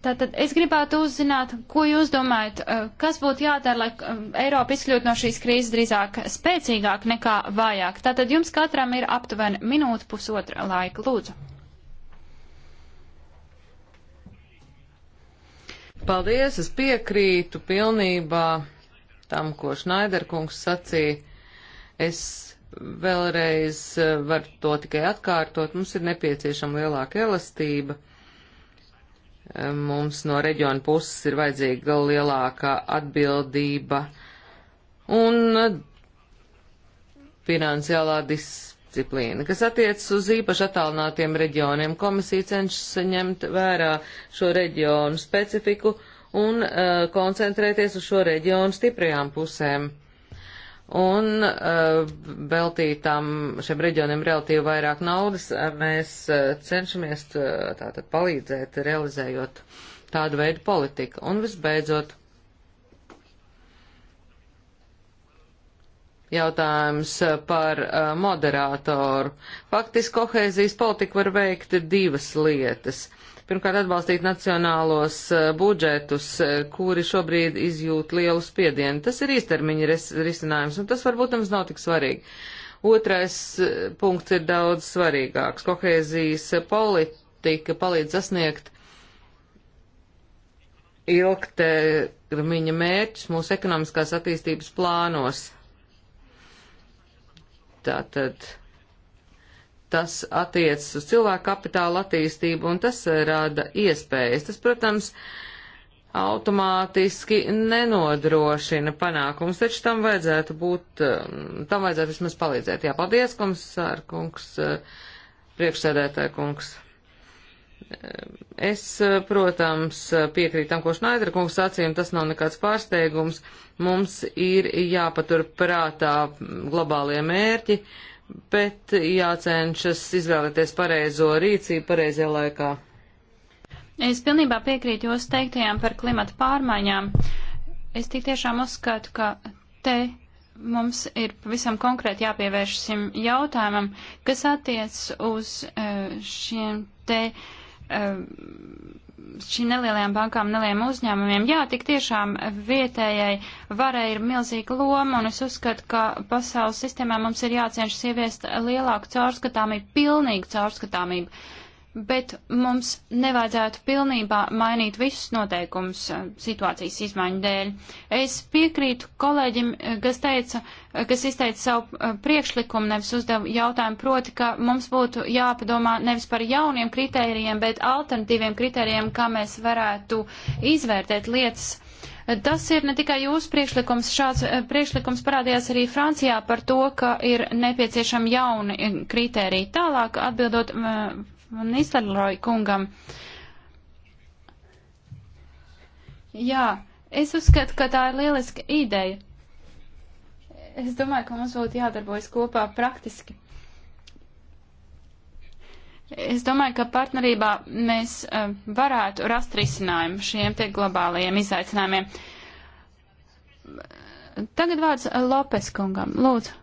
Tātad es gribētu uzzināt, ko jūs domājat, eh, kas būtu jādara, lai eh, Eiropa izkļūtu no šīs krīzes drīzāk spēcīgāk nekā vājāk. Tātad jums katram ir aptuveni minūte pusotra laika. Lūdzu. Paldies, es piekrītu pilnībā tam, ko Šnaiderkungs sacīja. Es vēlreiz eh, varu to tikai atkārtot. Mums ir nepieciešama lielāka elastība Mums no reģiona puses ir vajadzīga lielāka atbildība un finansiālā disciplīna. Kas attiecas uz īpaši attālinātiem reģioniem, komisija cenšas ņemt vērā šo reģionu specifiku un uh, koncentrēties uz šo reģionu stiprajām pusēm un uh, eh, veltītām šiem reģioniem relatīvi vairāk naudas, eh, mēs uh, cenšamies uh, tātad palīdzēt, realizējot tādu veidu politiku. Un visbeidzot, jautājums par uh, moderātoru. Faktiski kohēzijas politika var veikt divas lietas. Uh, pirmkārt atbalstīt nacionālos eh, budžetus, eh, kuri šobrīd izjūt lielu spiedienu. Tas ir īstermiņa risinājums, un tas varbūt mums nav tik svarīgi. Otrais eh, punkts ir daudz svarīgāks. Kohēzijas politika palīdz sasniegt ilgtermiņa mērķus mūsu ekonomiskās attīstības plānos. Tātad tas attiecas uz cilvēku kapitāla attīstību un tas eh, rada iespējas. Tas, protams, automātiski nenodrošina panākums, taču tam vajadzētu būt, eh, tam vajadzētu vismaz palīdzēt. Jā, paldies, komisār kungs, eh, priekšsēdētāja kungs. Es, protams, piekrītu tam, ko Šnaidra kungs sacīja, un tas nav nekāds pārsteigums. Mums ir jāpatur prātā globālie mērķi, uh, bet jācenšas izvēlēties pareizo rīcību pareizajā laikā. Es pilnībā piekrītu jūsu teiktajām par klimata pārmaiņām. Es tik tiešām uzskatu, ka te mums ir pavisam konkrēti jāpievēršam jautājumam, kas attiec uz eh, šiem te eh, šīm nelielajām bankām, nelieliem uzņēmumiem. Jā, tik tiešām vietējai varai ir milzīga loma, un es uzskatu, ka pasaules sistēmā mums ir jācenšas ieviest lielāku caurskatāmību, pilnīgu caurskatāmību. Uh, bet mums nevajadzētu pilnībā mainīt visus noteikumus eh, situācijas izmaiņu dēļ. Es piekrītu kolēģim, eh, kas teica, eh, kas izteica savu priekšlikumu, nevis uzdeva jautājumu, proti, ka mums būtu jāpadomā nevis par jauniem kritērijiem, bet alternatīviem kritērijiem, kā mēs varētu izvērtēt lietas. Tas ir ne tikai jūsu priekšlikums, šāds priekšlikums parādījās arī Francijā par to, ka ir nepieciešami jauni kritēriji. Tālāk atbildot un Nistelroja kungam. Jā, es uzskatu, ka tā ir lieliska ideja. Es domāju, ka mums būtu jādarbojas kopā praktiski. Es domāju, ka partnerībā mēs uh, varētu rast risinājumu šiem te globālajiem izaicinājumiem. Tagad vārds eh, Lopes kungam. Lūdzu.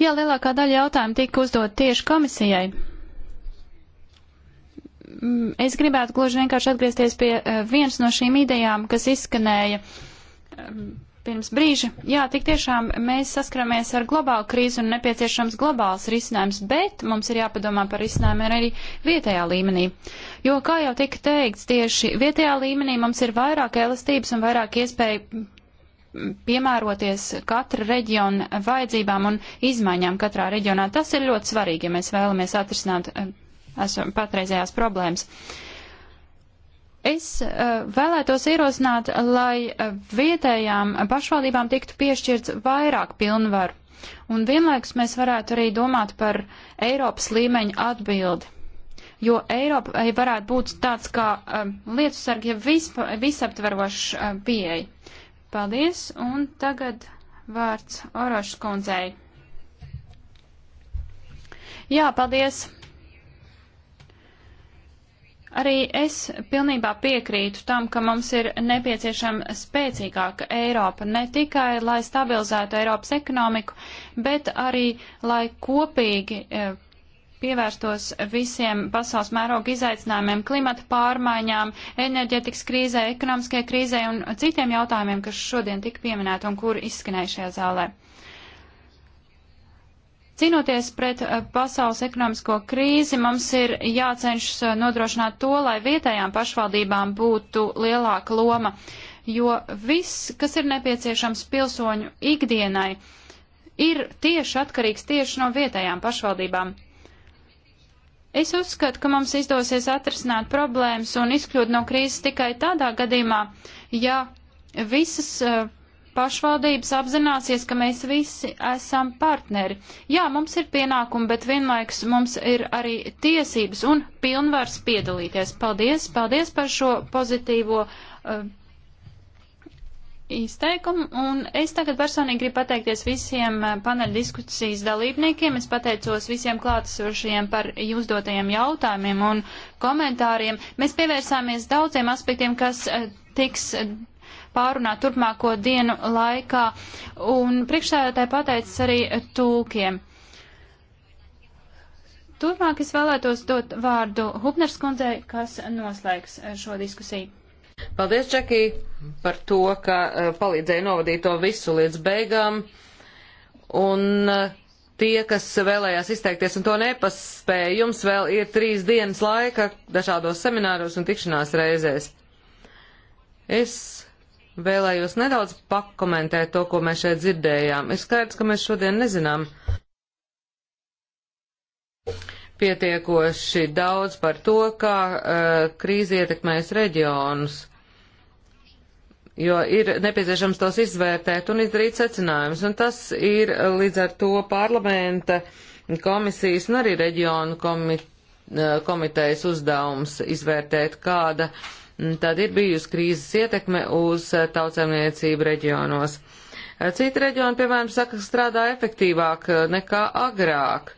Jā, lielākā daļa jautājumu tika uzdot tieši komisijai. Mm, es gribētu gluži vienkārši atgriezties pie eh, vienas no šīm idejām, kas izskanēja mm, pirms brīža. Jā, tik tiešām mēs saskaramies ar globālu krīzi un nepieciešams globāls risinājums, bet mums ir jāpadomā par risinājumiem arī vietējā līmenī. Jo, kā jau tika teikts, tieši vietējā līmenī mums ir vairāk elastības un vairāk iespēju piemēroties katra reģiona vajadzībām un izmaiņām katrā reģionā. Tas ir ļoti svarīgi, ja mēs vēlamies atrisināt eh, esam, patreizējās problēmas. Es uh, vēlētos ierosināt, lai eh, vietējām pašvaldībām tiktu piešķirts vairāk pilnvaru, un vienlaikus mēs varētu arī domāt par Eiropas līmeņa atbildi. Jo Eiropa varētu būt tāds kā um, uh, lietu sargie visaptverošs um, uh, pieeja. Paldies, un tagad vārds Orošs kundzei. Jā, paldies. Arī es pilnībā piekrītu tam, ka mums ir nepieciešama spēcīgāka Eiropa, ne tikai lai stabilizētu Eiropas ekonomiku, bet arī lai kopīgi eh, pievērstos visiem pasaules mēroga izaicinājumiem, klimata pārmaiņām, enerģetikas krīzē, ekonomiskajai krīzē un citiem jautājumiem, kas šodien tika pieminēti un kur izskanēja šajā zālē. Cīnoties pret uh, pasaules ekonomisko krīzi, mums ir jācenšas uh, nodrošināt to, lai vietējām pašvaldībām būtu lielāka loma, jo viss, kas ir nepieciešams pilsoņu ikdienai, ir tieši atkarīgs tieši no vietējām pašvaldībām. Es uzskatu, ka mums izdosies atrisināt problēmas un izkļūt no krīzes tikai tādā gadījumā, ja visas uh, pašvaldības apzināsies, ka mēs visi esam partneri. Jā, mums ir pienākumi, bet vienlaikus mums ir arī tiesības un pilnvars piedalīties. Paldies, paldies par šo pozitīvo uh, izteikumu, un es tagad personīgi gribu pateikties visiem eh, paneļa diskusijas dalībniekiem. Es pateicos visiem klātesošajiem par uzdotajiem jautājumiem un komentāriem. Mēs pievērsāmies daudziem aspektiem, kas eh, tiks eh, pārunāt turpmāko dienu laikā, un priekšstādātāji pateicis arī tūkiem. Turpmāk es vēlētos dot vārdu Hupners kundzei, kas noslēgs šo diskusiju. Paldies, Džekija, par to, ka eh, palīdzēja novadīt to visu līdz beigām. Un eh, tie, kas vēlējās izteikties un to nepaspēja, jums vēl ir trīs dienas laika dažādos semināros un tikšanās reizēs. Es vēlējos nedaudz pakomentēt to, ko mēs šeit dzirdējām. Ir skaidrs, ka mēs šodien nezinām pietiekoši daudz par to, kā uh, krīze ietekmēs reģionus jo ir nepieciešams tos izvērtēt un izdarīt secinājumus. Un tas ir uh, līdz ar to parlamenta komisijas un arī reģionu komit uh, komitejas uzdevums izvērtēt, kāda mm, tad ir bijusi krīzes ietekme uz uh, tautsēmniecību reģionos. Citi reģioni, piemēram, saka, strādā efektīvāk nekā agrāk.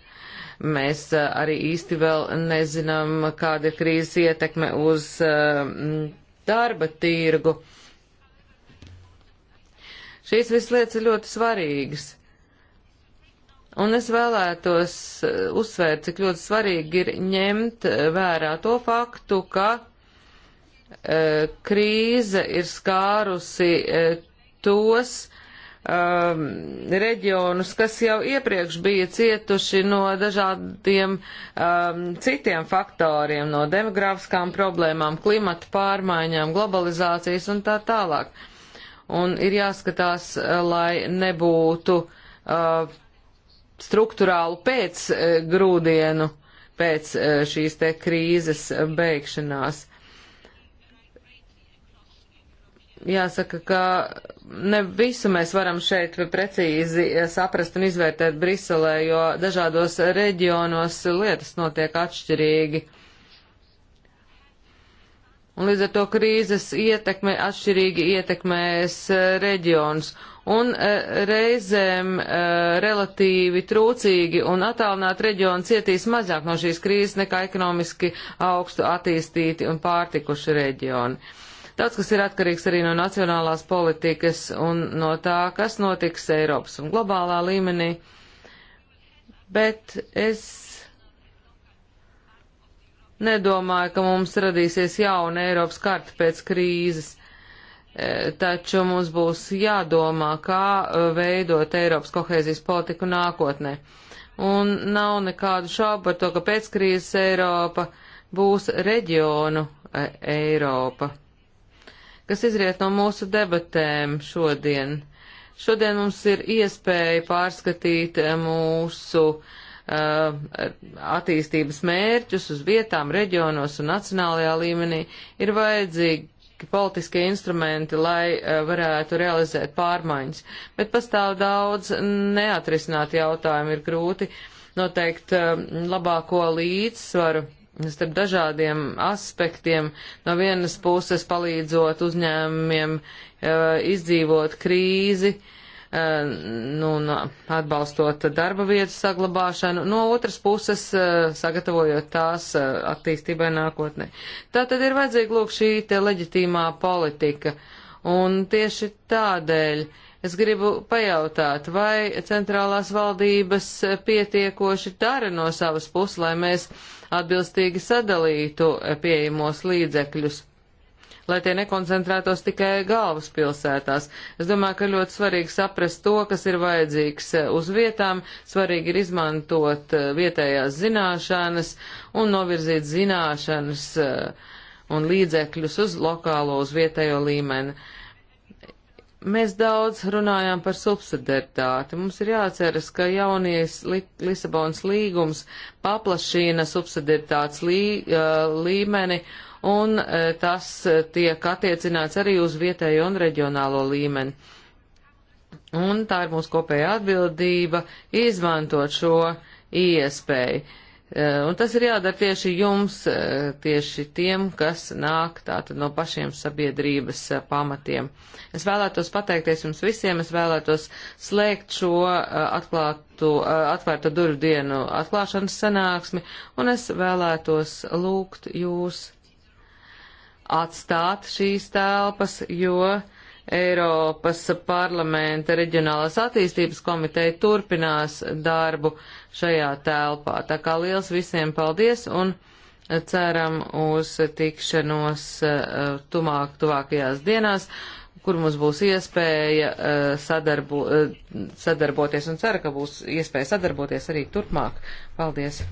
Mēs arī īsti vēl nezinām, kāda ir krīzes ietekme uz darba tirgu. Šīs visas lietas ir ļoti svarīgas. Un es vēlētos eh, uzsvērt, cik ļoti svarīgi ir ņemt eh, vērā to faktu, ka e, krīze ir skārusi e, tos um, e, reģionus, kas jau iepriekš bija cietuši no dažādiem um, citiem faktoriem, no demografiskām problēmām, klimata pārmaiņām, globalizācijas un tā tālāk. Uh, un ir jāskatās, eh, lai nebūtu uh, struktūrālu pēcgrūdienu pēc uh, šīs te krīzes beigšanās. Jāsaka, ka ne visu mēs varam šeit precīzi saprast un izvērtēt Briselē, jo dažādos reģionos lietas notiek atšķirīgi. Uh, Un līdz ar to krīzes ietekme atšķirīgi ietekmēs eh, reģionus. Un eh, reizēm eh, relatīvi trūcīgi un attālināti reģioni cietīs mazāk no šīs krīzes nekā ekonomiski augstu attīstīti un pārtikuši reģioni. Daudz kas ir atkarīgs arī no nacionālās politikas un no tā, kas notiks Eiropas un globālā līmenī. Bet es Nedomāju, ka mums radīsies jauna Eiropas karta pēc krīzes, e, taču mums būs jādomā, kā e, veidot Eiropas kohēzijas politiku nākotnē. Un nav nekādu šaubu par to, ka pēc krīzes Eiropa būs reģionu e, Eiropa, kas izriet no mūsu debatēm šodien. Šodien mums ir iespēja pārskatīt mūsu uh, Uh, attīstības mērķus uz vietām, reģionos un nacionālajā līmenī, ir vajadzīgi politiskie instrumenti, lai uh, varētu realizēt pārmaiņas. Bet pastāv daudz neatrisināti jautājumi, ir grūti noteikt um, labāko līdzsvaru starp dažādiem aspektiem, no vienas puses palīdzot uzņēmumiem uh, izdzīvot krīzi, uh, Eh, nu, atbalstot darba vietu saglabāšanu, no otras puses eh, sagatavojot tās eh, attīstībai nākotnē. Tā tad ir vajadzīga lūk šī te leģitīmā politika. Un tieši tādēļ es gribu pajautāt, vai centrālās valdības pietiekoši dara no savas puses, lai mēs atbilstīgi sadalītu pieejamos līdzekļus lai tie nekoncentrētos tikai galvas pilsētās. Es domāju, ka ļoti svarīgi saprast to, kas ir vajadzīgs eh, uz vietām, svarīgi ir izmantot eh, vietējās zināšanas un novirzīt zināšanas eh, un līdzekļus uz lokālo, uz vietējo līmeni. Mēs daudz runājām par subsidiaritāti. Mums ir jāatceras, ka jaunies li Lisabonas līgums paplašina subsidiaritātes lī, uh, līmeni un e, tas e, tiek attiecināts arī uz vietējo un reģionālo līmeni. Un tā ir mūsu kopējā atbildība izmantot šo iespēju. E, un tas ir jādara tieši jums, tieši tiem, kas nāk tātad no pašiem sabiedrības pamatiem. Es vēlētos pateikties jums visiem, es vēlētos slēgt šo atklātu, atvērta durvju dienu atklāšanas sanāksmi, un es vēlētos lūgt jūs atstāt šīs telpas, jo Eiropas parlamenta reģionālās attīstības komiteja turpinās darbu šajā telpā. Tā kā liels visiem paldies un ceram uz tikšanos eh, tumāk, tuvākajās dienās, kur mums būs iespēja eh, sadarbo, eh, sadarboties un ceru, ka būs iespēja sadarboties arī turpmāk. Paldies!